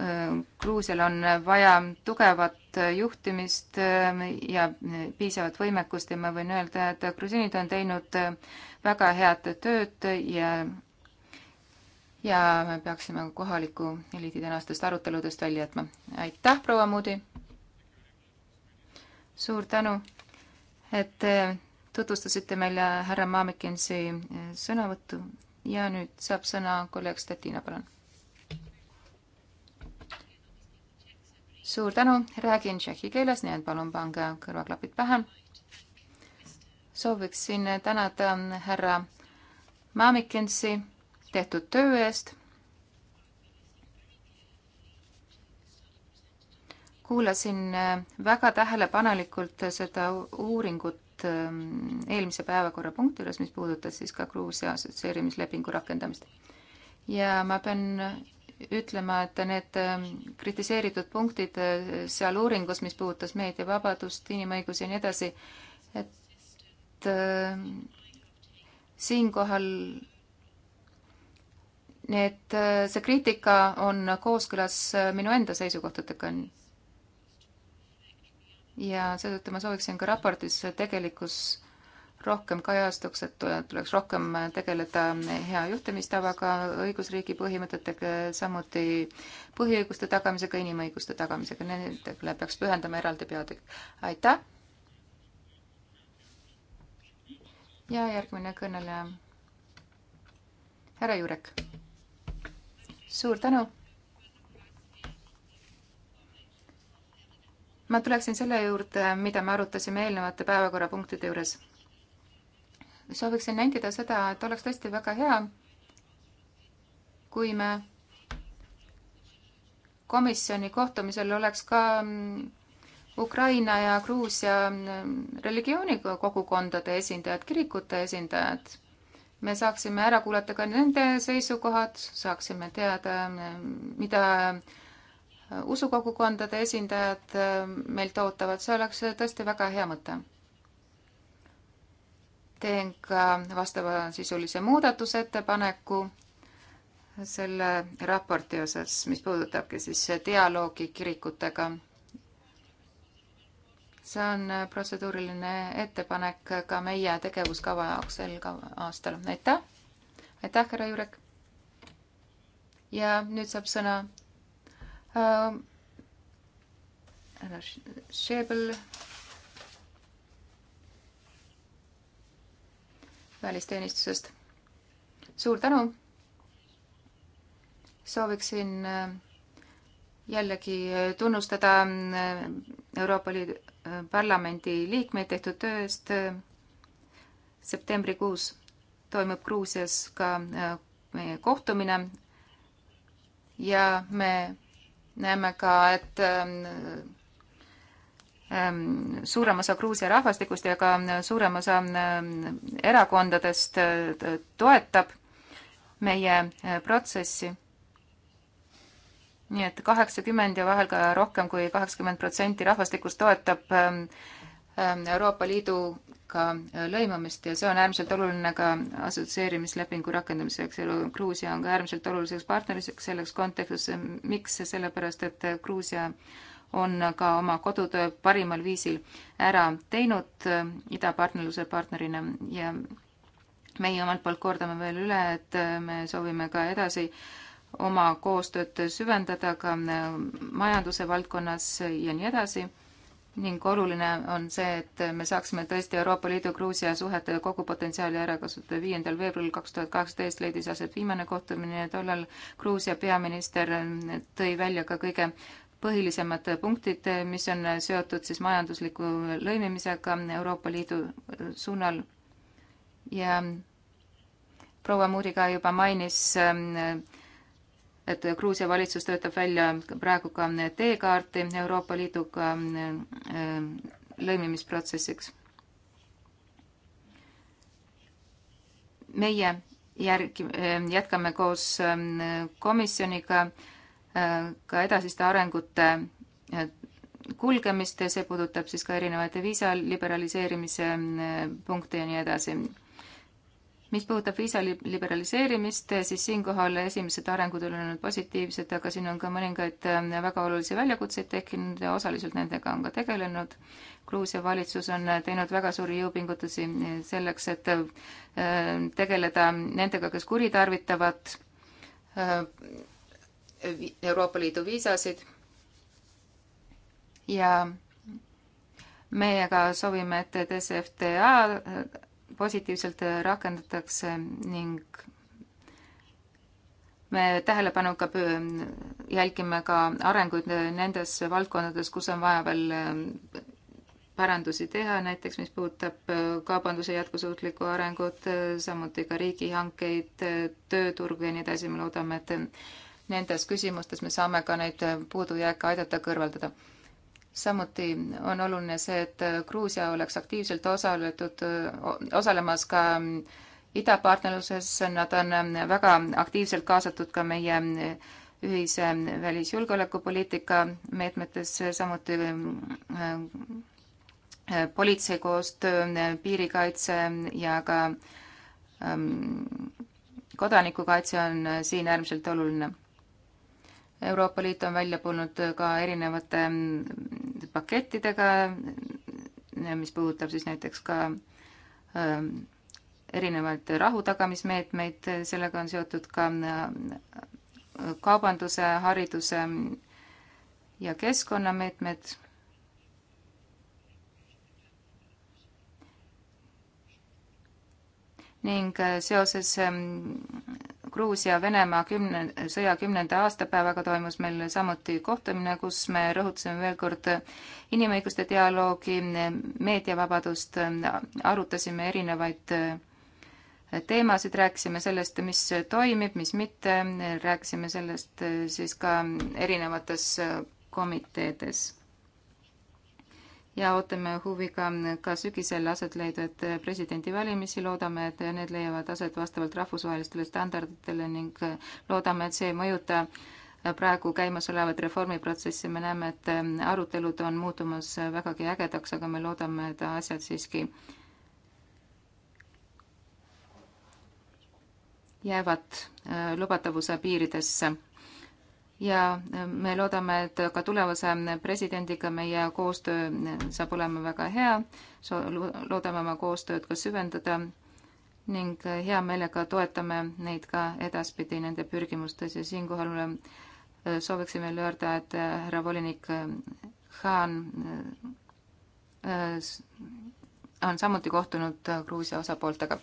Äh, Gruusial on vaja tugevat juhtimist äh, ja äh, piisavat võimekust ja ma võin öelda, et grusiinid on teinud väga head tööd ja ja me peaksime kohaliku eliidi tänastest aruteludest välja jätma. aitäh, proua Moody! suur tänu, et tutvustasite meile härra Maamekensi sõnavõttu ja nüüd saab sõna kolleeg Stettina, palun suur tänu, räägin tšehhi keeles, nii et palun pange kõrvaklapid pähe. sooviksin tänada härra Mamikensi tehtud töö eest. kuulasin väga tähelepanelikult seda uuringut ähm, eelmise päevakorrapunkti juures, mis puudutas siis ka Gruusia assotsieerimislepingu rakendamist. ja ma pean ütlema, et need ähm, kritiseeritud punktid äh, seal uuringus, mis puudutas meediavabadust, inimõigusi ja nii edasi, et ähm, siinkohal need, äh, see kriitika on kooskõlas äh, minu enda seisukohtadega. ja seetõttu ma sooviksin ka raportis tegelikkus rohkem kajastuks, et tuleks rohkem tegeleda hea juhtimistavaga, õigusriigi põhimõtetega, samuti põhiõiguste tagamisega, inimõiguste tagamisega, nendele peaks pühendama eraldi peatükk. aitäh! ja järgmine kõneleja, härra Jurek. suur tänu! ma tuleksin selle juurde, mida me arutasime eelnevate päevakorrapunktide juures sooviksin nentida seda, et oleks tõesti väga hea, kui me komisjoni kohtumisel oleks ka mm, Ukraina ja Gruusia mm, religiooni kogukondade esindajad, kirikute esindajad. me saaksime ära kuulata ka nende seisukohad, saaksime teada, mm, mida usukogukondade esindajad meilt ootavad, see oleks tõesti väga hea mõte teen ka vastavasisulise muudatusettepaneku selle raporti osas, mis puudutabki siis dialoogi kirikutega. see on protseduuriline ettepanek ka meie tegevuskava jaoks sel aastal. aitäh, aitäh, härra Jurek. ja nüüd saab sõna äh, härra Šebel välisteenistusest. suur tänu. sooviksin äh, jällegi äh, tunnustada äh, Euroopa Liidu Parlamendi liikmeid tehtud töö eest. septembrikuus toimub Gruusias ka meie kohtumine ja me näeme ka, et Ähm, suurem osa Gruusia rahvastikust ja ka äh, suurem osa ähm, erakondadest äh, toetab meie äh, protsessi. nii et kaheksakümmend ja vahel ka rohkem kui kaheksakümmend protsenti rahvastikust toetab ähm, Euroopa Liiduga lõimumist ja see on äärmiselt oluline ka assotsieerimislepingu rakendamiseks. Gruusia on ka äärmiselt oluliseks partneriseks selleks kontekstis. miks? sellepärast, et Gruusia on ka oma kodutöö parimal viisil ära teinud äh, idapartnerluse partnerina ja meie omalt poolt kordame veel üle, et äh, me soovime ka edasi oma koostööd süvendada ka äh, majanduse valdkonnas ja nii edasi ning oluline on see, et me saaksime tõesti Euroopa Liidu Gruusia suhete kogu potentsiaali ära kasutada. viiendal veebruaril kaks tuhat kaheksateist leidis aset viimane kohtumine ja tollal Gruusia peaminister tõi välja ka kõige põhilisemad punktid, mis on seotud siis majandusliku lõimimisega Euroopa Liidu suunal ja proua Muuri ka juba mainis, et Gruusia valitsus töötab välja praegu ka teekaarti Euroopa Liiduga äh, lõimimisprotsessiks. meie järgi, äh, jätkame koos äh, komisjoniga äh, ka edasiste arengute äh, kulgemist, see puudutab siis ka erinevate viisa liberaliseerimise äh, punkte ja nii edasi. mis puudutab viisa liberaliseerimist, siis siinkohal esimesed arengud on olnud positiivsed, aga siin on ka mõningaid äh, väga olulisi väljakutseid tekkinud ja osaliselt nendega on ka tegelenud. Gruusia valitsus on teinud väga suuri jõupingutusi selleks, et tegeleda nendega, kes kuritarvitavad Euroopa Liidu viisasid ja meiega soovime, et DCFTA positiivselt rakendatakse ning me tähelepanuga jälgime ka arenguid nendes valdkondades, kus on vaja veel äh, parandusi teha, näiteks mis puudutab äh, kaubanduse jätkusuutlikku arengut, äh, samuti ka riigihankeid, tööturgu ja nii edasi, me loodame, et nendes küsimustes me saame ka neid puudujääke aidata kõrvaldada. samuti on oluline see, et Gruusia oleks aktiivselt osaletud, osalemas ka idapartnerluses, nad on väga aktiivselt kaasatud ka meie ühise välisjulgeolekupoliitika meetmetesse, samuti äh, politsei koostöö, piirikaitse ja ka ähm, kodanikukaitse on äh, siin äärmiselt oluline Euroopa Liit on välja tulnud ka erinevate mm, pakettidega, mis puudutab siis näiteks ka ähm, erinevaid rahutagamismeetmeid, sellega on seotud ka äh, kaubanduse, hariduse ja keskkonnameetmed. ning äh, seoses ähm, Gruusia-Venemaa kümne, sõja kümnenda aastapäevaga toimus meil samuti kohtumine, kus me rõhutasime veel kord inimõiguste dialoogi, meediavabadust, arutasime erinevaid äh, teemasid, rääkisime sellest, mis toimib, mis mitte, rääkisime sellest äh, siis ka erinevates äh, komiteedes ja ootame huviga ka sügisel aset leidvaid presidendivalimisi, loodame, et need leiavad aset vastavalt rahvusvahelistele standarditele ning loodame, et see ei mõjuta praegu käimasolevat reformiprotsessi, me näeme, et arutelud on muutumas vägagi ägedaks, aga me loodame, et asjad siiski jäävad äh, lubatavuse piiridesse ja eh, me loodame, et ka tulevase presidendiga meie koostöö eh, saab olema väga hea. loodame oma koostööd ka süvendada ning eh, hea meelega toetame neid ka edaspidi nende pürgimustes ja siinkohal sooviksin veel öelda, et härra volinik Haan on samuti kohtunud Gruusia osapooltega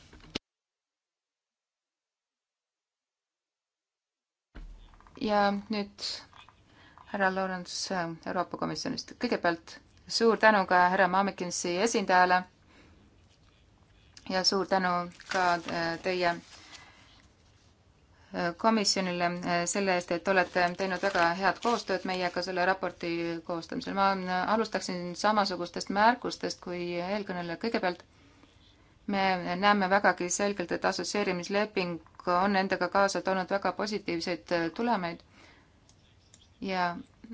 ja nüüd härra Lawrence äh, Euroopa Komisjonist. kõigepealt suur tänu ka härra Mamekinsi esindajale ja suur tänu ka äh, teie äh, komisjonile selle eest, et olete teinud väga head koostööd meiega selle raporti koostamisel. ma alustaksin samasugustest märkustest kui eelkõneleja. kõigepealt me näeme vägagi selgelt, et assotsieerimisleping on endaga kaasa toonud väga positiivseid äh, tulemeid. ja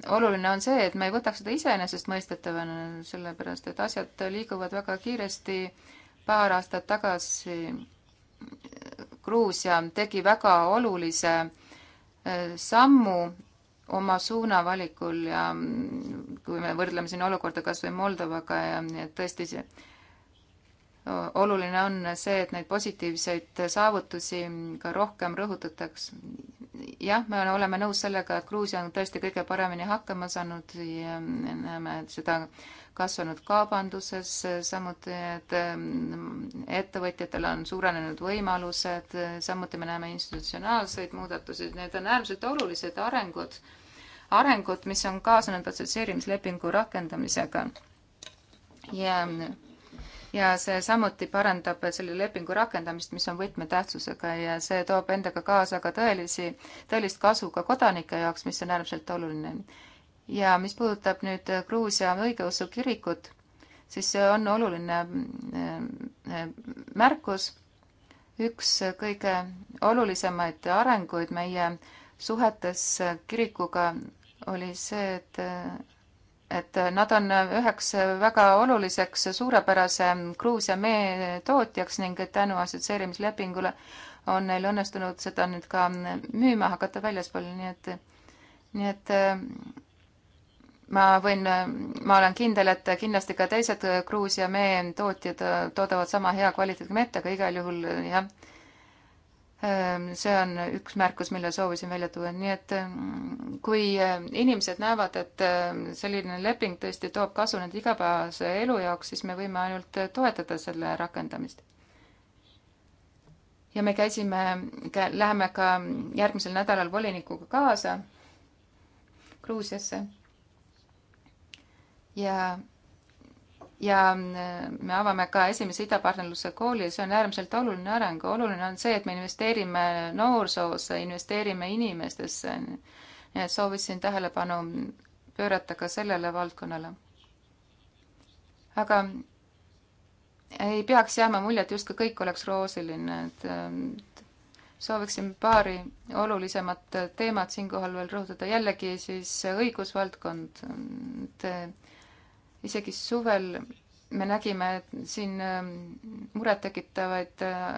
oluline on see, et me ei võtaks seda iseenesestmõistetavana, sellepärast et asjad liiguvad väga kiiresti. paar aastat tagasi äh, Gruusia tegi väga olulise äh, sammu oma suunavalikul ja mm, kui me võrdleme siin olukorda kas või Moldovaga ja, ja tõesti see oluline on see, et neid positiivseid saavutusi ka rohkem rõhutataks. jah, me oleme nõus sellega, et Gruusia on tõesti kõige paremini hakkama saanud ja näeme seda kasvanud kaubanduses, samuti et mm, ettevõtjatel on suurenenud võimalused, samuti me näeme institutsionaalseid muudatusi, need on äärmiselt olulised arengud, arengud, mis on kaasnenud assotsieerimislepingu rakendamisega. ja yeah ja see samuti parandab selle lepingu rakendamist, mis on võtmetähtsusega ja see toob endaga kaasa ka tõelisi, tõelist kasu ka kodanike jaoks, mis on äärmiselt oluline. ja mis puudutab nüüd Gruusia õigeusu kirikut, siis see on oluline äh, märkus, üks kõige olulisemaid arenguid meie suhetes kirikuga oli see, et et nad on üheks väga oluliseks suurepärase Gruusia mee tootjaks ning tänu assotsieerimislepingule on neil õnnestunud seda nüüd ka müüma hakata väljaspool, nii et, nii et äh, ma võin, ma olen kindel, et kindlasti ka teised Gruusia mee tootjad toodavad sama hea kvaliteediga mett, aga igal juhul jah Ehm, see on üks märkus, mille soovisin välja tuua, nii et ehm, kui ehm, inimesed näevad, et selline leping tõesti toob kasu nende igapäevase elu jaoks, siis me võime ainult toetada selle rakendamist. ja me käisime, läheme ka järgmisel nädalal volinikuga kaasa Gruusiasse ja ja mm, me avame ka esimese idapartnerluse kooli, see on äärmiselt oluline areng. oluline on see, et me investeerime noorsoosse, investeerime inimestesse. nii et soovisin tähelepanu pöörata ka sellele valdkonnale. aga ei peaks jääma muljet, justkui kõik oleks roosiline, et sooviksin paari olulisemat teemat siinkohal veel rõhutada. jällegi siis õigusvaldkond et isegi suvel me nägime siin ähm, murettekitavaid äh,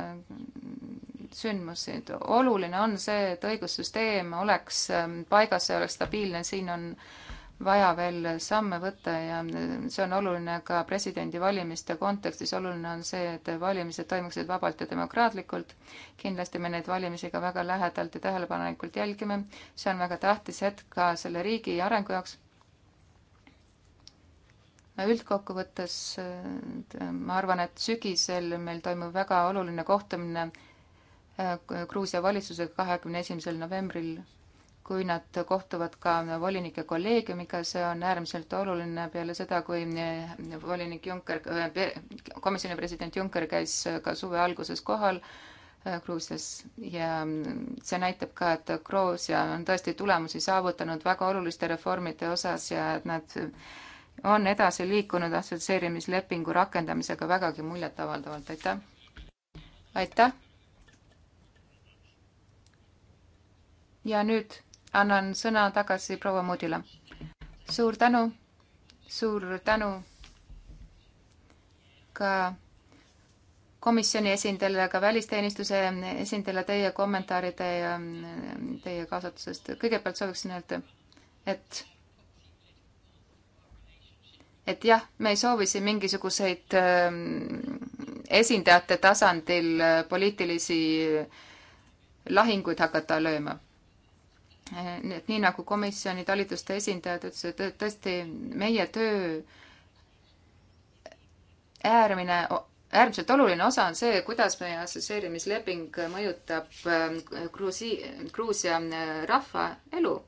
sündmusi. oluline on see, et õigussüsteem oleks ähm, paigas ja oleks stabiilne, siin on vaja veel samme võtta ja äh, see on oluline ka presidendivalimiste kontekstis, oluline on see, et valimised toimuksid vabalt ja demokraatlikult. kindlasti me neid valimisi ka väga lähedalt ja tähelepanelikult jälgime, see on väga tähtis hetk ka selle riigi arengu jaoks üldkokkuvõttes äh, ma arvan, et sügisel meil toimub väga oluline kohtumine äh, Gruusia valitsusega kahekümne esimesel novembril, kui nad kohtuvad ka volinike kolleegiumiga, see on äärmiselt oluline peale seda, kui äh, volinik Juncker, komisjoni president Juncker käis ka suve alguses kohal Gruusias ja mm, see näitab ka, et Gruusia on tõesti tulemusi saavutanud väga oluliste reformide osas ja et nad on edasi liikunud assotsieerimislepingu rakendamisega vägagi muljetavaldavalt, aitäh! aitäh! ja nüüd annan sõna tagasi proua Moodile. suur tänu, suur tänu ka komisjoni esindajale, ka välisteenistuse esindajale teie kommentaaride ja teie kaasatusest. kõigepealt sooviksin öelda, et et jah, me ei soovi siin mingisuguseid ähm, esindajate tasandil äh, poliitilisi äh, lahinguid hakata lööma. Äh, nii et nii nagu komisjoni talituste esindajad ütlesid, et tõesti meie töö äärmine, äärmiselt oluline osa on see, kuidas meie assotsieerimisleping mõjutab ähm, Gruusi, Gruusia rahva elu.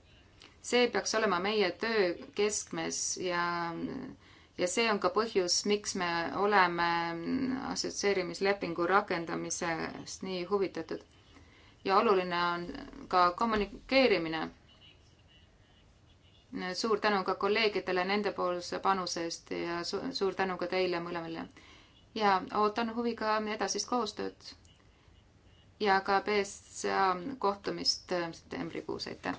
see peaks olema meie töö keskmes ja äh, ja see on ka põhjus, miks me oleme assotsieerimislepingu rakendamisest nii huvitatud. ja oluline on ka kommunikeerimine. suur tänu ka kolleegidele nendepoolse panuse eest ja su suur tänu ka teile mõlemale. ja ootan huviga edasist koostööd ja ka BSA kohtumist septembrikuus, aitäh!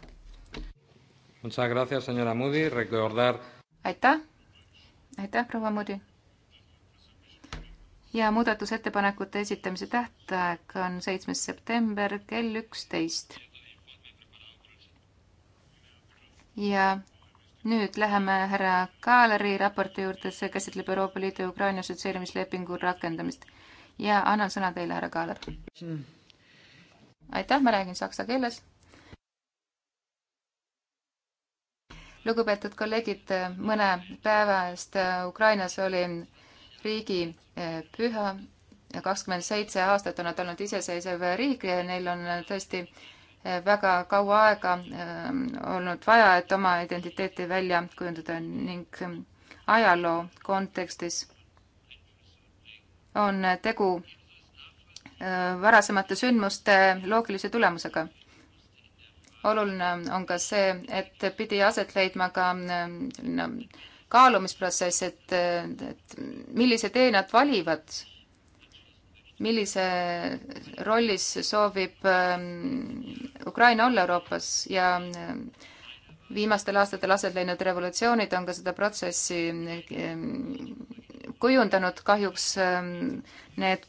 aitäh! aitäh, proua Moodi. ja muudatusettepanekute esitamise tähtaeg on seitsmes september kell üksteist. ja nüüd läheme härra Kaaleri raporti juurde, see käsitleb Euroopa Liidu ja Ukraina sotsieerimislepingu rakendamist ja annan sõna teile, härra Kaaler. Hmm. aitäh, ma räägin saksa keeles lugupeetud kolleegid, mõne päeva eest äh, Ukrainas oli riigipüha äh, ja kakskümmend seitse aastat on nad olnud iseseisev riik ja neil on äh, tõesti väga kaua aega olnud vaja, et oma identiteeti välja kujundada ning ajaloo kontekstis on tegu varasemate sündmuste loogilise tulemusega oluline on ka see, et pidi aset leidma ka mm, selline kaalumisprotsess, et, et millise tee nad valivad, millise rollis soovib mm, Ukraina olla Euroopas ja mm, viimastel aastatel aset leidnud revolutsioonid on ka seda protsessi kujundanud, kahjuks ähm, need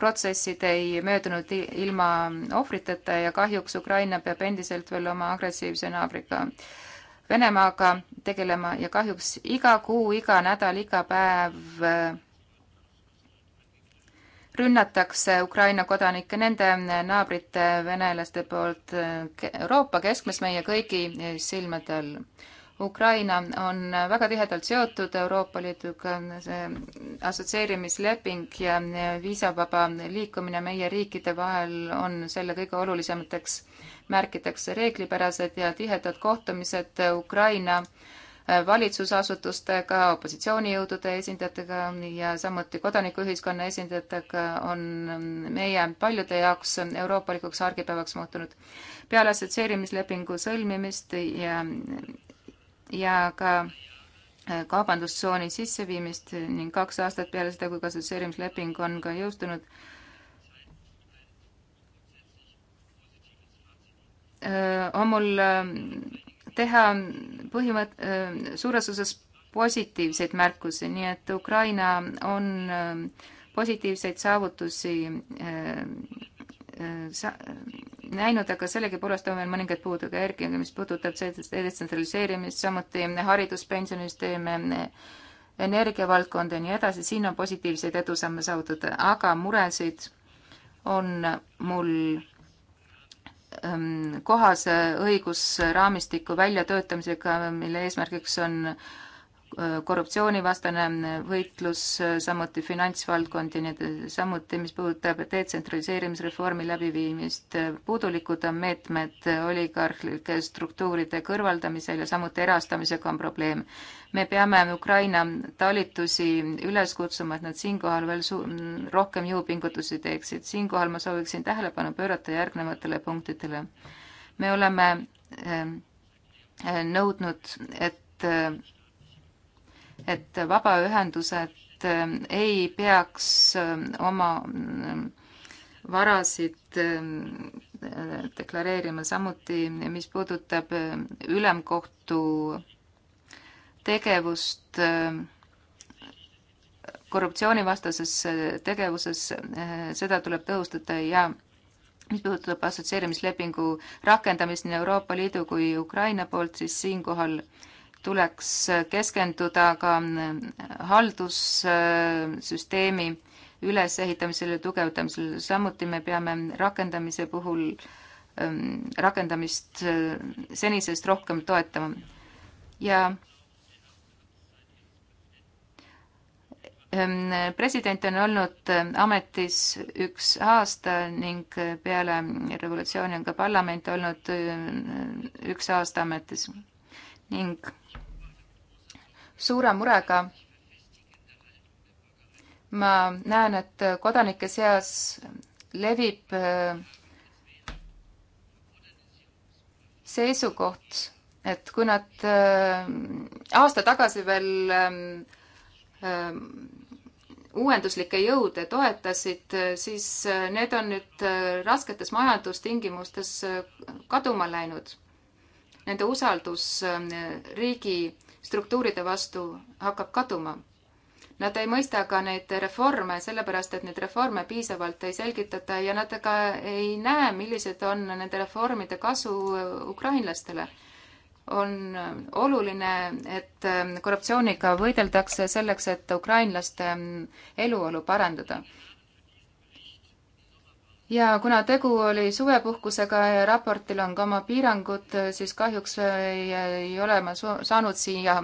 protsessid ei möödunud ilma ohvriteta ja kahjuks Ukraina peab endiselt veel oma agressiivse naabriga Venemaaga tegelema ja kahjuks iga kuu, iga nädal, iga päev äh, rünnatakse Ukraina kodanikke nende naabrite venelaste poolt äh, Euroopa keskmes meie kõigi silmade all Ukraina on väga tihedalt seotud Euroopa Liiduga, see assotsieerimisleping ja viisavaba liikumine meie riikide vahel on selle kõige olulisemateks märkideks. reeglipärased ja tihedad kohtumised Ukraina valitsusasutustega, opositsioonijõudude esindajatega ja samuti kodanikuühiskonna esindajatega on meie paljude jaoks euroopalikuks argipäevaks muutunud. peale assotsieerimislepingu sõlmimist ja ja ka äh, kaubandustsooni sisseviimist ning kaks aastat peale seda, kui kassotsieerimisleping on ka jõustunud, äh, on mul äh, teha põhimõtt-, suures osas positiivseid märkusi, nii et Ukraina on positiivseid saavutusi Äh, sa-, näinud, aga sellegipoolest on veel mõningaid puuduga, Erki, mis puudutab detsentraliseerimist, samuti hariduspensionisüsteeme, energiavaldkonda ja nii edasi, siin on positiivseid edusamme saavutada, aga muresid on mul ähm, kohase õigusraamistiku väljatöötamisega, mille eesmärgiks on äh, Äh, korruptsioonivastane võitlus, äh, samuti finantsvaldkond ja nii, samuti mis puudutab detsentraliseerimisreformi läbiviimist, äh, puudulikud on meetmed oligarhlike struktuuride kõrvaldamisel ja samuti erastamisega on probleem. me peame Ukraina talitusi üles kutsuma, et nad siinkohal veel su-, mm, rohkem jõupingutusi teeksid. siinkohal ma sooviksin tähelepanu pöörata järgnevatele punktidele. me oleme nõudnud, et et vabaühendused ähm, ei peaks ähm, oma ähm, varasid äh, deklareerima, samuti mis puudutab ülemkohtu tegevust korruptsioonivastases äh, tegevuses, äh, seda tuleb tõhustada ja mis puudutab assotsieerimislepingu rakendamist nii Euroopa Liidu kui Ukraina poolt, siis siinkohal äh, tuleks keskenduda ka äh, haldussüsteemi ülesehitamisele ja tugevdamisele, samuti me peame rakendamise puhul, ähm, rakendamist äh, senisest rohkem toetama. ja ähm, president on olnud äh, ametis üks aasta ning peale revolutsiooni on ka parlament olnud üks aasta ametis ning suure murega ma näen, et kodanike seas levib äh, seisukoht, et kui nad äh, aasta tagasi veel äh, uuenduslikke jõude toetasid, siis need on nüüd rasketes majandustingimustes kaduma läinud nende usaldus ähm, riigi struktuuride vastu hakkab kaduma. Nad ei mõista ka neid reforme, sellepärast et neid reforme piisavalt ei selgitata ja nad ka ei näe, millised on nende reformide kasu äh, ukrainlastele. on ähm, oluline, et ähm, korruptsiooniga võideldakse selleks, et ukrainlaste eluolu parandada ja kuna tegu oli suvepuhkusega ja raportil on ka oma piirangud, siis kahjuks ei, ei ole ma saanud siia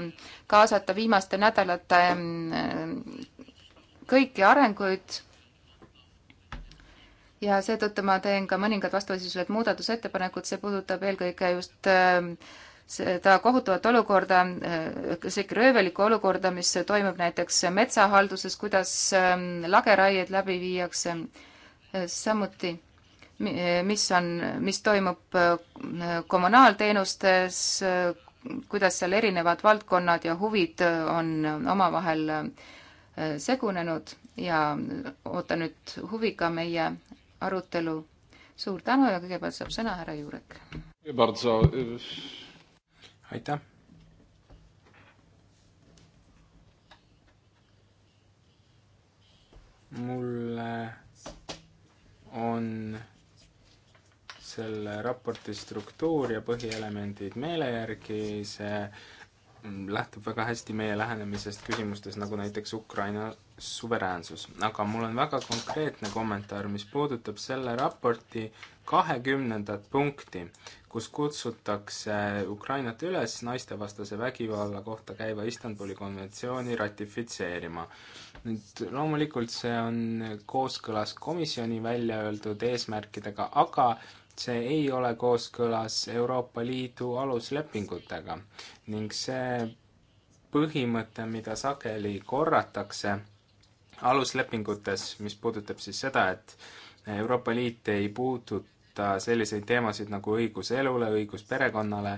kaasata viimaste nädalate mm, kõiki arenguid. ja seetõttu ma teen ka mõningad vastavasisulised muudatusettepanekud, see puudutab eelkõige just mm, seda kohutavat olukorda, mm, isegi röövelikku olukorda, mis toimub näiteks metsahalduses, kuidas lageraied läbi viiakse samuti, mis on, mis toimub äh, kommunaalteenustes, äh, kuidas seal erinevad valdkonnad ja huvid äh, on omavahel segunenud ja ootan nüüd huviga meie arutelu. suur tänu ja kõigepealt saab sõna härra Juurek. aitäh. mulle on selle raporti struktuur ja põhielemendid meele järgi, see lähtub väga hästi meie lähenemisest küsimustes, nagu näiteks Ukraina suveräänsus. aga mul on väga konkreetne kommentaar, mis puudutab selle raporti kahekümnendat punkti, kus kutsutakse Ukrainat üles naistevastase vägivalla kohta käiva Istanbuli konventsiooni ratifitseerima. nüüd loomulikult see on kooskõlas komisjoni välja öeldud eesmärkidega, aga see ei ole kooskõlas Euroopa Liidu aluslepingutega ning see põhimõte, mida sageli korratakse aluslepingutes, mis puudutab siis seda, et Euroopa Liit ei puutu, võtta äh, selliseid teemasid nagu õigus elule, õigus perekonnale,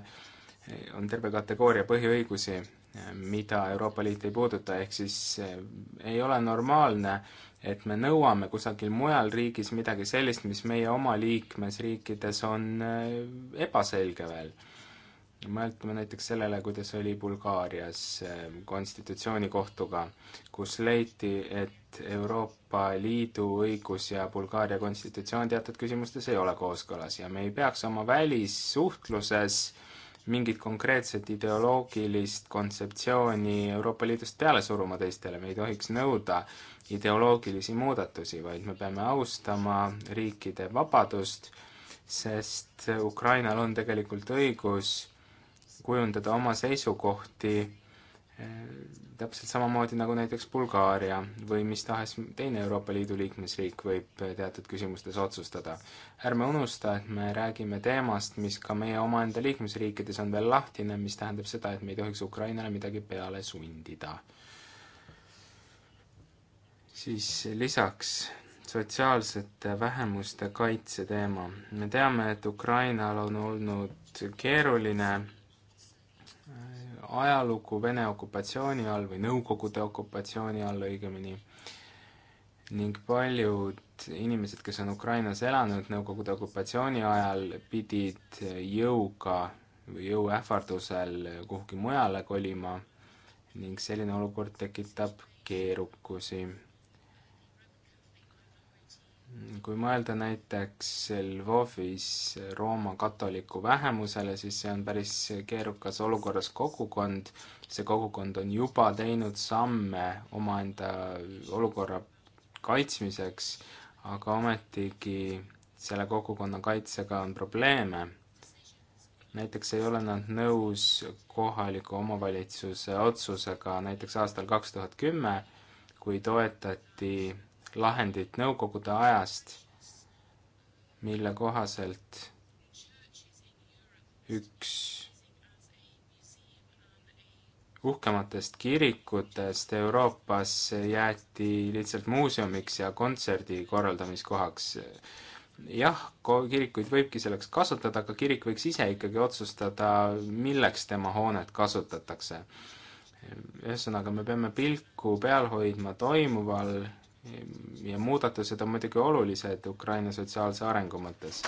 eh, on terve kategooria põhiõigusi, eh, mida Euroopa Liit ei puuduta, ehk siis eh, ei ole normaalne, et me nõuame kusagil mujal riigis midagi sellist, mis meie oma liikmesriikides on ebaselge veel mõtleme näiteks sellele, kuidas oli Bulgaarias ähm, konstitutsioonikohtuga, kus leiti, et Euroopa Liidu õigus ja Bulgaaria konstitutsioon teatud küsimustes ei ole kooskõlas ja me ei peaks oma välissuhtluses mingit konkreetset ideoloogilist kontseptsiooni Euroopa Liidust peale suruma teistele, me ei tohiks nõuda ideoloogilisi muudatusi, vaid me peame austama riikide vabadust, sest Ukrainal on tegelikult õigus kujundada oma seisukohti eh, täpselt samamoodi nagu näiteks Bulgaaria või mis tahes teine Euroopa Liidu liikmesriik võib eh, teatud küsimustes otsustada. ärme unusta, et me räägime teemast, mis ka meie omaenda liikmesriikides on veel lahtine, mis tähendab seda, et me ei tohiks Ukrainale midagi peale sundida. siis lisaks sotsiaalsete vähemuste kaitse teema. me teame, et Ukrainal on olnud keeruline ajalugu Vene okupatsiooni all või Nõukogude okupatsiooni all õigemini, ning paljud inimesed, kes on Ukrainas elanud Nõukogude okupatsiooni ajal, pidid jõuga või jõuähvardusel kuhugi mujale kolima ning selline olukord tekitab keerukusi kui mõelda näiteks Lvovis Rooma katoliku vähemusele, siis see on päris keerukas olukorras kogukond, see kogukond on juba teinud samme omaenda olukorra kaitsmiseks, aga ometigi selle kogukonna kaitsega on probleeme. näiteks ei ole nad nõus kohaliku omavalitsuse otsusega näiteks aastal kaks tuhat kümme, kui toetati lahendit nõukogude ajast, mille kohaselt üks uhkematest kirikutest Euroopas jäeti lihtsalt muuseumiks ja kontserdi korraldamiskohaks. jah, kirikuid võibki selleks kasutada, aga kirik võiks ise ikkagi otsustada, milleks tema hoonet kasutatakse ühesõnaga, me peame pilku peal hoidma toimuval ja muudatused on muidugi olulised Ukraina sotsiaalse arengu mõttes,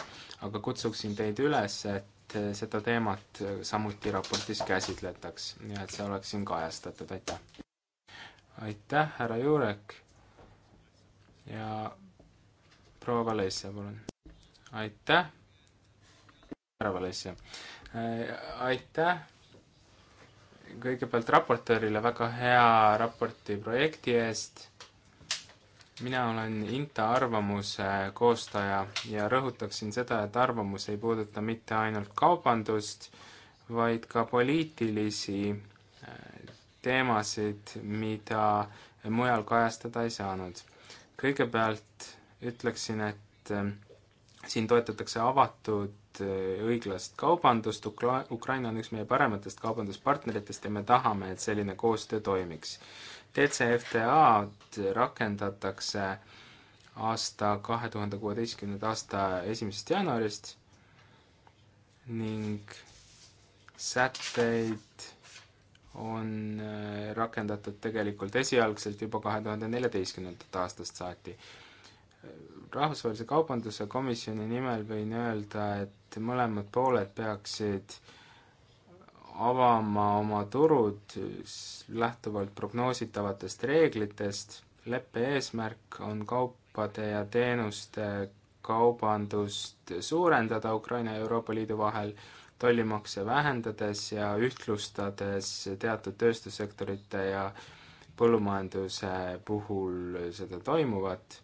aga kutsuksin teid üles, et eh, seda teemat eh, samuti raportis käsitletaks ja et see oleks siin kajastatud, aitäh! aitäh, härra Jurek ja proua Valesja, palun! aitäh, härra Valesja! Eh, aitäh kõigepealt raportöörile väga hea raporti projekti eest mina olen INTA arvamuse koostaja ja rõhutaksin seda, et arvamus ei puuduta mitte ainult kaubandust, vaid ka poliitilisi äh, teemasid, mida mujal kajastada ei saanud. kõigepealt ütleksin, et äh, siin toetatakse avatud äh, õiglast kaubandust, Ukra-, Ukraina on üks meie parematest kaubanduspartneritest ja me tahame, et selline koostöö toimiks DCFTA-d rakendatakse aasta, kahe tuhande kuueteistkümnenda aasta esimesest jaanuarist ning sätteid on äh, rakendatud tegelikult esialgselt juba kahe tuhande neljateistkümnendat aastast saati. rahvusvahelise Kaubanduse Komisjoni nimel võin öelda, et mõlemad pooled peaksid äh, avama oma turud lähtuvalt prognoositavatest reeglitest. leppe eesmärk on kaupade ja teenuste kaubandust suurendada Ukraina ja Euroopa Liidu vahel, tollimakse vähendades ja ühtlustades teatud tööstussektorite ja põllumajanduse puhul seda toimuvat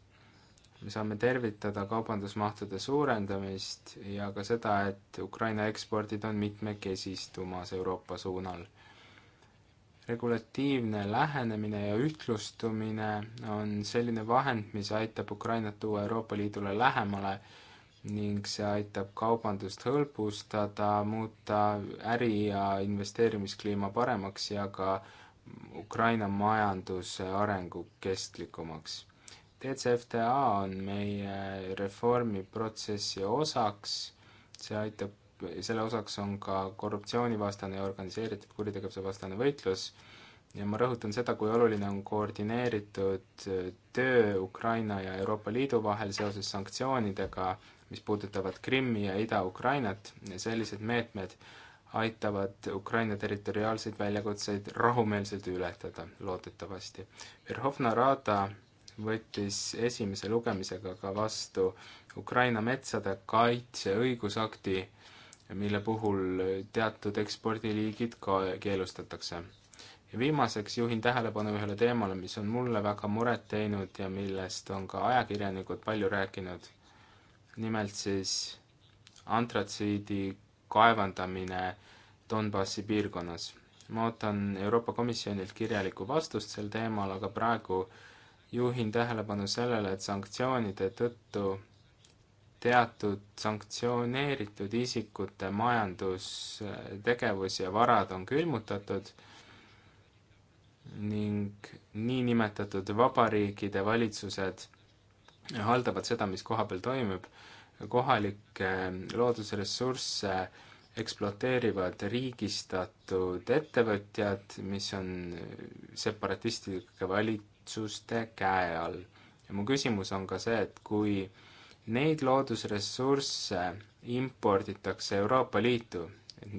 me saame tervitada kaubandusmahtude suurendamist ja ka seda, et Ukraina ekspordid on mitmekesistumas Euroopa suunal. regulatiivne lähenemine ja ühtlustumine on selline vahend, mis aitab Ukrainat tuua Euroopa Liidule lähemale ning see aitab kaubandust hõlbustada, muuta äri- ja investeerimiskliima paremaks ja ka Ukraina majanduse arengu kestlikumaks DCFTA on meie reformiprotsessi osaks, see aitab, selle osaks on ka korruptsioonivastane ja organiseeritud kuritegevuse vastane võitlus ja ma rõhutan seda, kui oluline on koordineeritud töö Ukraina ja Euroopa Liidu vahel seoses sanktsioonidega, mis puudutavad Krimmi ja Ida-Ukrainat, sellised meetmed aitavad Ukraina territoriaalseid väljakutseid rahumeelselt ületada, loodetavasti. Verhovna Rada võttis esimese lugemisega ka vastu Ukraina metsade kaitse õigusakti, mille puhul teatud ekspordiliigid ka keelustatakse. ja viimaseks juhin tähelepanu ühele teemale, mis on mulle väga muret teinud ja millest on ka ajakirjanikud palju rääkinud. nimelt siis antratsiidi kaevandamine Donbassi piirkonnas. ma ootan Euroopa Komisjonilt kirjalikku vastust sel teemal, aga praegu äh, juhin tähelepanu sellele, et sanktsioonide tõttu teatud sanktsioneeritud isikute majandustegevus ja varad on külmutatud ning niinimetatud vabariikide valitsused haldavad seda, mis kohapeal toimub, kohalikke loodusressursse ekspluateerivad riigistatud ettevõtjad, mis on separatistlike vali-, valitsuste käe all. ja mu küsimus on ka see, et kui neid loodusressursse imporditakse Euroopa Liitu,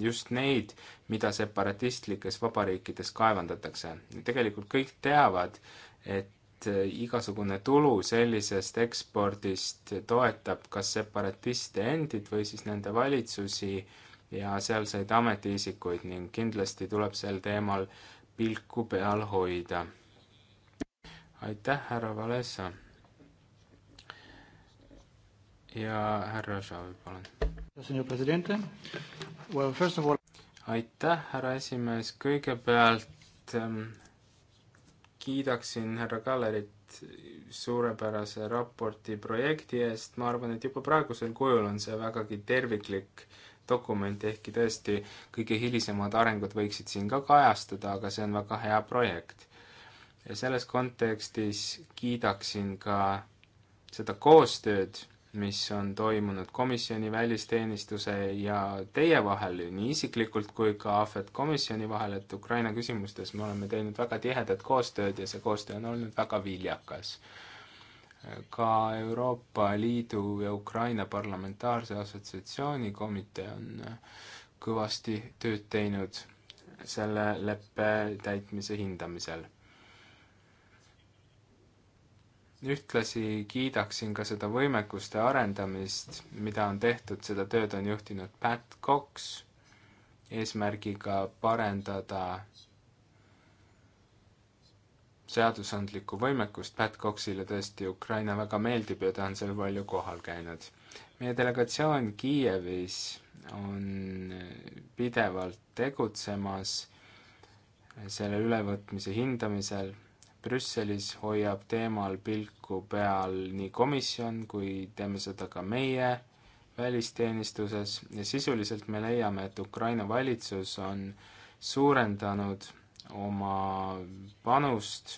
just neid, mida separatistlikes vabariikides kaevandatakse. tegelikult kõik teavad, et igasugune tulu sellisest ekspordist toetab kas separatiste endid või siis nende valitsusi ja sealseid ametiisikuid ning kindlasti tuleb sel teemal pilku peal hoida aitäh, härra Valesa. ja härra Žavi, palun. Well, aitäh, härra esimees, kõigepealt ähm, kiidaksin härra Kallerit suurepärase raporti projekti eest, ma arvan, et juba praegusel kujul on see vägagi terviklik dokument, ehkki tõesti kõige hilisemad arengud võiksid siin ka kajastuda, aga see on väga hea projekt ja selles kontekstis kiidaksin ka seda koostööd, mis on toimunud komisjoni välisteenistuse ja teie vahel, nii isiklikult kui ka Ahvet komisjoni vahel, et Ukraina küsimustes me oleme teinud väga tihedat koostööd ja see koostöö on olnud väga viljakas. ka Euroopa Liidu ja Ukraina Parlamentaarse Assotsiatsiooni komitee on kõvasti tööd teinud selle leppe täitmise hindamisel ühtlasi kiidaksin ka seda võimekuste arendamist, mida on tehtud, seda tööd on juhtinud Pat Cox eesmärgiga parendada seadusandlikku võimekust. Pat Coxile tõesti Ukraina väga meeldib ja ta on seal palju kohal käinud. meie delegatsioon Kiievis on pidevalt tegutsemas selle ülevõtmise hindamisel Brüsselis hoiab teemal pilku peal nii komisjon kui teeme seda ka meie välisteenistuses ja sisuliselt me leiame, et Ukraina valitsus on suurendanud oma panust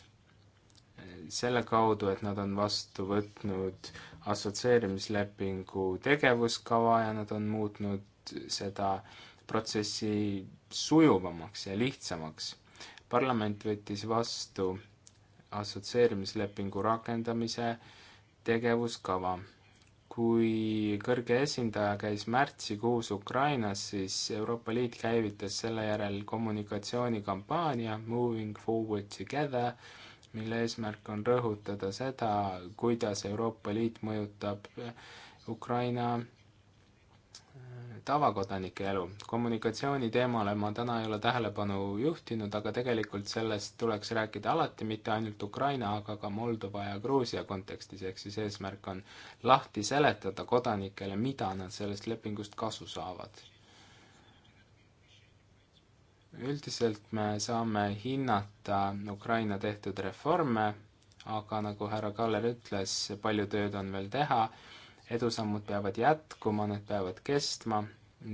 selle kaudu, et nad on vastu võtnud assotsieerimislepingu tegevuskava ja nad on muutnud seda protsessi sujuvamaks ja lihtsamaks. parlament võttis vastu assotsieerimislepingu rakendamise tegevuskava. kui kõrge esindaja käis märtsikuus Ukrainas, siis Euroopa Liit käivitas selle järel kommunikatsioonikampaania Moving Forward Together, mille eesmärk on rõhutada seda, kuidas Euroopa Liit mõjutab Ukraina tavakodanike elu. kommunikatsiooni teemale ma täna ei ole tähelepanu juhtinud, aga tegelikult sellest tuleks rääkida alati, mitte ainult Ukraina, aga ka Moldova ja Gruusia kontekstis, ehk siis eesmärk on lahti seletada kodanikele, mida nad sellest lepingust kasu saavad. üldiselt me saame hinnata Ukraina tehtud reforme, aga nagu härra Kaller ütles, palju tööd on veel teha edusammud peavad jätkuma, need peavad kestma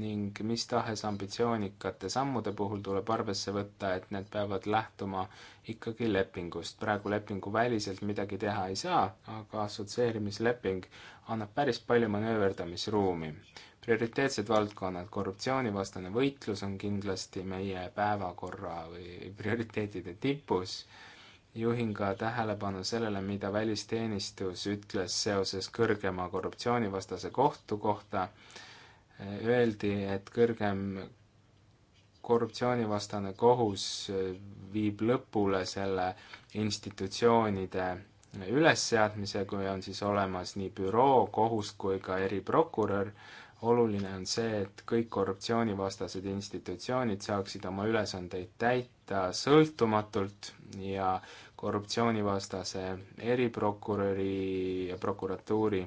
ning mis tahes ambitsioonikate sammude puhul tuleb arvesse võtta, et need peavad lähtuma ikkagi lepingust. praegu lepinguväliselt midagi teha ei saa, aga assotsieerimisleping annab päris palju manööverdamisruumi. prioriteetsed valdkonnad, korruptsioonivastane võitlus on kindlasti meie päevakorra või prioriteetide tipus. juhin ka tähelepanu sellele, mida välisteenistus ütles seoses kõrgema korruptsioonivastase kohtu kohta öeldi, et kõrgem korruptsioonivastane kohus viib lõpule selle institutsioonide ülesseadmise, kui on siis olemas nii büroo, kohus kui ka eriprokurör, oluline on see, et kõik korruptsioonivastased institutsioonid saaksid oma ülesandeid täita sõltumatult ja korruptsioonivastase eriprokuröri ja prokuratuuri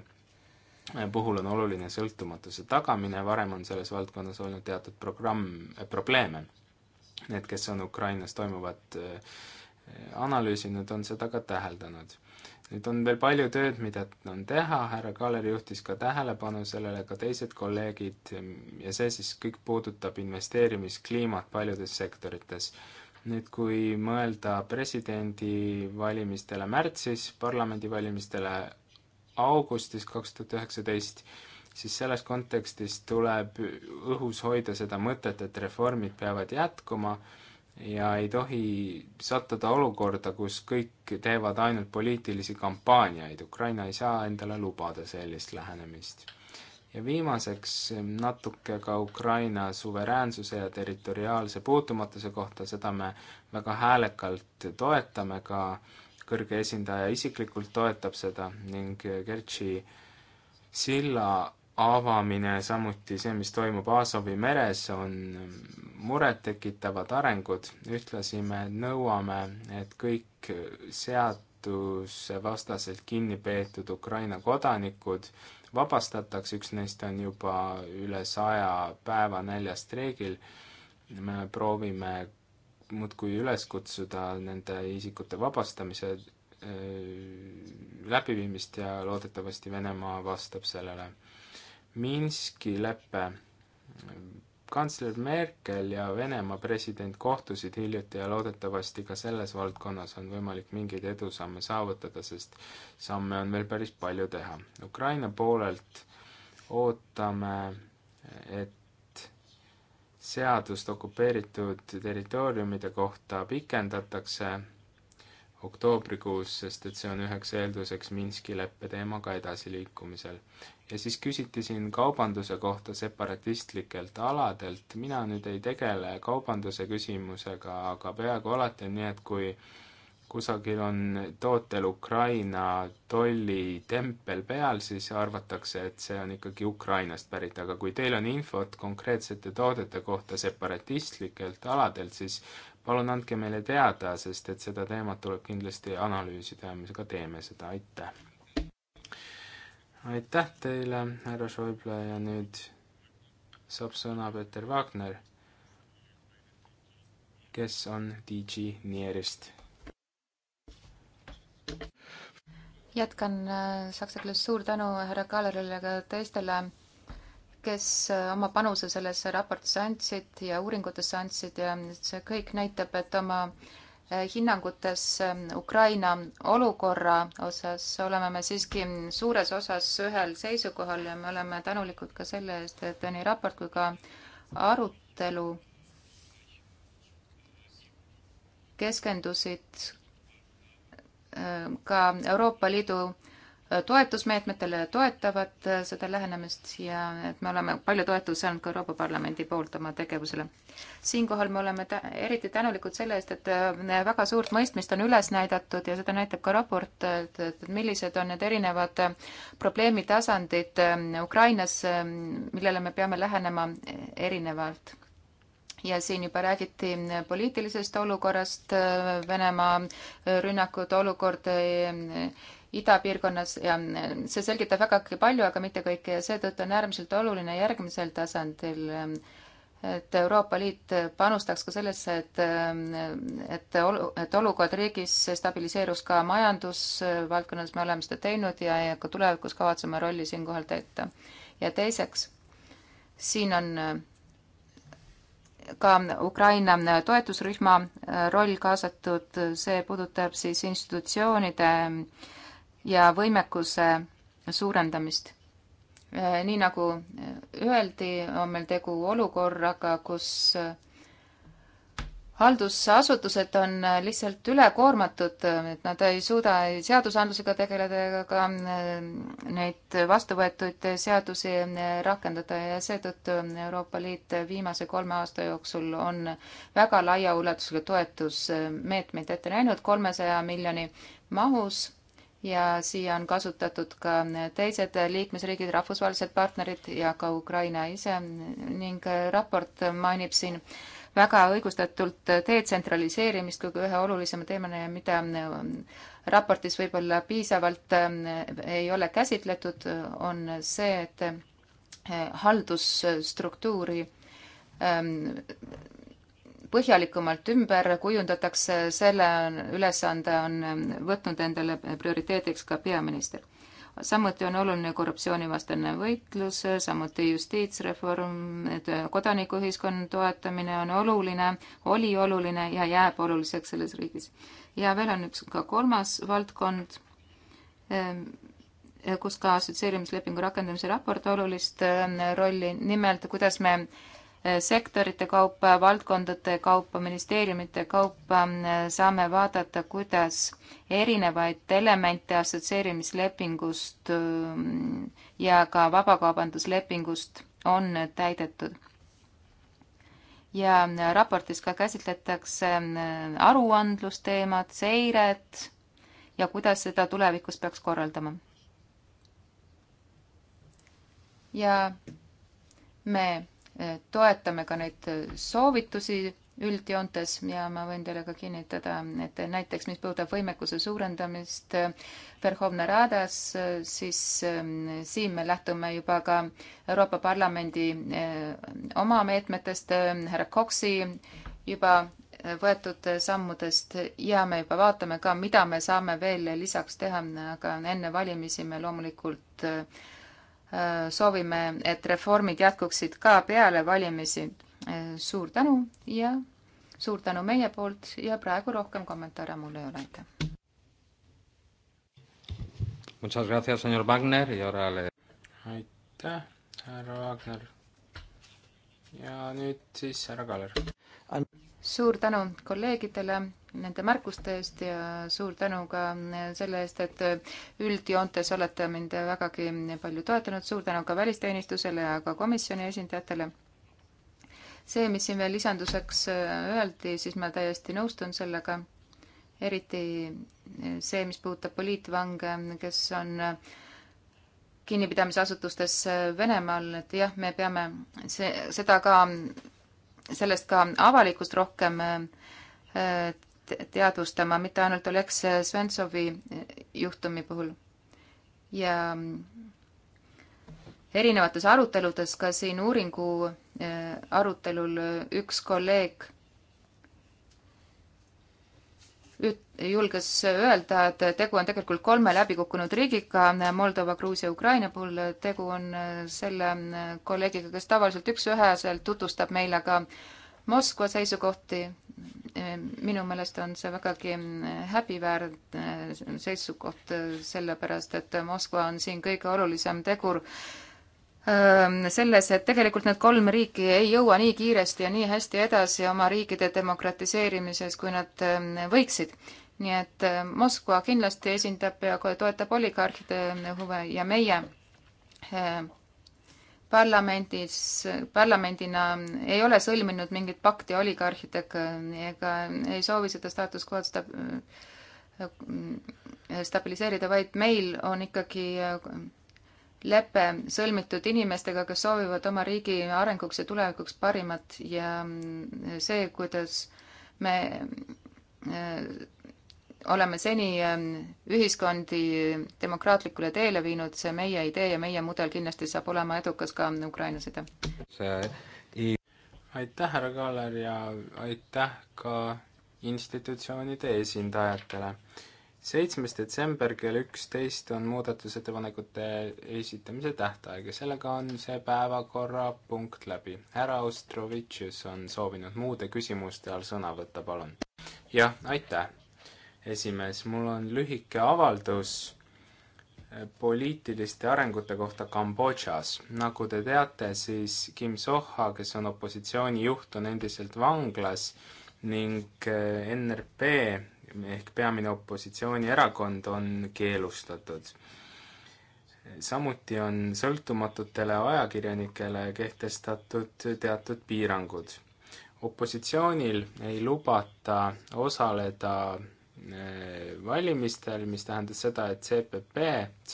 puhul on oluline sõltumatuse tagamine, varem on selles valdkonnas olnud teatud programm, äh, probleeme. Need, kes on Ukrainas toimuvat äh, analüüsinud, on seda ka täheldanud. nüüd on veel palju tööd, mida on teha, härra Kaller juhtis ka tähelepanu sellele, ka teised kolleegid, mm, ja see siis kõik puudutab investeerimiskliimat paljudes sektorites nüüd kui mõelda presidendivalimistele märtsis, parlamendivalimistele augustis kaks tuhat üheksateist, siis selles kontekstis tuleb õhus hoida seda mõtet, et reformid peavad jätkuma ja ei tohi sattuda olukorda, kus kõik teevad ainult poliitilisi kampaaniaid, Ukraina ei saa endale lubada sellist lähenemist ja viimaseks natuke ka Ukraina suveräänsuse ja territoriaalse puutumatuse kohta, seda me väga häälekalt toetame ka äh, kõrge esindaja isiklikult toetab seda ning Kertši silla avamine, samuti see, mis toimub Aasovi meres, on murettekitavad arengud, ühtlasi me nõuame, et kõik seadusevastaselt kinni peetud Ukraina kodanikud vabastatakse, üks neist on juba üle saja päeva näljastreigil, me proovime muudkui üles kutsuda nende isikute vabastamise läbiviimist ja loodetavasti Venemaa vastab sellele. Minski lepe. kantsler Merkel ja Venemaa president kohtusid hiljuti ja loodetavasti ka selles valdkonnas on võimalik mingeid edusamme saavutada, sest samme on veel päris palju teha. Ukraina poolelt ootame, et seadust okupeeritud territooriumide kohta pikendatakse oktoobrikuus, sest et see on üheks eelduseks Minski leppe teemaga edasiliikumisel. ja siis küsiti siin kaubanduse kohta separatistlikelt aladelt, mina nüüd ei tegele kaubanduse küsimusega, aga peaaegu alati on nii, et kui äh, kusagil on tootel Ukraina tollitempel peal, siis arvatakse, et see on ikkagi Ukrainast pärit, aga kui teil on infot konkreetsete toodete kohta separatistlikelt aladelt, siis palun andke meile teada, sest et seda teemat tuleb kindlasti analüüsida ja me ka teeme seda, aitäh! aitäh teile, härra Schäuble, ja nüüd saab sõna Peeter Wagner, kes on DG Nierist jätkan äh, saksa keeles, suur tänu härra Kaalerile ka teistele, kes äh, oma panuse sellesse raportisse andsid ja uuringutesse andsid ja see kõik näitab, et oma äh, hinnangutes ähm, Ukraina olukorra osas oleme me siiski suures osas ühel seisukohal ja me oleme tänulikud ka selle eest, et nii raport kui ka arutelu keskendusid ka Euroopa Liidu toetusmeetmetele toetavad seda lähenemist ja et me oleme palju toetust saanud ka Euroopa Parlamendi poolt oma tegevusele. siinkohal me oleme tä eriti tänulikud selle eest, et äh, väga suurt mõistmist on üles näidatud ja seda näitab ka raport, et, et millised on need erinevad äh, probleemitasandid äh, Ukrainas, millele me peame lähenema erinevalt ja siin juba räägiti poliitilisest olukorrast, Venemaa rünnakud, olukord eh, idapiirkonnas ja eh, see selgitab vägagi palju, aga mitte kõike ja seetõttu on äärmiselt oluline järgmisel tasandil eh, et Euroopa Liit panustaks ka sellesse, et, et olu-, et olukord riigis stabiliseerus ka majandusvaldkonnas, me oleme seda teinud ja, ja ka tulevikus kavatseme rolli siinkohal täita. ja teiseks, siin on ka Ukraina toetusrühma äh, roll kaasatud, see puudutab siis institutsioonide äh, ja võimekuse suurendamist. Äh, nii nagu öeldi, on meil tegu olukorraga, kus haldusasutused on äh, lihtsalt ülekoormatud, äh, et nad ei suuda ei seadusandlusega tegeleda ega ka äh, neid vastu võetud seadusi rakendada ja seetõttu Euroopa Liit viimase kolme aasta jooksul on väga laiaulatuslikud toetusmeetmeid ette näinud kolmesaja miljoni mahus ja siia on kasutatud ka teised liikmesriigid, rahvusvahelised partnerid ja ka Ukraina ise ning raport mainib siin väga õigustatult detsentraliseerimist kui ühe olulisema teemana ja mida ähm, raportis võib-olla piisavalt ähm, ei ole käsitletud, on see, et äh, haldusstruktuuri ähm, põhjalikumalt ümber kujundatakse, selle ülesande on võtnud endale prioriteediks ka peaminister samuti on oluline korruptsioonivastane võitlus, samuti justiitsreform, kodanikuühiskonna toetamine on oluline, oli oluline ja jääb oluliseks selles riigis. ja veel on üks ka kolmas valdkond, ehm, kus ka assotsieerimislepingu rakendamise raport olulist ehm, rolli, nimelt kuidas me Eh, sektorite kaupa, valdkondade kaupa, ministeeriumite kaupa eh, saame vaadata, kuidas erinevaid elemente assotsieerimislepingust eh, ja ka vabakaubanduslepingust on täidetud. ja raportis ka käsitletakse aruandlusteemat, seiret ja kuidas seda tulevikus peaks korraldama. ja me toetame ka neid soovitusi üldjoontes ja ma võin teile ka kinnitada, et näiteks mis puudutab võimekuse suurendamist Verhovna Radas, siis ähm, siin me lähtume juba ka Euroopa Parlamendi äh, oma meetmetest, härra Coxi juba äh, võetud sammudest ja me juba vaatame ka, mida me saame veel lisaks teha, aga enne valimisi me loomulikult äh, soovime, et reformid jätkuksid ka peale valimisi. suur tänu ja suur tänu meie poolt ja praegu rohkem kommentaare mul ei ole, aitäh. aitäh, härra Wagner. ja nüüd siis härra Kaller suur tänu kolleegidele nende märkuste eest ja suur tänu ka selle eest, et üldjoontes olete mind vägagi palju toetanud, suur tänu ka välisteenistusele ja ka komisjoni esindajatele. see, mis siin veel lisanduseks öeldi, siis ma täiesti nõustun sellega, eriti see, mis puudutab poliitvange, kes on kinnipidamisasutustes Venemaal, et jah, me peame see, seda ka sellest ka avalikkust rohkem äh, teadvustama, mitte ainult Oleks Sventsovi äh, juhtumi puhul. ja mm, erinevates aruteludes, ka siin uuringu äh, arutelul üks kolleeg julges öelda, et tegu on tegelikult kolme läbikukkunud riigiga, Moldova, Gruusia, Ukraina puhul tegu on äh, selle äh, kolleegiga, kes tavaliselt üks-üheselt tutvustab meile ka Moskva seisukohti. Äh, minu meelest on see vägagi häbiväärne seisukoht, sellepärast et Moskva on siin kõige olulisem tegur ähm, selles, et tegelikult need kolm riiki ei jõua nii kiiresti ja nii hästi edasi oma riikide demokratiseerimises, kui nad ähm, võiksid nii et äh, Moskva kindlasti esindab ja toetab oligarhide äh, huve ja meie äh, parlamendis, parlamendina ei ole sõlminud mingit pakti oligarhidega ega ei soovi seda staatus quo'd stab-, stabiliseerida, vaid meil on ikkagi lepe sõlmitud inimestega, kes soovivad oma riigi arenguks ja tulevikuks parimat ja see, kuidas me oleme seni ähm, ühiskondi demokraatlikule teele viinud, see meie idee ja meie mudel kindlasti saab olema edukas ka Ukrainas, aitäh! aitäh, härra Kaaler, ja aitäh ka institutsioonide esindajatele! seitsmes detsember kell üksteist on muudatusettepanekute esitamise tähtaeg ja sellega on see päevakorrapunkt läbi. härra Ostrovitšus on soovinud muude küsimuste all sõna võtta, palun. jah, aitäh esimees, mul on lühike avaldus eh, poliitiliste arengute kohta Kambodžas. nagu te teate, siis Kim Soha, kes on opositsiooni juht, on endiselt vanglas ning eh, NRP ehk peamine opositsioonierakond on keelustatud. samuti on sõltumatutele ajakirjanikele kehtestatud teatud piirangud. opositsioonil ei lubata osaleda valimistel, mis tähendas seda, et CPP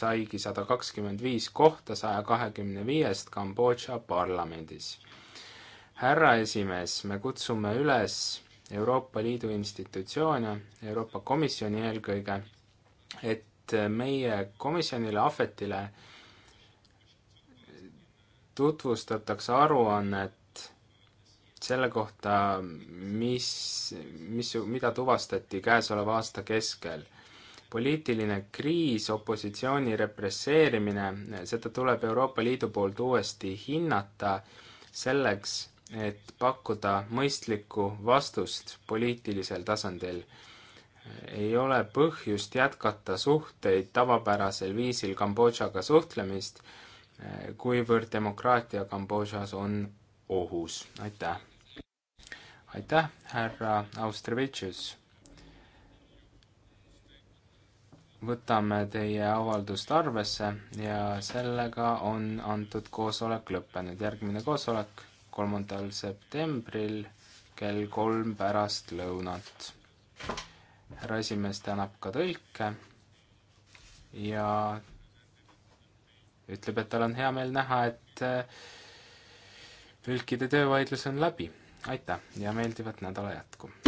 saigi sada kakskümmend viis kohta saja kahekümne viiest Kambodža parlamendis. härra esimees, me kutsume üles Euroopa Liidu institutsioone, Euroopa Komisjoni eelkõige, et meie komisjonile, Ahvetile tutvustatakse aruannet selle kohta, mis, mis, mida tuvastati käesoleva aasta keskel. poliitiline kriis, opositsiooni represseerimine, seda tuleb Euroopa Liidu poolt uuesti hinnata selleks, et pakkuda mõistlikku vastust poliitilisel tasandil. ei ole põhjust jätkata suhteid tavapärasel viisil Kambodžaga suhtlemist, kuivõrd demokraatia Kambodžas on ohus, aitäh! aitäh, härra Austrevitšus. võtame teie avaldust arvesse ja sellega on antud koosolek lõppenud. järgmine koosolek kolmandal septembril kell kolm pärast lõunat. härra esimees tänab ka tõlke ja ütleb, et tal on hea meel näha, et äh, tõlkide töövaidlus on läbi aitäh ja meeldivat nädala jätku!